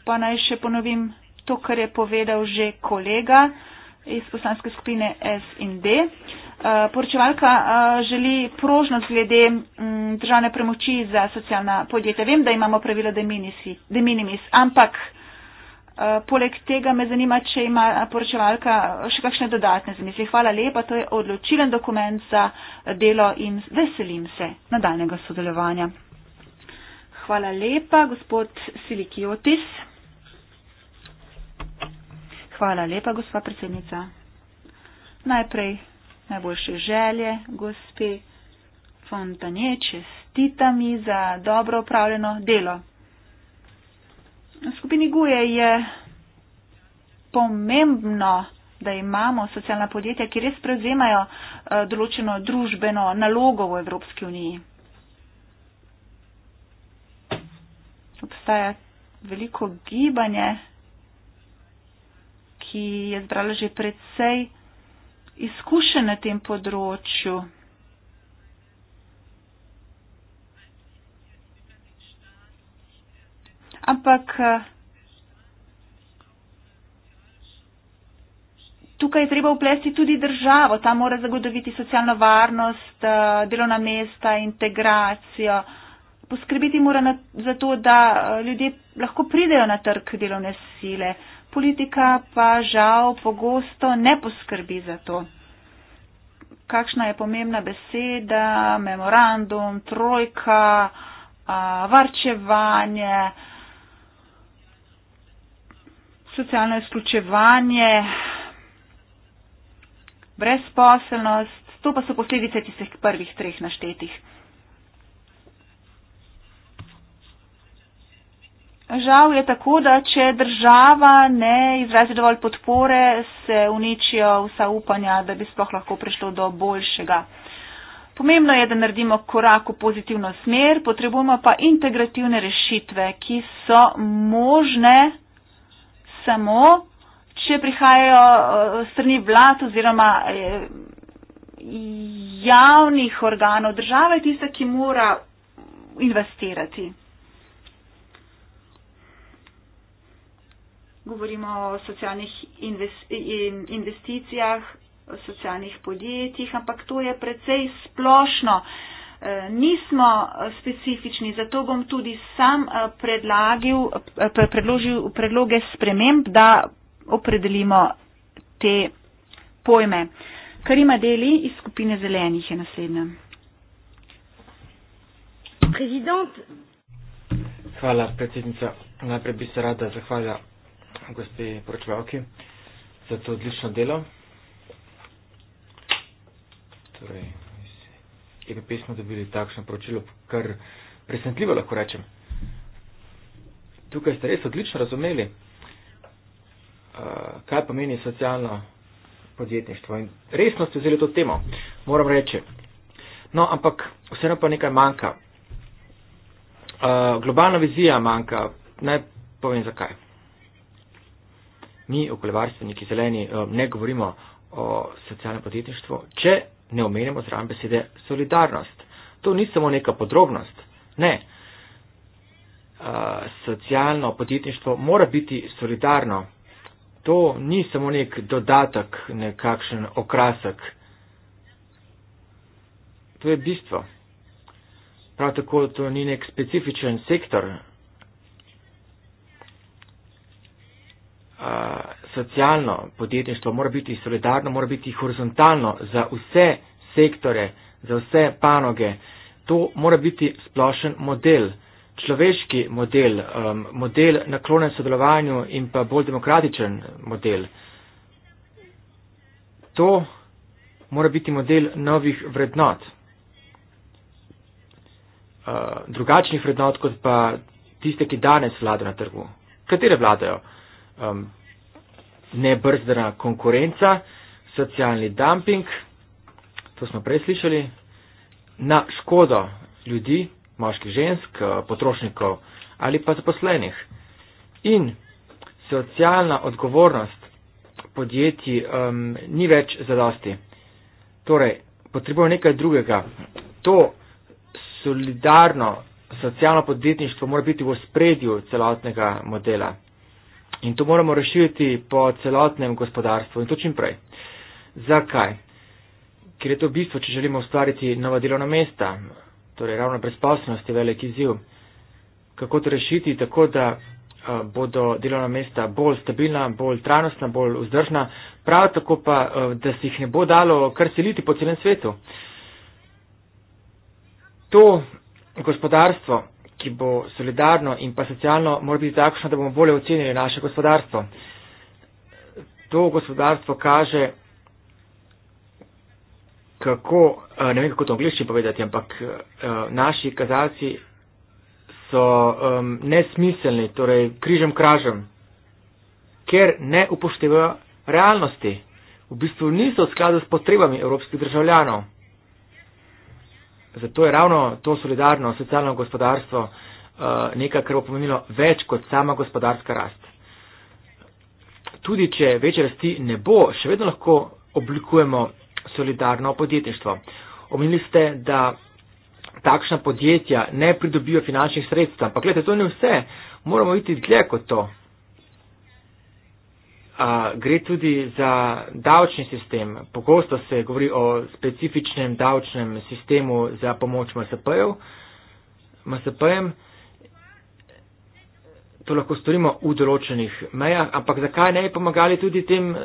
pa naj še ponovim to, kar je povedal že kolega iz poslanske skupine S in D. Uh, poročevalka uh, želi prožnost glede mm, državne premoči za socialna podjetja. Vem, da imamo pravilo de minimis, de minimis ampak. Eh, poleg tega me zanima, če ima poročevalka še kakšne dodatne zamisli. Hvala lepa, to je odločilen dokument za delo in veselim se nadaljnega sodelovanja. Hvala lepa, gospod Silikiotis. Hvala lepa, gospa predsednica. Najprej najboljše želje, gospe Fontanje, čestitami za dobro upravljeno delo. V skupini Guje je pomembno, da imamo socialna podjetja, ki res prevzemajo eh, določeno družbeno nalogo v Evropski uniji. Obstaja veliko gibanje, ki je zbralo že predvsej izkušen na tem področju. ampak eh, tukaj je treba uplesti tudi državo. Ta mora zagotoviti socialno varnost, eh, delovna mesta, integracijo. Poskrbiti mora na, za to, da eh, ljudje lahko pridejo na trg delovne sile. Politika pa žal pogosto ne poskrbi za to. Kakšna je pomembna beseda, memorandum, trojka, varčevanje, socialno izključevanje, brezposelnost, to pa so posledice tistih prvih treh naštetih. Žal je tako, da če država ne izrazi dovolj podpore, se uničijo vsa upanja, da bi sploh lahko prišlo do boljšega. Pomembno je, da naredimo korak v pozitivno smer, potrebujemo pa integrativne rešitve, ki so možne samo, če prihajajo eh, strani vlad oziroma eh, javnih organov. Država je tista, ki mora investirati. Govorimo o socialnih investicijah, o socialnih podjetjih, ampak to je precej splošno. Uh, nismo specifični, zato bom tudi sam eh, predlagil, eh, predložil predloge sprememb, da opredelimo te pojme. Karima Deli iz skupine zelenih je naslednja. Prezident. Hvala, predsednica. Najprej bi se rada zahvalila gospe poročevalki za to odlično delo. Torej lepe pesme dobili takšno poročilo, kar presentljivo lahko rečem. Tukaj ste res odlično razumeli, eh, kaj pomeni socialno podjetništvo in resno ste vzeli to temo, moram reči. No, ampak vseeno pa nekaj manjka. Eh, globalna vizija manjka, naj povem zakaj. Mi, okoljevarstveniki zeleni, eh, ne govorimo o socialnem podjetništvu, če ne omenjamo zraven besede solidarnost. To ni samo neka podrobnost. Ne. Uh, socialno podjetništvo mora biti solidarno. To ni samo nek dodatek, nekakšen okrasek. To je bistvo. Prav tako to ni nek specifičen sektor. Uh, socialno podjetništvo mora biti solidarno, mora biti horizontalno za vse sektore, za vse panoge. To mora biti splošen model, človeški model, um, model naklonen sodelovanju in pa bolj demokratičen model. To mora biti model novih vrednot, uh, drugačnih vrednot kot pa tiste, ki danes vladajo na trgu. Katere vladajo? Um, nebrzdana konkurenca, socialni dumping, to smo prej slišali, na škodo ljudi, moških žensk, potrošnikov ali pa zaposlenih. In socialna odgovornost podjetij um, ni več zadosti. Torej, potrebujemo nekaj drugega. To solidarno socialno podjetništvo mora biti v spredju celotnega modela. In to moramo rešiti po celotnem gospodarstvu in to čim prej. Zakaj? Ker je to bistvo, če želimo ustvariti nova delovna mesta, torej ravno brezposobnost je velik izziv. Kako to rešiti tako, da eh, bodo delovna mesta bolj stabilna, bolj trajnostna, bolj vzdržna, prav tako pa, eh, da se jih ne bo dalo kar seliti po celem svetu. To gospodarstvo ki bo solidarno in pa socialno, mora biti takšno, da bomo bolje ocenili naše gospodarstvo. To gospodarstvo kaže, kako, eh, ne vem kako to v angliščini povedati, ampak eh, naši kazalci so um, nesmiselni, torej križem kražem, ker ne upoštevajo realnosti. V bistvu niso v skladu s potrebami evropskih državljanov. Zato je ravno to solidarno socialno gospodarstvo uh, nekaj, kar bo pomenilo več kot sama gospodarska rast. Tudi če večje rasti ne bo, še vedno lahko oblikujemo solidarno podjetništvo. Omenili ste, da takšna podjetja ne pridobijo finančnih sredstva. Pa gledajte, to ni vse. Moramo iti dlje kot to gre tudi za davčni sistem. Pogosto se govori o specifičnem davčnem sistemu za pomoč MSP-jem. MSP to lahko storimo v določenih mejah, ampak zakaj ne bi pomagali tudi tem eh,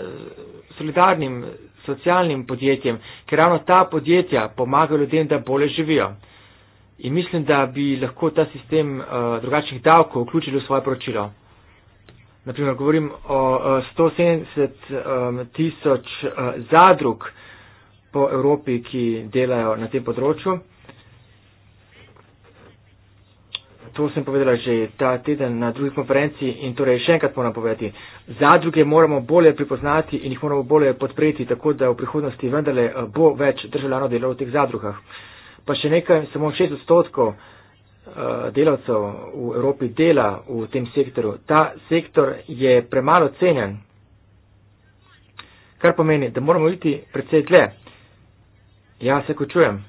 solidarnim socialnim podjetjem, ker ravno ta podjetja pomagajo ljudem, da bolje živijo. In mislim, da bi lahko ta sistem uh, drugačnih davkov vključili v svoje poročilo naprimer govorim o 170 um, tisoč uh, zadrug po Evropi, ki delajo na tem področju. To sem povedala že ta teden na drugi konferenci in torej še enkrat moram povedati. Zadruge moramo bolje pripoznati in jih moramo bolje podpreti, tako da v prihodnosti vendarle eh, bo več državljanov delov v teh zadrugah. Pa še nekaj, samo 6 odstotkov. Eh, delavcev v Evropi dela v tem sektorju. Ta sektor je premalo cenjen, kar pomeni, da moramo iti predvsej dlje. Ja, se kočujem.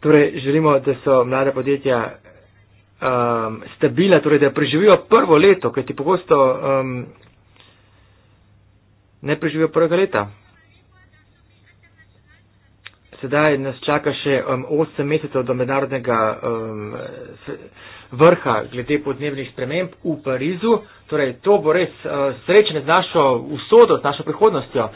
Torej, želimo, da so mlada podjetja um, stabilna, torej, da preživijo prvo leto, kajti pogosto um, ne preživijo prvega leta sedaj nas čaka še um, 8 mesecev do mednarodnega um, vrha glede podnebnih sprememb v Parizu. Torej, to bo res uh, srečne z našo usodo, z našo prihodnostjo.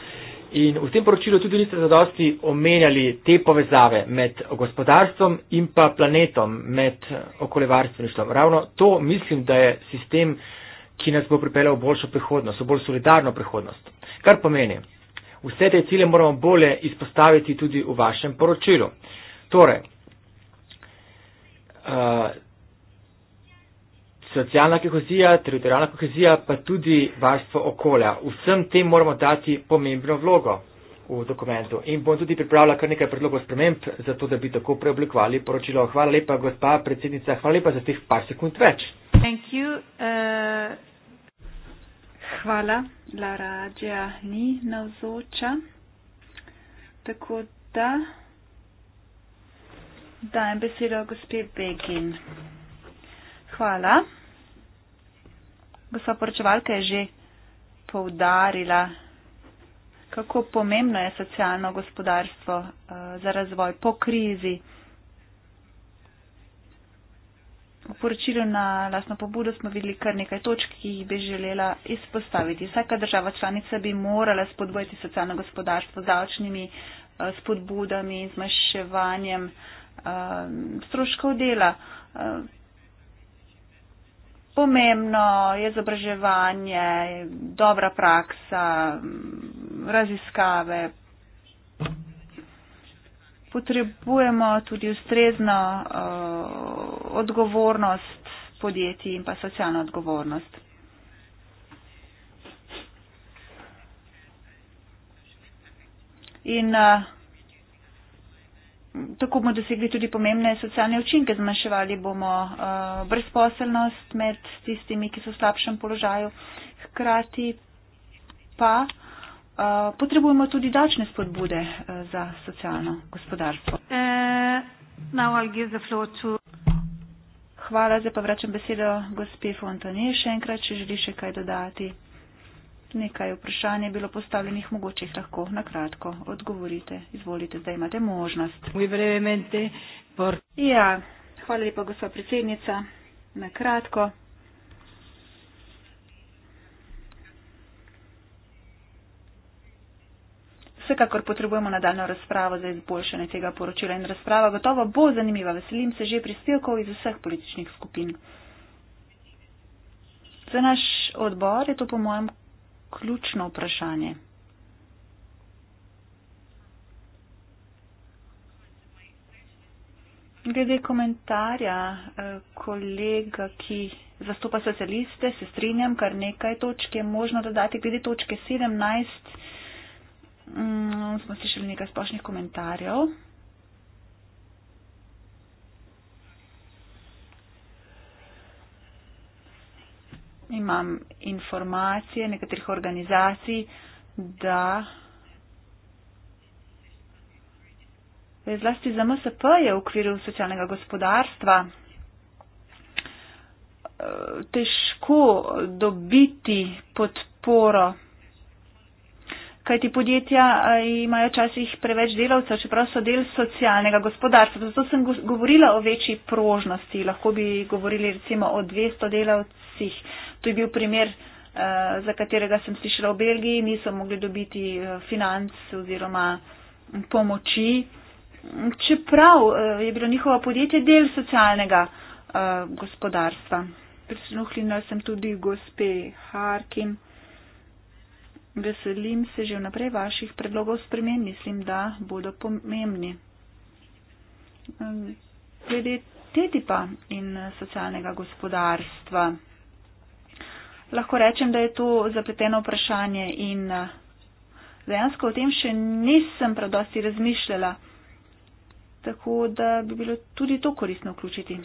In v tem poročilu tudi niste zadosti omenjali te povezave med gospodarstvom in pa planetom, med okoljevarstvenostjo. Ravno to mislim, da je sistem, ki nas bo pripeljal v boljšo prihodnost, v bolj solidarno prihodnost. Kar pomeni, Vse te cilje moramo bolje izpostaviti tudi v vašem poročilu. Torej, uh, socialna kohezija, teritorijalna kohezija, pa tudi varstvo okolja. Vsem tem moramo dati pomembno vlogo v dokumentu. In bom tudi pripravila kar nekaj predlogov sprememb, zato da bi tako preoblikovali poročilo. Hvala lepa, gospa predsednica, hvala lepa za teh par sekund več. Thank you. Uh... Hvala, Lara Adja ni navzoča. Tako da dajem besedo gospe Begin. Hvala. Gospa poročevalka je že poudarila, kako pomembno je socialno gospodarstvo uh, za razvoj po krizi. V poročilu na lasno pobudo smo videli kar nekaj točk, ki jih bi želela izpostaviti. Vsaka država članica bi morala spodbojiti socialno gospodarstvo z davčnimi eh, spodbudami in zmanjševanjem eh, stroškov dela. Eh, pomembno je izobraževanje, dobra praksa, raziskave, potrebujemo tudi ustrezno uh, odgovornost podjetij in pa socialno odgovornost. In uh, tako bomo dosegli tudi pomembne socialne učinke, zmanjševali bomo uh, brezposelnost med tistimi, ki so v slabšem položaju. Hkrati pa. Eh, potrebujemo tudi dačne spodbude eh, za socialno gospodarstvo. Eh, hvala, zdaj pa vračam besedo gospe Fontane. Še enkrat, če želi še kaj dodati. Nekaj vprašanj je bilo postavljenih, mogoče jih lahko na kratko odgovorite. Izvolite, zdaj imate možnost. Ja, hvala lepa, gospa predsednica. Na kratko. vsekakor potrebujemo nadaljno razpravo za izboljšanje tega poročila in razprava gotovo bo zanimiva. Veselim se že prispevkov iz vseh političnih skupin. Za naš odbor je to po mojem ključno vprašanje. Glede komentarja eh, kolega, ki zastopa socialiste, se strinjam, kar nekaj točk je možno dodati. Glede točke 17. Mm, smo slišali nekaj splošnih komentarjev. Imam informacije nekaterih organizacij, da zlasti za MSP je v okviru socialnega gospodarstva eh, težko dobiti podporo kajti podjetja imajo časih preveč delavcev, čeprav so del socialnega gospodarstva. Zato sem govorila o večji prožnosti. Lahko bi govorili recimo o 200 delavcih. To je bil primer, za katerega sem slišala v Belgiji, niso mogli dobiti financ oziroma pomoči. Čeprav je bilo njihovo podjetje del socialnega gospodarstva. Prisluhnila sem tudi gospe Harkin. Veselim se že vnaprej vaših predlogov spremen, mislim, da bodo pomembni. Ehm, glede TTIP-a in eh, socialnega gospodarstva. Lahko rečem, da je to zapleteno vprašanje in eh, dejansko o tem še nisem predosti razmišljala. Tako da bi bilo tudi to koristno vključiti.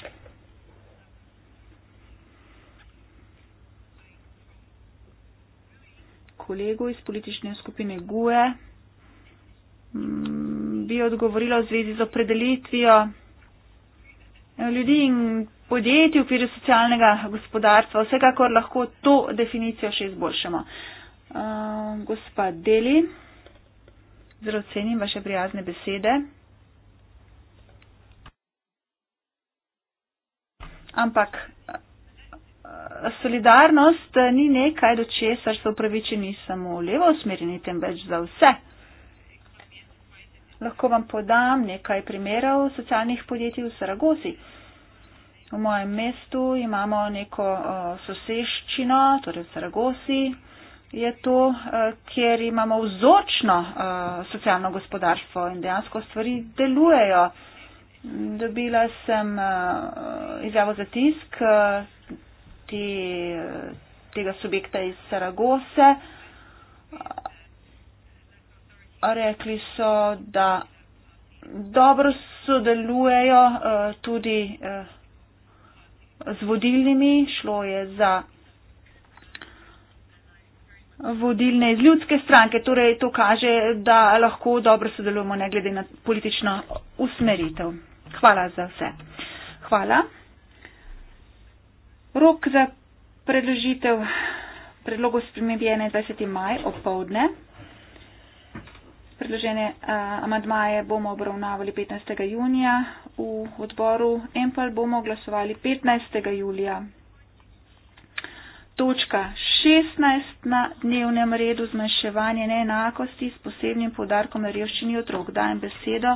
kolegu iz politične skupine GUE, mm, bi odgovorila v zvezi z opredelitvijo ljudi in podjetij v okviru socialnega gospodarstva. Vsekakor lahko to definicijo še izboljšamo. Ehm, gospa Deli, zelo cenim vaše prijazne besede. Ampak solidarnost eh, ni nekaj, do česar so upravičeni samo levo usmerjeni, temveč za vse. Lahko vam podam nekaj primerov socialnih podjetij v Saragosi. V mojem mestu imamo neko eh, soseščino, torej v Saragosi je to, eh, kjer imamo vzočno socialno gospodarstvo in dejansko stvari delujejo. Dobila sem izjavo za tisk, te, tega subjekta iz Saragose. Rekli so, da dobro sodelujejo eh, tudi eh, z vodilnimi, šlo je za vodilne iz ljudske stranke, torej to kaže, da lahko dobro sodelujemo ne glede na politično usmeritev. Hvala za vse. Hvala. Rok za predložitev predlogov sprememb je 21. maj opovdne. Predložene uh, eh, amadmaje bomo obravnavali 15. junija. V odboru MPL bomo glasovali 15. julija. Točka 16 na dnevnem redu zmanjševanje neenakosti s posebnim podarkom na revščini otrok. Dajem besedo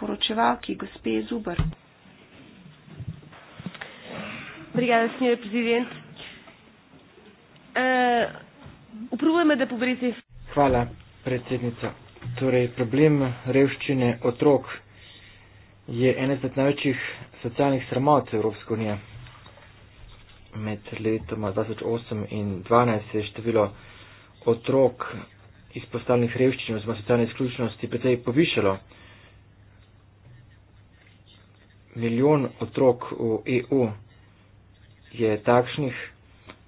poročevalki gospe Zubr. Obrigada, Sr. Presidente. Uh, o problema da pobreza em... Hvala, predsednica. Torej, problem revščine otrok je ena izmed največjih socialnih sramot Evropske unije. Med letoma 2008 in 2012 je število otrok izpostavljenih revščini oziroma socialne izključnosti precej povišalo. Milijon otrok v EU je takšnih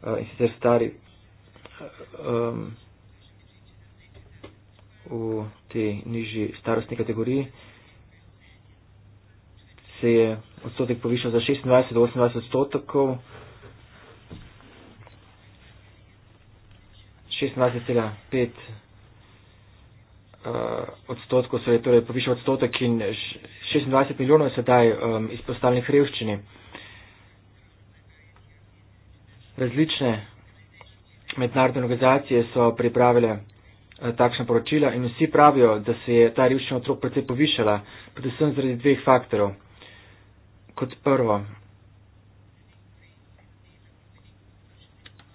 eh, in sicer stari um, v tej nižji starostni kategoriji se je odstotek povišal za 26 do 28 odstotkov. 26,5 eh, odstotkov se je torej povišal odstotek in 26 milijonov je sedaj um, izpostavljenih revščini. Um, različne mednarodne organizacije so pripravile eh, takšna poročila in vsi pravijo, da se je ta revščina otrok precej povišala, predvsem zaradi dveh faktorov. Kot prvo,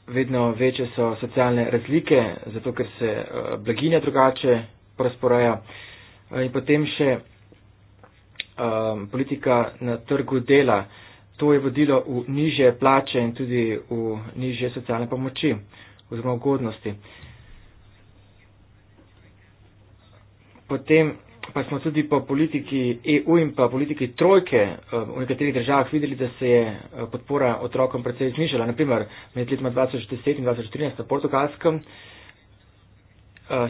vedno večje so socialne razlike, zato ker se eh, blaginja drugače prosporaja eh, in potem še um, politika na trgu dela. To je vodilo v niže plače in tudi v niže socialne pomoči oziroma ugodnosti. Potem pa smo tudi po politiki EU in pa politiki trojke eh, v nekaterih državah videli, da se je eh, podpora otrokom precej znižala. Naprimer, med letoma 2010 in 2013 na portugalskem eh,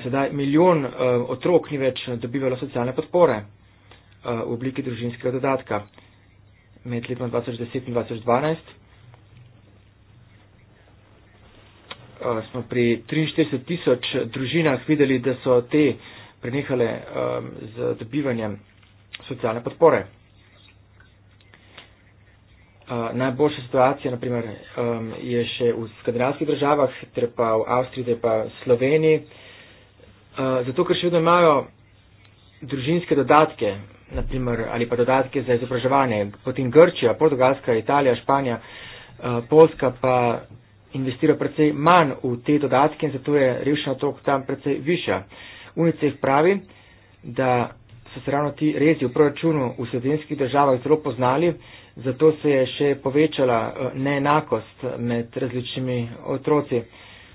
sedaj milijon otrok ni več dobivalo socialne podpore v obliki družinskega dodatka med letom 2010 in 2012. Uh, eh, smo pri 43 tisoč družinah videli, da so te prenehale um, z dobivanjem socialne podpore. Uh, najboljša situacija naprimer, um, ehm, je še v skandinavskih državah, ter pa v Avstriji, ter pa v Sloveniji, uh, zato ker še vedno imajo družinske dodatke, naprimer, ali pa dodatke za izobraževanje. Potem Grčija, Portugalska, Italija, Španija, eh, Polska pa investira precej manj v te dodatke in zato je revščina otrok tam precej višja. UNICEF pravi, da so se ravno ti rezi v proračunu v sredinskih državah zelo poznali, zato se je še povečala eh, neenakost med različnimi otroci,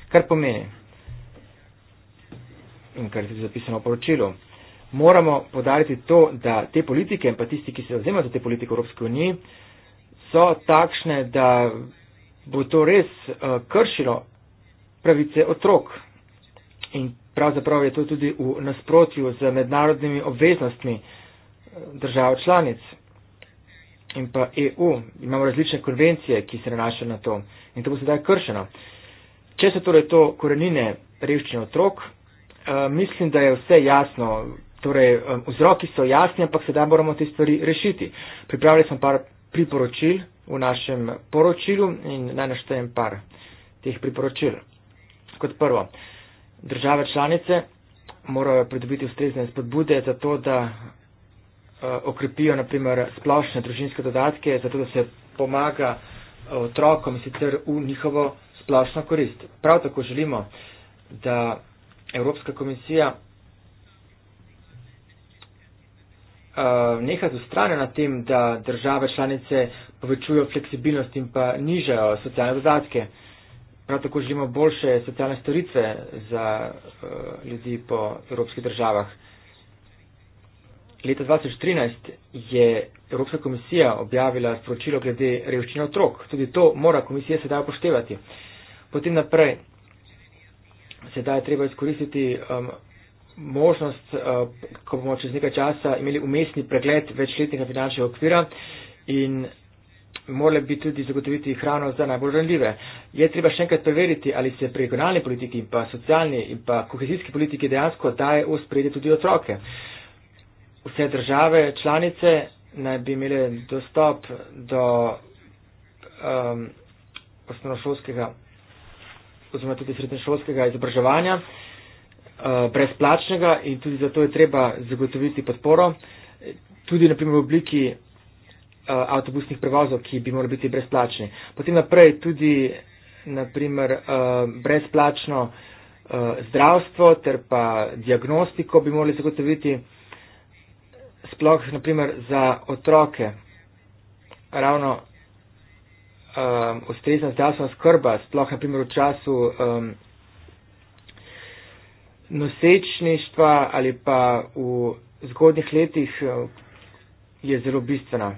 kar pomeni, in kar je tudi zapisano v poročilu, moramo podariti to, da te politike in pa tisti, ki se zavzema za te politike Evropske unije, so takšne, da bo to res eh, kršilo pravice otrok. In pravzaprav je to tudi v nasprotju z mednarodnimi obveznostmi eh, držav članic in pa EU. Imamo različne konvencije, ki se nanašajo na to in to bo sedaj kršeno. Če so torej to korenine revščine otrok, eh, mislim, da je vse jasno Torej, um, vzroki so jasni, ampak sedaj moramo te stvari rešiti. Pripravili smo par priporočil v našem poročilu in naj naštejem par teh priporočil. Kot prvo, države članice morajo pridobiti ustrezne spodbude za to, da uh, okrepijo naprimer splošne družinske dodatke, zato da se pomaga e, otrokom in sicer v njihovo splošno korist. Prav tako želimo, da Evropska komisija Eh, nekaj ustrane na tem, da države članice povečujo fleksibilnost in pa nižajo socialne dodatke. Prav tako želimo boljše socialne storitve za uh, ljudi po evropskih državah. Leta 2013 je Evropska komisija objavila sporočilo glede revščine otrok. Tudi to mora komisija sedaj upoštevati. Potem naprej, sedaj je treba izkoristiti um, možnost, eh, ko bomo čez nekaj časa imeli umestni pregled večletnega finančnega okvira in morali bi tudi zagotoviti hrano za najbolj ranljive. Je treba še enkrat preveriti, ali se pri regionalni politiki in pa socialni in pa kohezijski politiki dejansko daje v spredje tudi otroke. Vse države članice naj bi imele dostop do um, osnovnošolskega oziroma tudi srednjošolskega izobraževanja. Eh, brezplačnega in tudi zato je treba zagotoviti podporo, tudi naprimer v obliki eh, avtobusnih prevozov, ki bi morali biti brezplačni. Potem naprej tudi naprimer eh, brezplačno zdravstvo ter pa diagnostiko bi morali zagotoviti sploh naprimer za otroke. Ravno ustrezna zdravstvena skrba, sploh naprimer v času um, nosečništva ali pa v zgodnih letih eh, je zelo bistvena.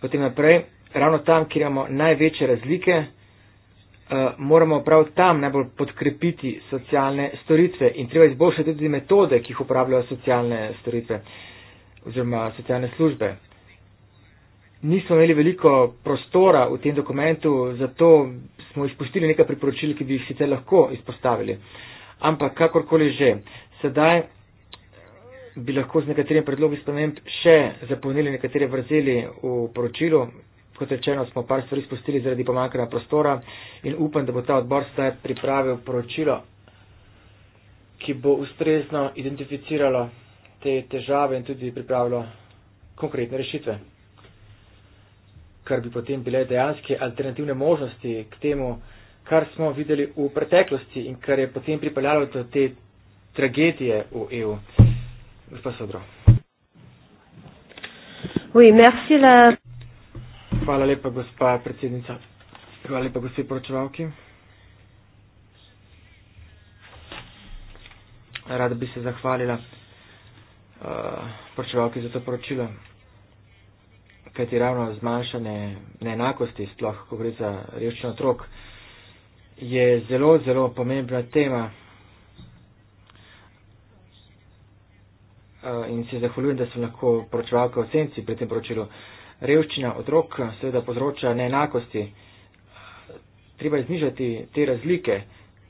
Potem naprej, ravno tam, kjer imamo največje razlike, eh, moramo prav tam najbolj podkrepiti socialne storitve in treba izboljšati tudi metode, ki jih uporabljajo socialne storitve oziroma socialne službe. Nismo imeli veliko prostora v tem dokumentu, zato smo izpustili nekaj priporočil, ki bi jih sicer lahko izpostavili. Ampak kakorkoli že, sedaj bi lahko z nekaterimi predlogi sprememb še zapolnili nekatere vrzeli v poročilu. Kot rečeno, smo par stvari izpustili zaradi pomankanja prostora in upam, da bo ta odbor sedaj pripravil poročilo, ki bo ustrezno identificiralo te težave in tudi pripravilo konkretne rešitve kar bi potem bile dejanske alternativne možnosti k temu, kar smo videli v preteklosti in kar je potem pripeljalo do te tragedije v EU. Gospod Sodro. Oui, merci la... Hvala lepa, gospa predsednica. Hvala lepa, gospod poročevalki. Rada bi se zahvalila uh, poročevalki za to poročilo kajti ravno zmanjšanje neenakosti, sploh ko gre za revščino otrok, je zelo, zelo pomembna tema. Eh, in se zahvaljujem, da sem lahko poročevalka v senci pri tem poročilu. Revščina otrok eh, seveda povzroča neenakosti. Treba je znižati te razlike,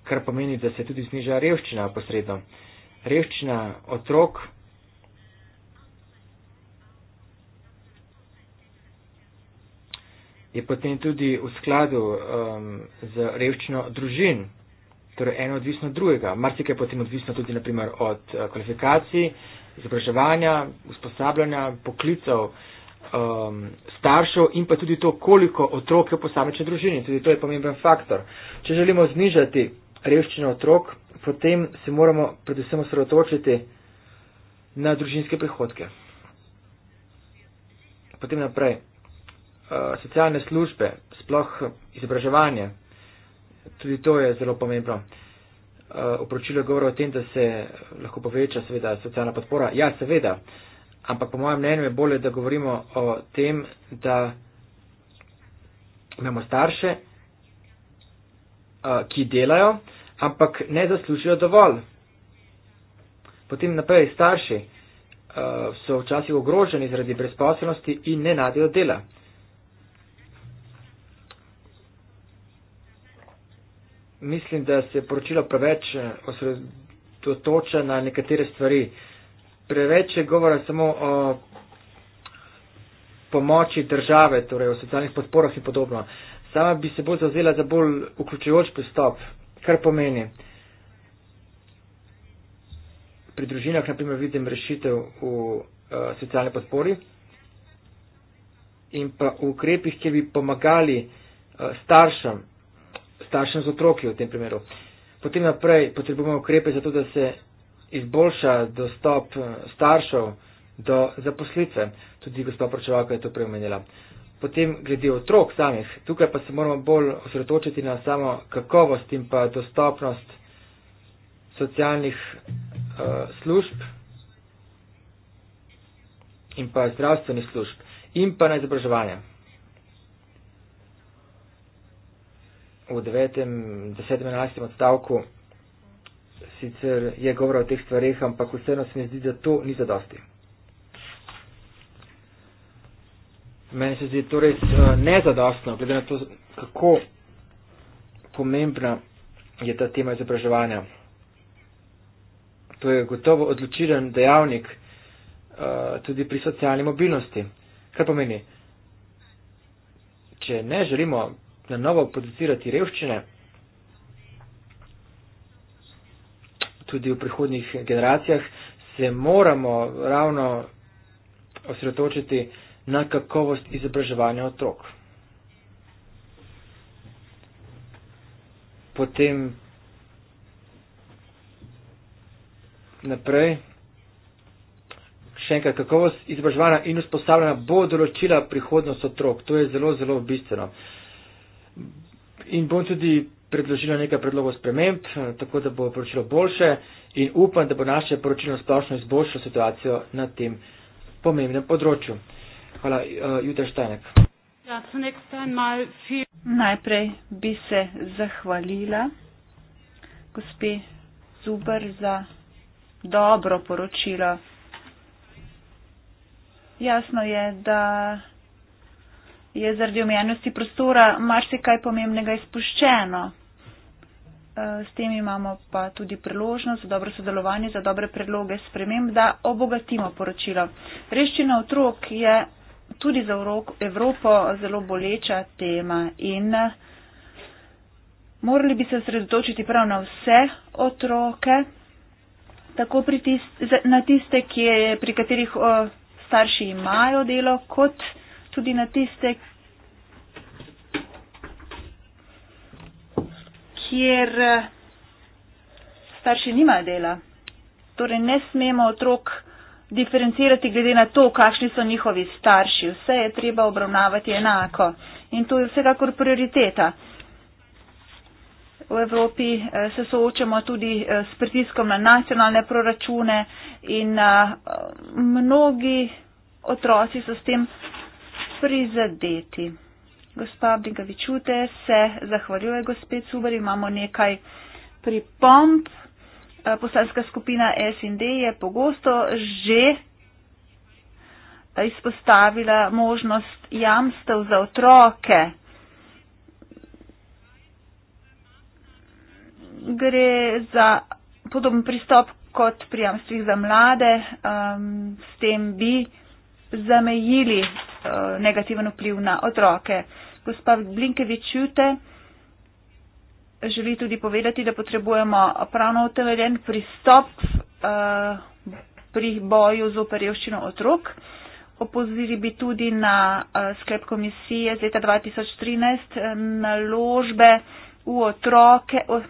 kar pomeni, da se tudi zniža revščina posredno. Revščina otrok je potem tudi v skladu um, z revščino družin, torej eno odvisno od drugega. Marsik je potem odvisno tudi naprimer od uh, kvalifikacij, izobraževanja, usposabljanja, poklicov um, staršev in pa tudi to, koliko otrok je v posamečni družini. Tudi to je pomemben faktor. Če želimo znižati revščino otrok, potem se moramo predvsem osredotočiti na družinske prihodke. Potem naprej. Eh, socialne službe, sploh izobraževanje, tudi to je zelo pomembno. Eh, Opročilo govori o tem, da se lahko poveča seveda socialna podpora. Ja, seveda, ampak po mojem mnenju je bolje, da govorimo o tem, da imamo starše, eh, ki delajo, ampak ne zaslužijo dovolj. Potem naprej starši so včasih ogroženi zaradi brezposobnosti in ne nadejo dela. mislim, da se je poročilo preveč eh, osredotoča na nekatere stvari. Preveč je govora samo o pomoči države, torej o socialnih podporah in podobno. Sama bi se bolj zauzela za bolj vključujoč pristop, kar pomeni. Pri družinah, naprimer, vidim rešitev v uh, socialni podpori in pa v ukrepih, ki bi pomagali uh, staršem staršem z otroki v tem primeru. Potem naprej potrebujemo ukrepe za to, da se izboljša dostop eh, staršev do zaposlitve. Tudi gospod Pročevalka je to preomenila. Potem glede otrok samih, tukaj pa se moramo bolj osredotočiti na samo kakovost in pa dostopnost socialnih uh, služb in pa zdravstvenih služb in pa na izobraževanje. v devetem, desetem, enajstem odstavku sicer je govora o teh stvarih, ampak vseeno se mi zdi, da to ni zadosti. Meni se zdi torej eh, nezadostno, glede na to, kako pomembna je ta tema izobraževanja. To je gotovo odločilen dejavnik eh, tudi pri socialni mobilnosti. Kaj pomeni? Če ne želimo na novo producirati revščine, tudi v prihodnih generacijah, se moramo ravno osredotočiti na kakovost izobraževanja otrok. Potem naprej, še enkrat, kakovost izobraževanja in usposabljanja bo določila prihodnost otrok. To je zelo, zelo bistveno. Uh, in bom tudi predložila nekaj predlogov sprememb, eh, tako da bo poročilo boljše in upam, da bo naše poročilo splošno izboljšalo situacijo na tem pomembnem področju. Hvala, eh, Jutra Štenek. Ja, Najprej bi se zahvalila gospe Zubr za dobro poročilo. Jasno je, da je zaradi omejenosti prostora marsikaj pomembnega izpuščeno. E, s tem imamo pa tudi priložnost za dobro sodelovanje, za dobre predloge sprememb, da obogatimo poročilo. Reščina otrok je tudi za Evropo zelo boleča tema in e, morali bi se sredotočiti prav na vse otroke, tako pri tist, na tiste, ki je, pri katerih o, starši imajo delo, kot tudi na tiste, kjer eh, starši nimajo dela. Torej ne smemo otrok diferencirati glede na to, kakšni so njihovi starši. Vse je treba obravnavati enako in to je vsekakor prioriteta. V Evropi eh, se soočamo tudi eh, s pritiskom na nacionalne proračune in mnogi otroci so s tem prizadeti. Gospa Abdinkavičute se zahvaljuje, gospe Cuber, imamo nekaj pripomp. Eh, poslanska skupina SND je pogosto že izpostavila možnost jamstev za otroke. Gre za podoben pristop kot pri jamstvih za mlade. S tem bi zamejili uh, negativen vpliv na otroke. Gospa Blinkevič Jute želi tudi povedati, da potrebujemo pravno utemeljen pristop uh, pri boju z operevščino otrok. Opozili bi tudi na uh, sklep komisije z leta 2013 naložbe v otroke. O,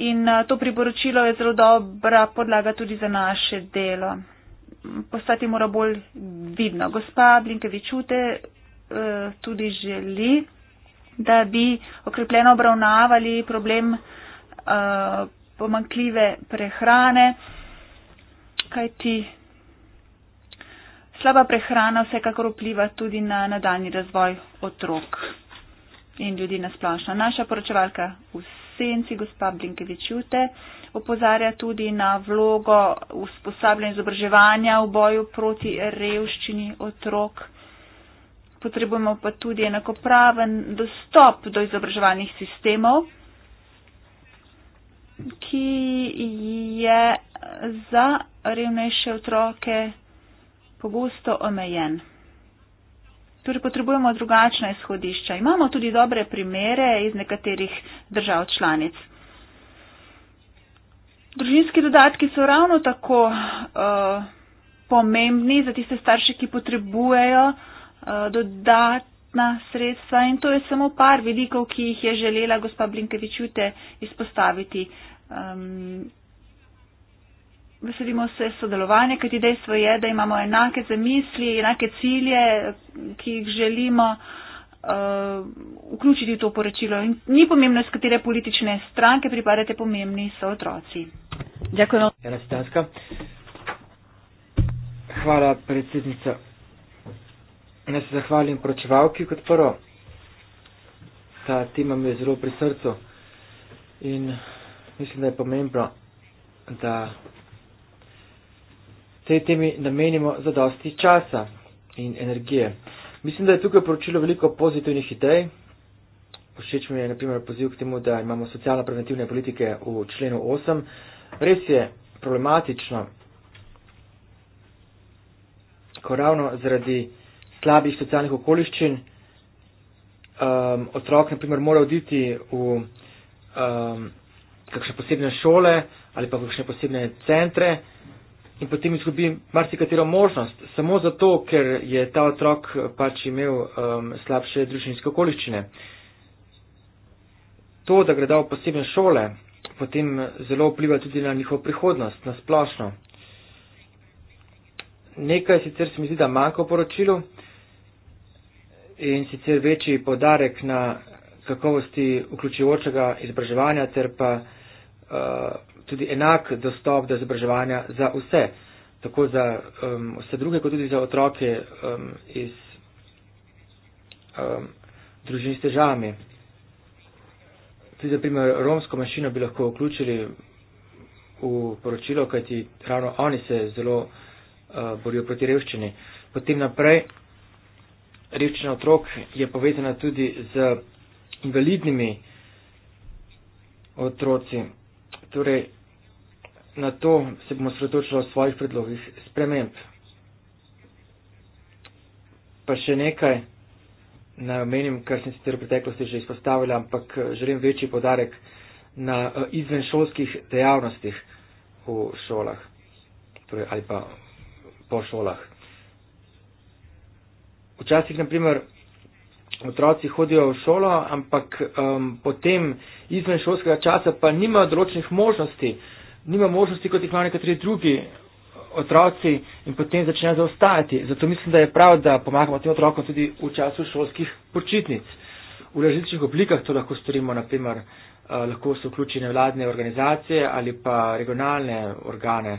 In to priporočilo je zelo dobra podlaga tudi za naše delo postati mora bolj vidna. Gospa Blinkevičute eh, tudi želi, da bi okrepljeno obravnavali problem eh, pomankljive prehrane, kajti slaba prehrana vsekakor vpliva tudi na nadaljni razvoj otrok in ljudi nasplošno. Naša poročevalka vse senci, gospa Blinkevičute, opozarja tudi na vlogo usposabljanja izobraževanja v boju proti revščini otrok. Potrebujemo pa tudi enakopraven dostop do izobraževalnih sistemov, ki je za revnejše otroke pogosto omejen. Torej potrebujemo drugačna izhodišča. Imamo tudi dobre primere iz nekaterih držav članic. Družinski dodatki so ravno tako uh, pomembni za tiste starše, ki potrebujejo uh, dodatna sredstva in to je samo par vidikov, ki jih je želela gospa Blinkevičute izpostaviti. Um, veselimo se sodelovanja, kajti dejstvo je, da imamo enake zamisli, enake cilje, ki jih želimo uh, vključiti v to poročilo. In ni pomembno, iz katere politične stranke pripadate, pomembni so otroci. Hvala, Hvala predsednica. Naj se zahvalim pročevalki kot prvo. Ta tema mi je zelo pri srcu in mislim, da je pomembno, da tej temi namenimo za dosti časa in energije. Mislim, da je tukaj poročilo veliko pozitivnih idej. Všeč mi je naprimer poziv k temu, da imamo socialno preventivne politike v členu 8. Res je problematično, ko ravno zaradi slabih socialnih okoliščin um, otrok naprimer mora oditi v um, kakšne posebne šole ali pa kakšne posebne centre, uh, in potem izgubim marsikatero možnost, samo zato, ker je ta otrok pač imel um, slabše družinske okoliščine. To, da gre dal posebne šole, potem zelo vpliva tudi na njihovo prihodnost, na splošno. Nekaj sicer se mi zdi, da manjka v poročilu in sicer večji podarek na kakovosti vključujočega izobraževanja ter pa uh, tudi enak dostop do izobraževanja za vse, tako za um, vse druge, kot tudi za otroke um, iz um, družin s težavami. Tudi, za primer, romsko manjšino bi lahko vključili v poročilo, kajti ravno oni se zelo uh, borijo proti revščini. Potem naprej, revščina otrok je povezana tudi z invalidnimi otroci. Torej, na to se bomo sredočili v svojih predlogih sprememb. Pa še nekaj, naj omenim, kar sem sicer v preteklosti že izpostavila, ampak eh, želim večji podarek na eh, izvenšolskih dejavnostih v šolah torej, ali pa po šolah. Včasih, na primer, otroci hodijo v šolo, ampak um, potem izven šolskega časa pa nimajo določenih možnosti uh, nima možnosti kot jih imajo nekateri drugi otroci in potem začne zaostajati. Zato mislim, da je prav, da pomagamo tem otrokom tudi v času šolskih počitnic. V različnih oblikah to lahko storimo, naprimer, eh, lahko so vključene vladne organizacije ali pa regionalne organe,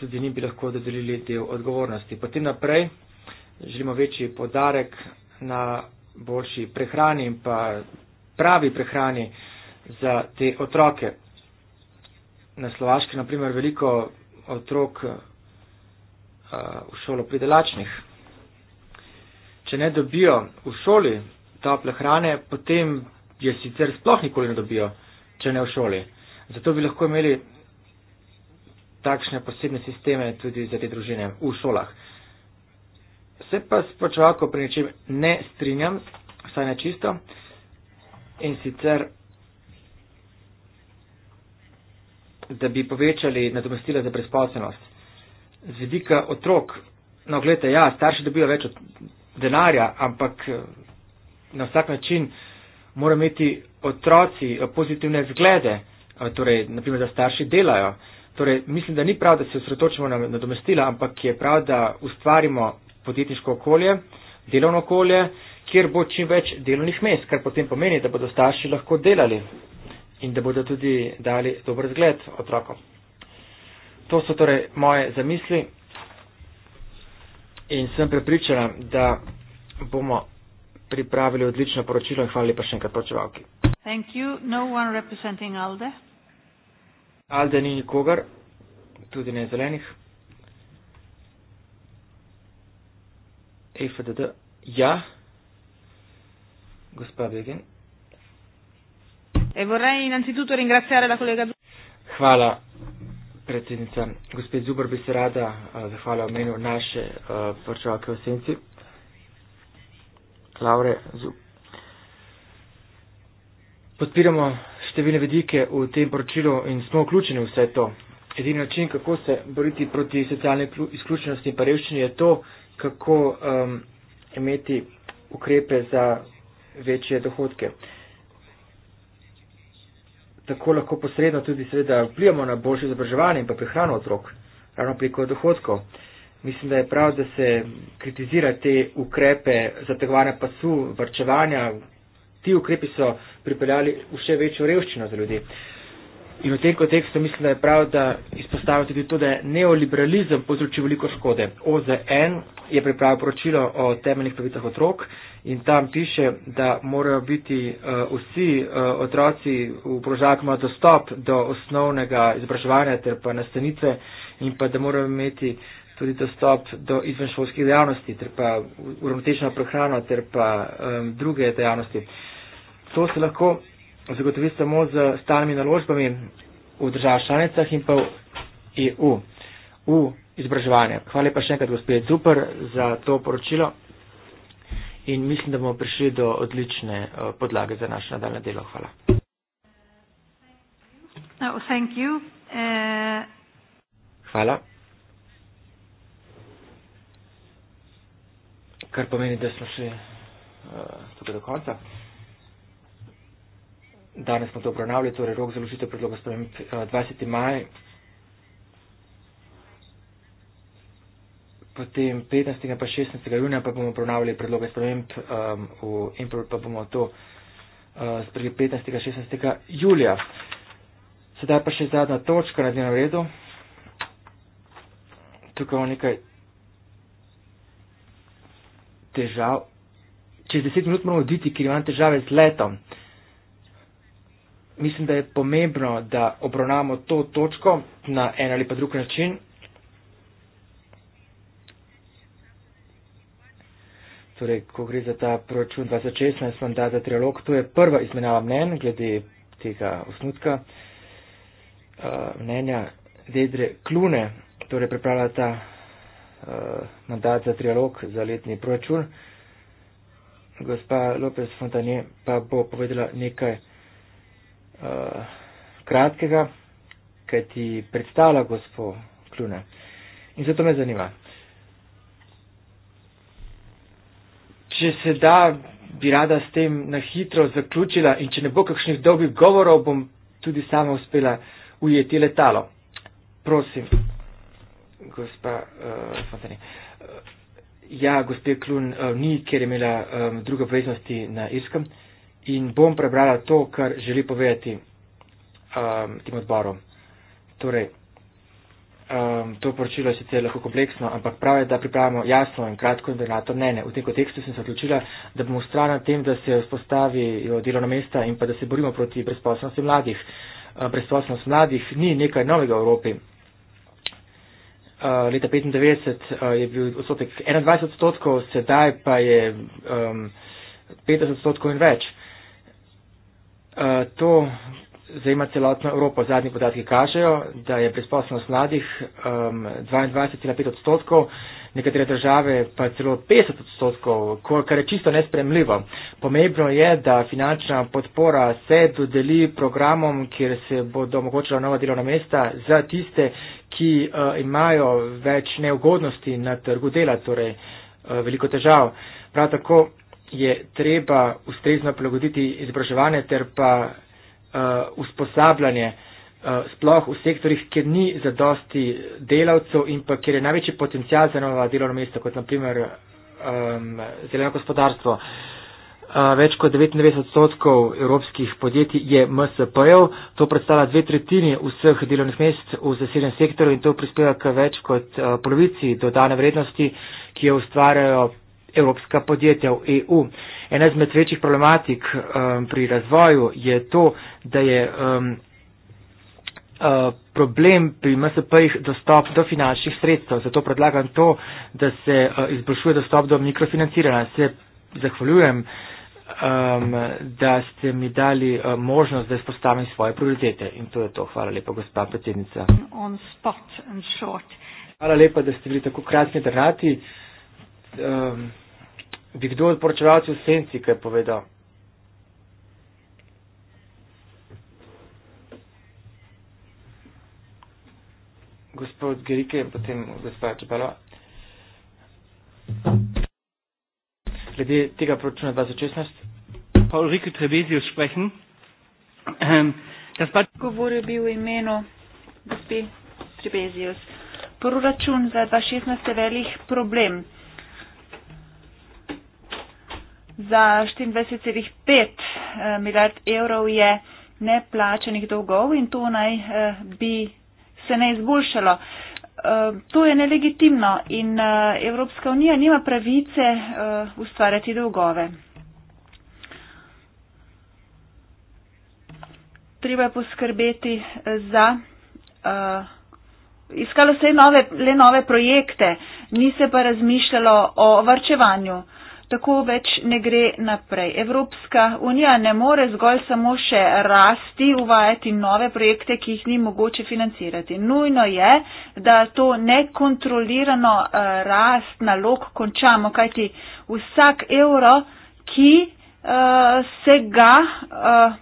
tudi njim bi lahko dodelili del odgovornosti. Potem naprej želimo večji podarek na boljši prehrani in pa pravi prehrani za te otroke na Slovaški naprimer veliko otrok eh, v šolo pride lačnih. Če ne dobijo v šoli tople hrane, potem je sicer sploh nikoli ne dobijo, če ne v šoli. Zato bi lahko imeli takšne posebne sisteme tudi za te družine v šolah. Se pa s počakom pri nečem ne strinjam, saj ne čisto, in sicer da bi povečali nadomestila za brezposobnost. Z vidika otrok, no gledajte, ja, starši dobijo več od denarja, ampak eh, na vsak način morajo imeti otroci eh, pozitivne zglede, eh, torej, naprimer, da starši delajo. Torej, mislim, da ni prav, da se osredotočimo na nadomestila, ampak je prav, da ustvarimo podjetniško okolje, delovno okolje, kjer bo čim več delovnih mest, kar potem pomeni, da bodo starši lahko delali in da bodo tudi dali dober zgled otrokom. To so torej moje zamisli in sem prepričana, da bomo pripravili odlično poročilo in hvala lepa še enkrat počevalki. No Alde. Alde ni nikogar, tudi ne zelenih. EFDD, ja, gospod Begin. E vorrei innanzitutto ringraziare la collega Hvala, predsednica. Gospod Zubor bi se rada uh, zahvala v menu naše uh, poročevalke v senci. Klaure Zub. Podpiramo številne vedike v tem poročilu in smo vključeni v vse to. Edini način, kako se boriti proti socialni izključenosti in revščini, je to, kako um, imeti ukrepe za večje dohodke. Uh, tako lahko posredno tudi seveda vplivamo na boljše izobraževanje in pa prihrano otrok, ravno preko dohodkov. Mislim, da je prav, da se kritizira te ukrepe zategovanja pasu, vrčevanja. Ti ukrepi so pripeljali v še večjo revščino za ljudi. Uh, In v tem kontekstu mislim, da je prav, da izpostavim tudi to, da je neoliberalizem povzročil veliko škode. OZN je pripravil poročilo o temeljnih pravicah otrok in tam piše, da morajo biti uh, vsi uh, otroci v prožaku imajo dostop do osnovnega izobraževanja ter pa nastanitve in pa da morajo imeti tudi dostop do izvenšolskih dejavnosti ter pa uravnotečeno prehrano ter pa um, druge dejavnosti. To se lahko zagotovi samo z stalnimi naložbami v državah članicah in pa v EU v izobraževanje. Hvala lepa še enkrat, gospod Zupr, za to poročilo in mislim, da bomo prišli do odlične eh, podlage za naše nadaljne delo. Hvala. Oh, thank you. Uh... Hvala. Kar pomeni, da smo še uh, tukaj do konca danes smo to obravnavali, torej rok za ložitev predloga sprememb 20. Eh, maj. Potem 15. pa 16. junija pa bomo obravnavali predloge sprememb um, v Impro, pa bomo to uh, sprejeli 15. 16. julija. Sedaj pa še zadnja točka na dnevnem redu. Tukaj imamo nekaj težav. Čez 10 minut moramo oditi, ker imam težave z letom mislim, da je pomembno, da obravnamo to točko na en ali pa drug način. Torej, ko gre za ta proračun 2016, vam da za trialog, to je prva izmenjava mnen glede tega osnutka uh, mnenja Dedre Klune, torej pripravlja ta uh, mandat za trialog za letni proračun. Gospa Lopez Fontanje pa bo povedala nekaj uh, kratkega, kaj ti predstavlja gospod Klune. In zato me zanima. Če se da, bi rada s tem na hitro zaključila in če ne bo kakšnih dolgih govorov, bom tudi sama uspela ujeti letalo. Prosim, gospa uh, Fontani. Eh, ja, gospe Klun uh, ni, ker je imela um, druge obveznosti na Irskem. Uh, in bom prebrala to, kar želi povedati um, tem odborom. Torej, um, to poročilo je sicer lahko kompleksno, ampak prav je, da pripravimo jasno in kratko in denato mnenje. V tem kontekstu sem se odločila, da bom ustrajala tem, da se vzpostavijo delovna mesta in pa da se borimo proti brezposobnosti mladih. Uh, Brezposobnost mladih ni nekaj novega v Evropi. Uh, leta 1995 uh, je bil odstotek 21 odstotkov, sedaj pa je 50 um, odstotkov in več. Eh, to zajema celotno Evropo. Zadnji podatki kažejo, da je brezposobnost mladih um, 22,5 odstotkov, nekatere države pa celo 50 odstotkov, kar je čisto nespremljivo. Pomembno je, da finančna podpora se dodeli programom, kjer se bodo omogočila nova delovna mesta za tiste, ki uh, imajo več neugodnosti na trgu dela, torej uh, veliko težav. Prav tako je treba ustrezno prilagoditi izobraževanje ter pa uh, usposabljanje uh, sploh v sektorjih, kjer ni zadosti delavcev in pa kjer je največji potencial za nova delovna mesta, kot naprimer um, ehm, zeleno gospodarstvo. Uh, več kot 99 odstotkov evropskih podjetij je MSP-jev, to predstavlja dve tretjini vseh delovnih mest v zasebnem sektorju in to prispeva k več kot uh, polovici dodane vrednosti, ki jo ustvarjajo evropska podjetja v EU. Ena izmed večjih problematik um, pri razvoju je to, da je um, uh, problem pri MSP-jih dostop do finančnih sredstev. Zato predlagam to, da se uh, izboljšuje dostop do mikrofinanciranja. Se zahvaljujem, um, da ste mi dali uh, možnost, da izpostavim svoje prioritete. In to je to. Hvala lepa, gospa predsednica. Hvala lepa, da ste bili tako kratki, da radi. Um, bi kdo od poročevalcev senci kaj povedal. Gospod Gerike in potem gospa Čepalo. Glede tega proračuna 2016. Ehm, pa Ulrike Trebezi usprechen. Das war Govoril bi v imenu gospe Trebezius. Proračun za 2016 je velik problem za 24,5 eh, milijard evrov je neplačenih dolgov in to naj eh, bi se ne izboljšalo. Eh, to je nelegitimno in Evropska unija nima pravice ustvarjati dolgove. Treba je poskrbeti za. Uh, iskalo se je nove, le nove projekte, ni se pa razmišljalo o varčevanju. Uh, tako več ne gre naprej. Evropska unija ne more zgolj samo še rasti, uvajati nove projekte, ki jih ni mogoče financirati. Nujno je, da to nekontrolirano eh, rast nalog končamo, kajti vsak evro, ki uh, se ga uh,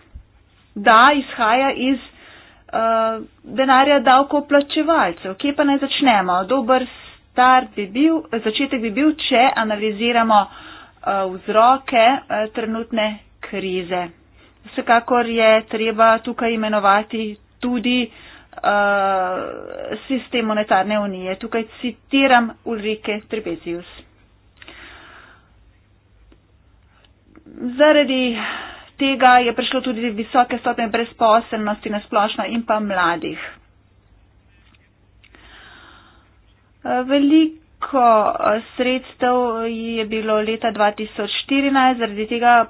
da, izhaja iz uh, denarja davkoplačevalcev. Kje pa naj začnemo? Dober Bi bil, začetek bi bil, če analiziramo uh, Eh, vzroke eh, trenutne krize. Vsekakor je treba tukaj imenovati tudi eh, sistem monetarne unije. Tukaj citiram Ulrike Trebezius. Zaradi tega je prišlo tudi visoke stopnje brezposelnosti na splošno in pa mladih. Veliko veliko eh, sredstev je bilo leta 2014 zaradi tega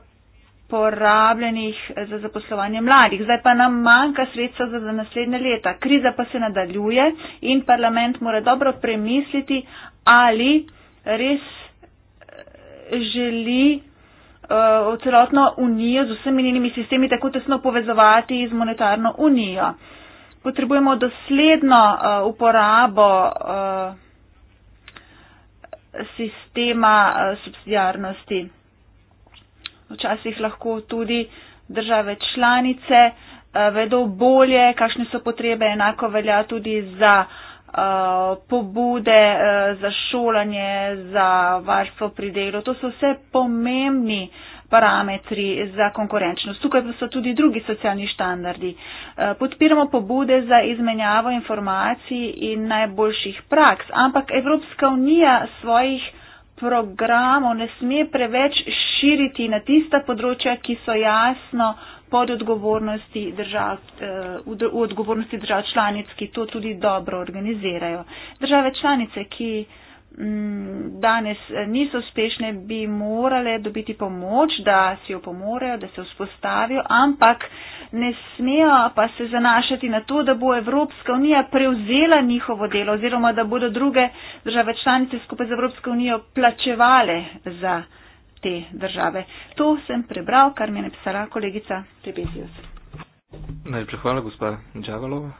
porabljenih eh, za zaposlovanje mladih. Zdaj pa nam manjka sredstva za, za naslednje leta. Kriza pa se nadaljuje in parlament mora dobro premisliti, ali res eh, želi uh, celotno unijo z vsemi njenimi sistemi tako tesno povezovati z monetarno unijo. Potrebujemo dosledno uh, uporabo. Uh, sistema eh, subsidijarnosti. Včasih lahko tudi države članice eh, vedo bolje, kakšne so potrebe, enako velja tudi za eh, pobude, za šolanje, za varstvo pri delu. To so vse pomembni uh, parametri za konkurenčnost. Tukaj pa so tudi drugi socialni standardi. Eh, podpiramo pobude za izmenjavo informacij in najboljših praks, ampak Evropska unija svojih programov ne sme preveč širiti na tista področja, ki so jasno pod odgovornosti držav, eh, v odgovornosti držav članic, ki to tudi dobro organizirajo. Države članice, ki danes niso uspešne, bi morale dobiti pomoč, da si jo pomorejo, da se vzpostavijo, ampak ne smejo pa se zanašati na to, da bo Evropska unija prevzela njihovo delo oziroma da bodo druge države članice skupaj z Evropsko unijo plačevale za te države. To sem prebral, kar mi je napisala kolegica Tebezijus. Najlepša hvala, gospa Džavalova.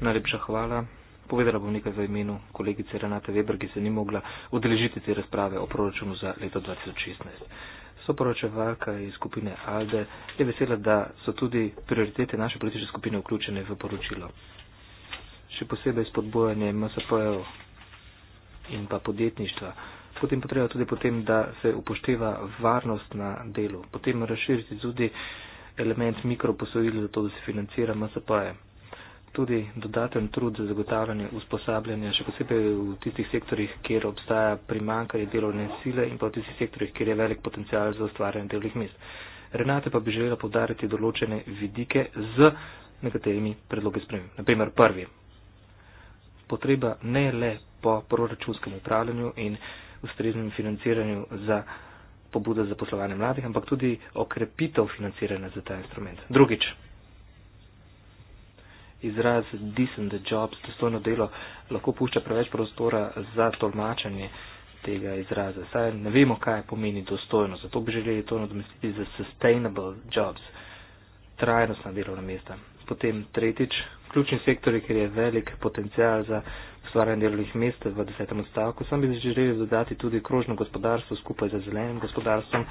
Najlepša hvala. Povedala bom nekaj v imenu kolegice Renate Weber, ki se ni mogla odeležiti te razprave o proračunu za leto 2016. Soporočevalka iz skupine ALDE je vesela, da so tudi prioritete naše politične skupine vključene v poročilo. Še posebej spodbojanje MSP-ev in pa podjetništva. Potem potreba tudi potem, da se upošteva varnost na delu. Potem razširiti tudi element mikroposojil za to, da se financira MSP-e tudi dodaten trud za zagotavljanje usposabljanja, še posebej v tistih sektorjih, kjer obstaja primankanje delovne sile in pa v tistih sektorjih, kjer je velik potencial za ustvarjanje delovnih mest. Renate pa bi želela podariti določene vidike z nekaterimi predlogi sprememb. Naprimer, prvi. Potreba ne le po proračunskem upravljanju in ustreznem financiranju za pobude za poslovanje mladih, ampak tudi okrepitev financiranja za ta instrument. Drugič izraz decent jobs, dostojno delo, lahko pušča preveč prostora za tolmačenje tega izraza. Saj ne vemo, kaj pomeni dostojno, zato bi želeli to nadomestiti za sustainable jobs, trajnostna delovna mesta. Potem tretjič, ključni sektori, ker je velik potencial za ustvarjanje delovnih mest v desetem odstavku. Sam bi želeli dodati tudi krožno gospodarstvo skupaj z zelenim gospodarstvom,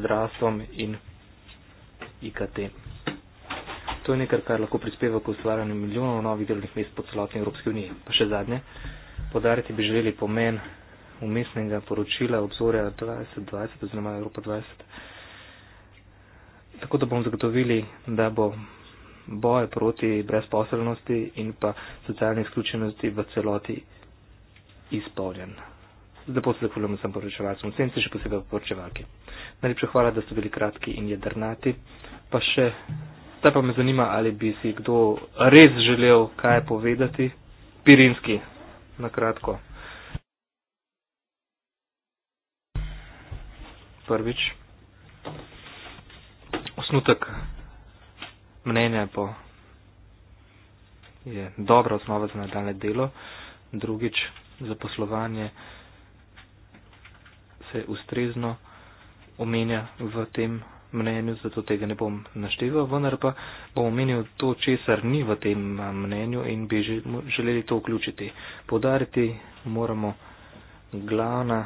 zdravstvom in IKT to je nekaj, kar lahko prispeva k ustvarjanju milijonov novih delovnih mest po celotni Evropski uniji. Pa še zadnje, podariti bi želeli pomen umestnega poročila obzorja 2020 oziroma Evropa 20, tako da bomo zagotovili, da bo boje proti brezposelnosti in pa socialne izključenosti v celoti izpolnjen. Lepo se zahvaljujem vsem poročevalcem, vsem se še posebej poročevalke. Najlepša hvala, da ste bili kratki in jedrnati. Pa še Zdaj pa me zanima, ali bi si kdo res želel kaj povedati. Pirinski, na kratko. Prvič. Osnutek mnenja po je dobra osnova za nadaljne delo. Drugič, zaposlovanje se ustrezno omenja v tem mnenju, zato tega ne bom našteval, vendar pa bom omenil to, česar ni v tem eh, mnenju in bi želeli to vključiti. Podariti moramo glavna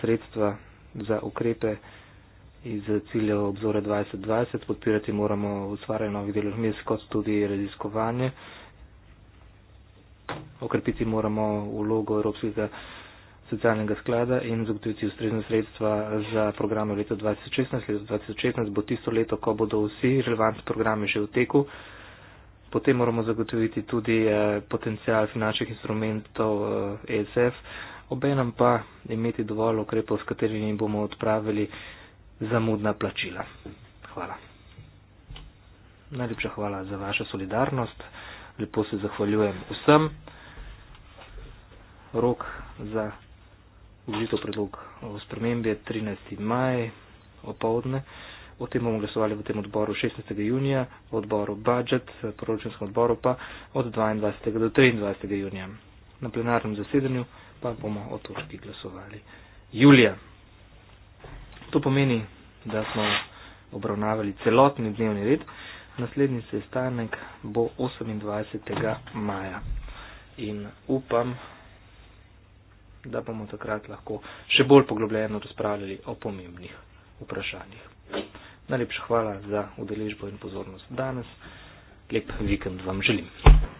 sredstva za ukrepe iz ciljev obzore 2020, podpirati moramo ustvarjanje novih delovnih mest, kot tudi raziskovanje, okrepiti moramo vlogo Evropskega socialnega sklada in zagotoviti ustrezne sredstva za programe leta 2016. Leto 2016 bo tisto leto, ko bodo vsi relevantni programi že v teku. Potem moramo zagotoviti tudi eh, potencijal finančnih instrumentov ESF, eh, e obenem pa imeti dovolj ukrepov, s katerimi bomo odpravili zamudna plačila. Hvala. Najlepša hvala za vašo solidarnost. Lepo se zahvaljujem vsem. Rok za vložitev predlog o spremembi je 13. maj opovdne. O tem bomo glasovali v tem odboru 16. junija, v odboru budžet, proračunskem odboru pa od 22. do 23. junija. Na plenarnem zasedanju pa bomo o točki glasovali julija. To pomeni, da smo obravnavali celotni dnevni red. Naslednji sestanek bo 28. maja. In upam, da bomo takrat lahko še bolj poglobljeno razpravljali o pomembnih vprašanjih. Najlepša hvala za udeležbo in pozornost danes. Lep vikend vam želim.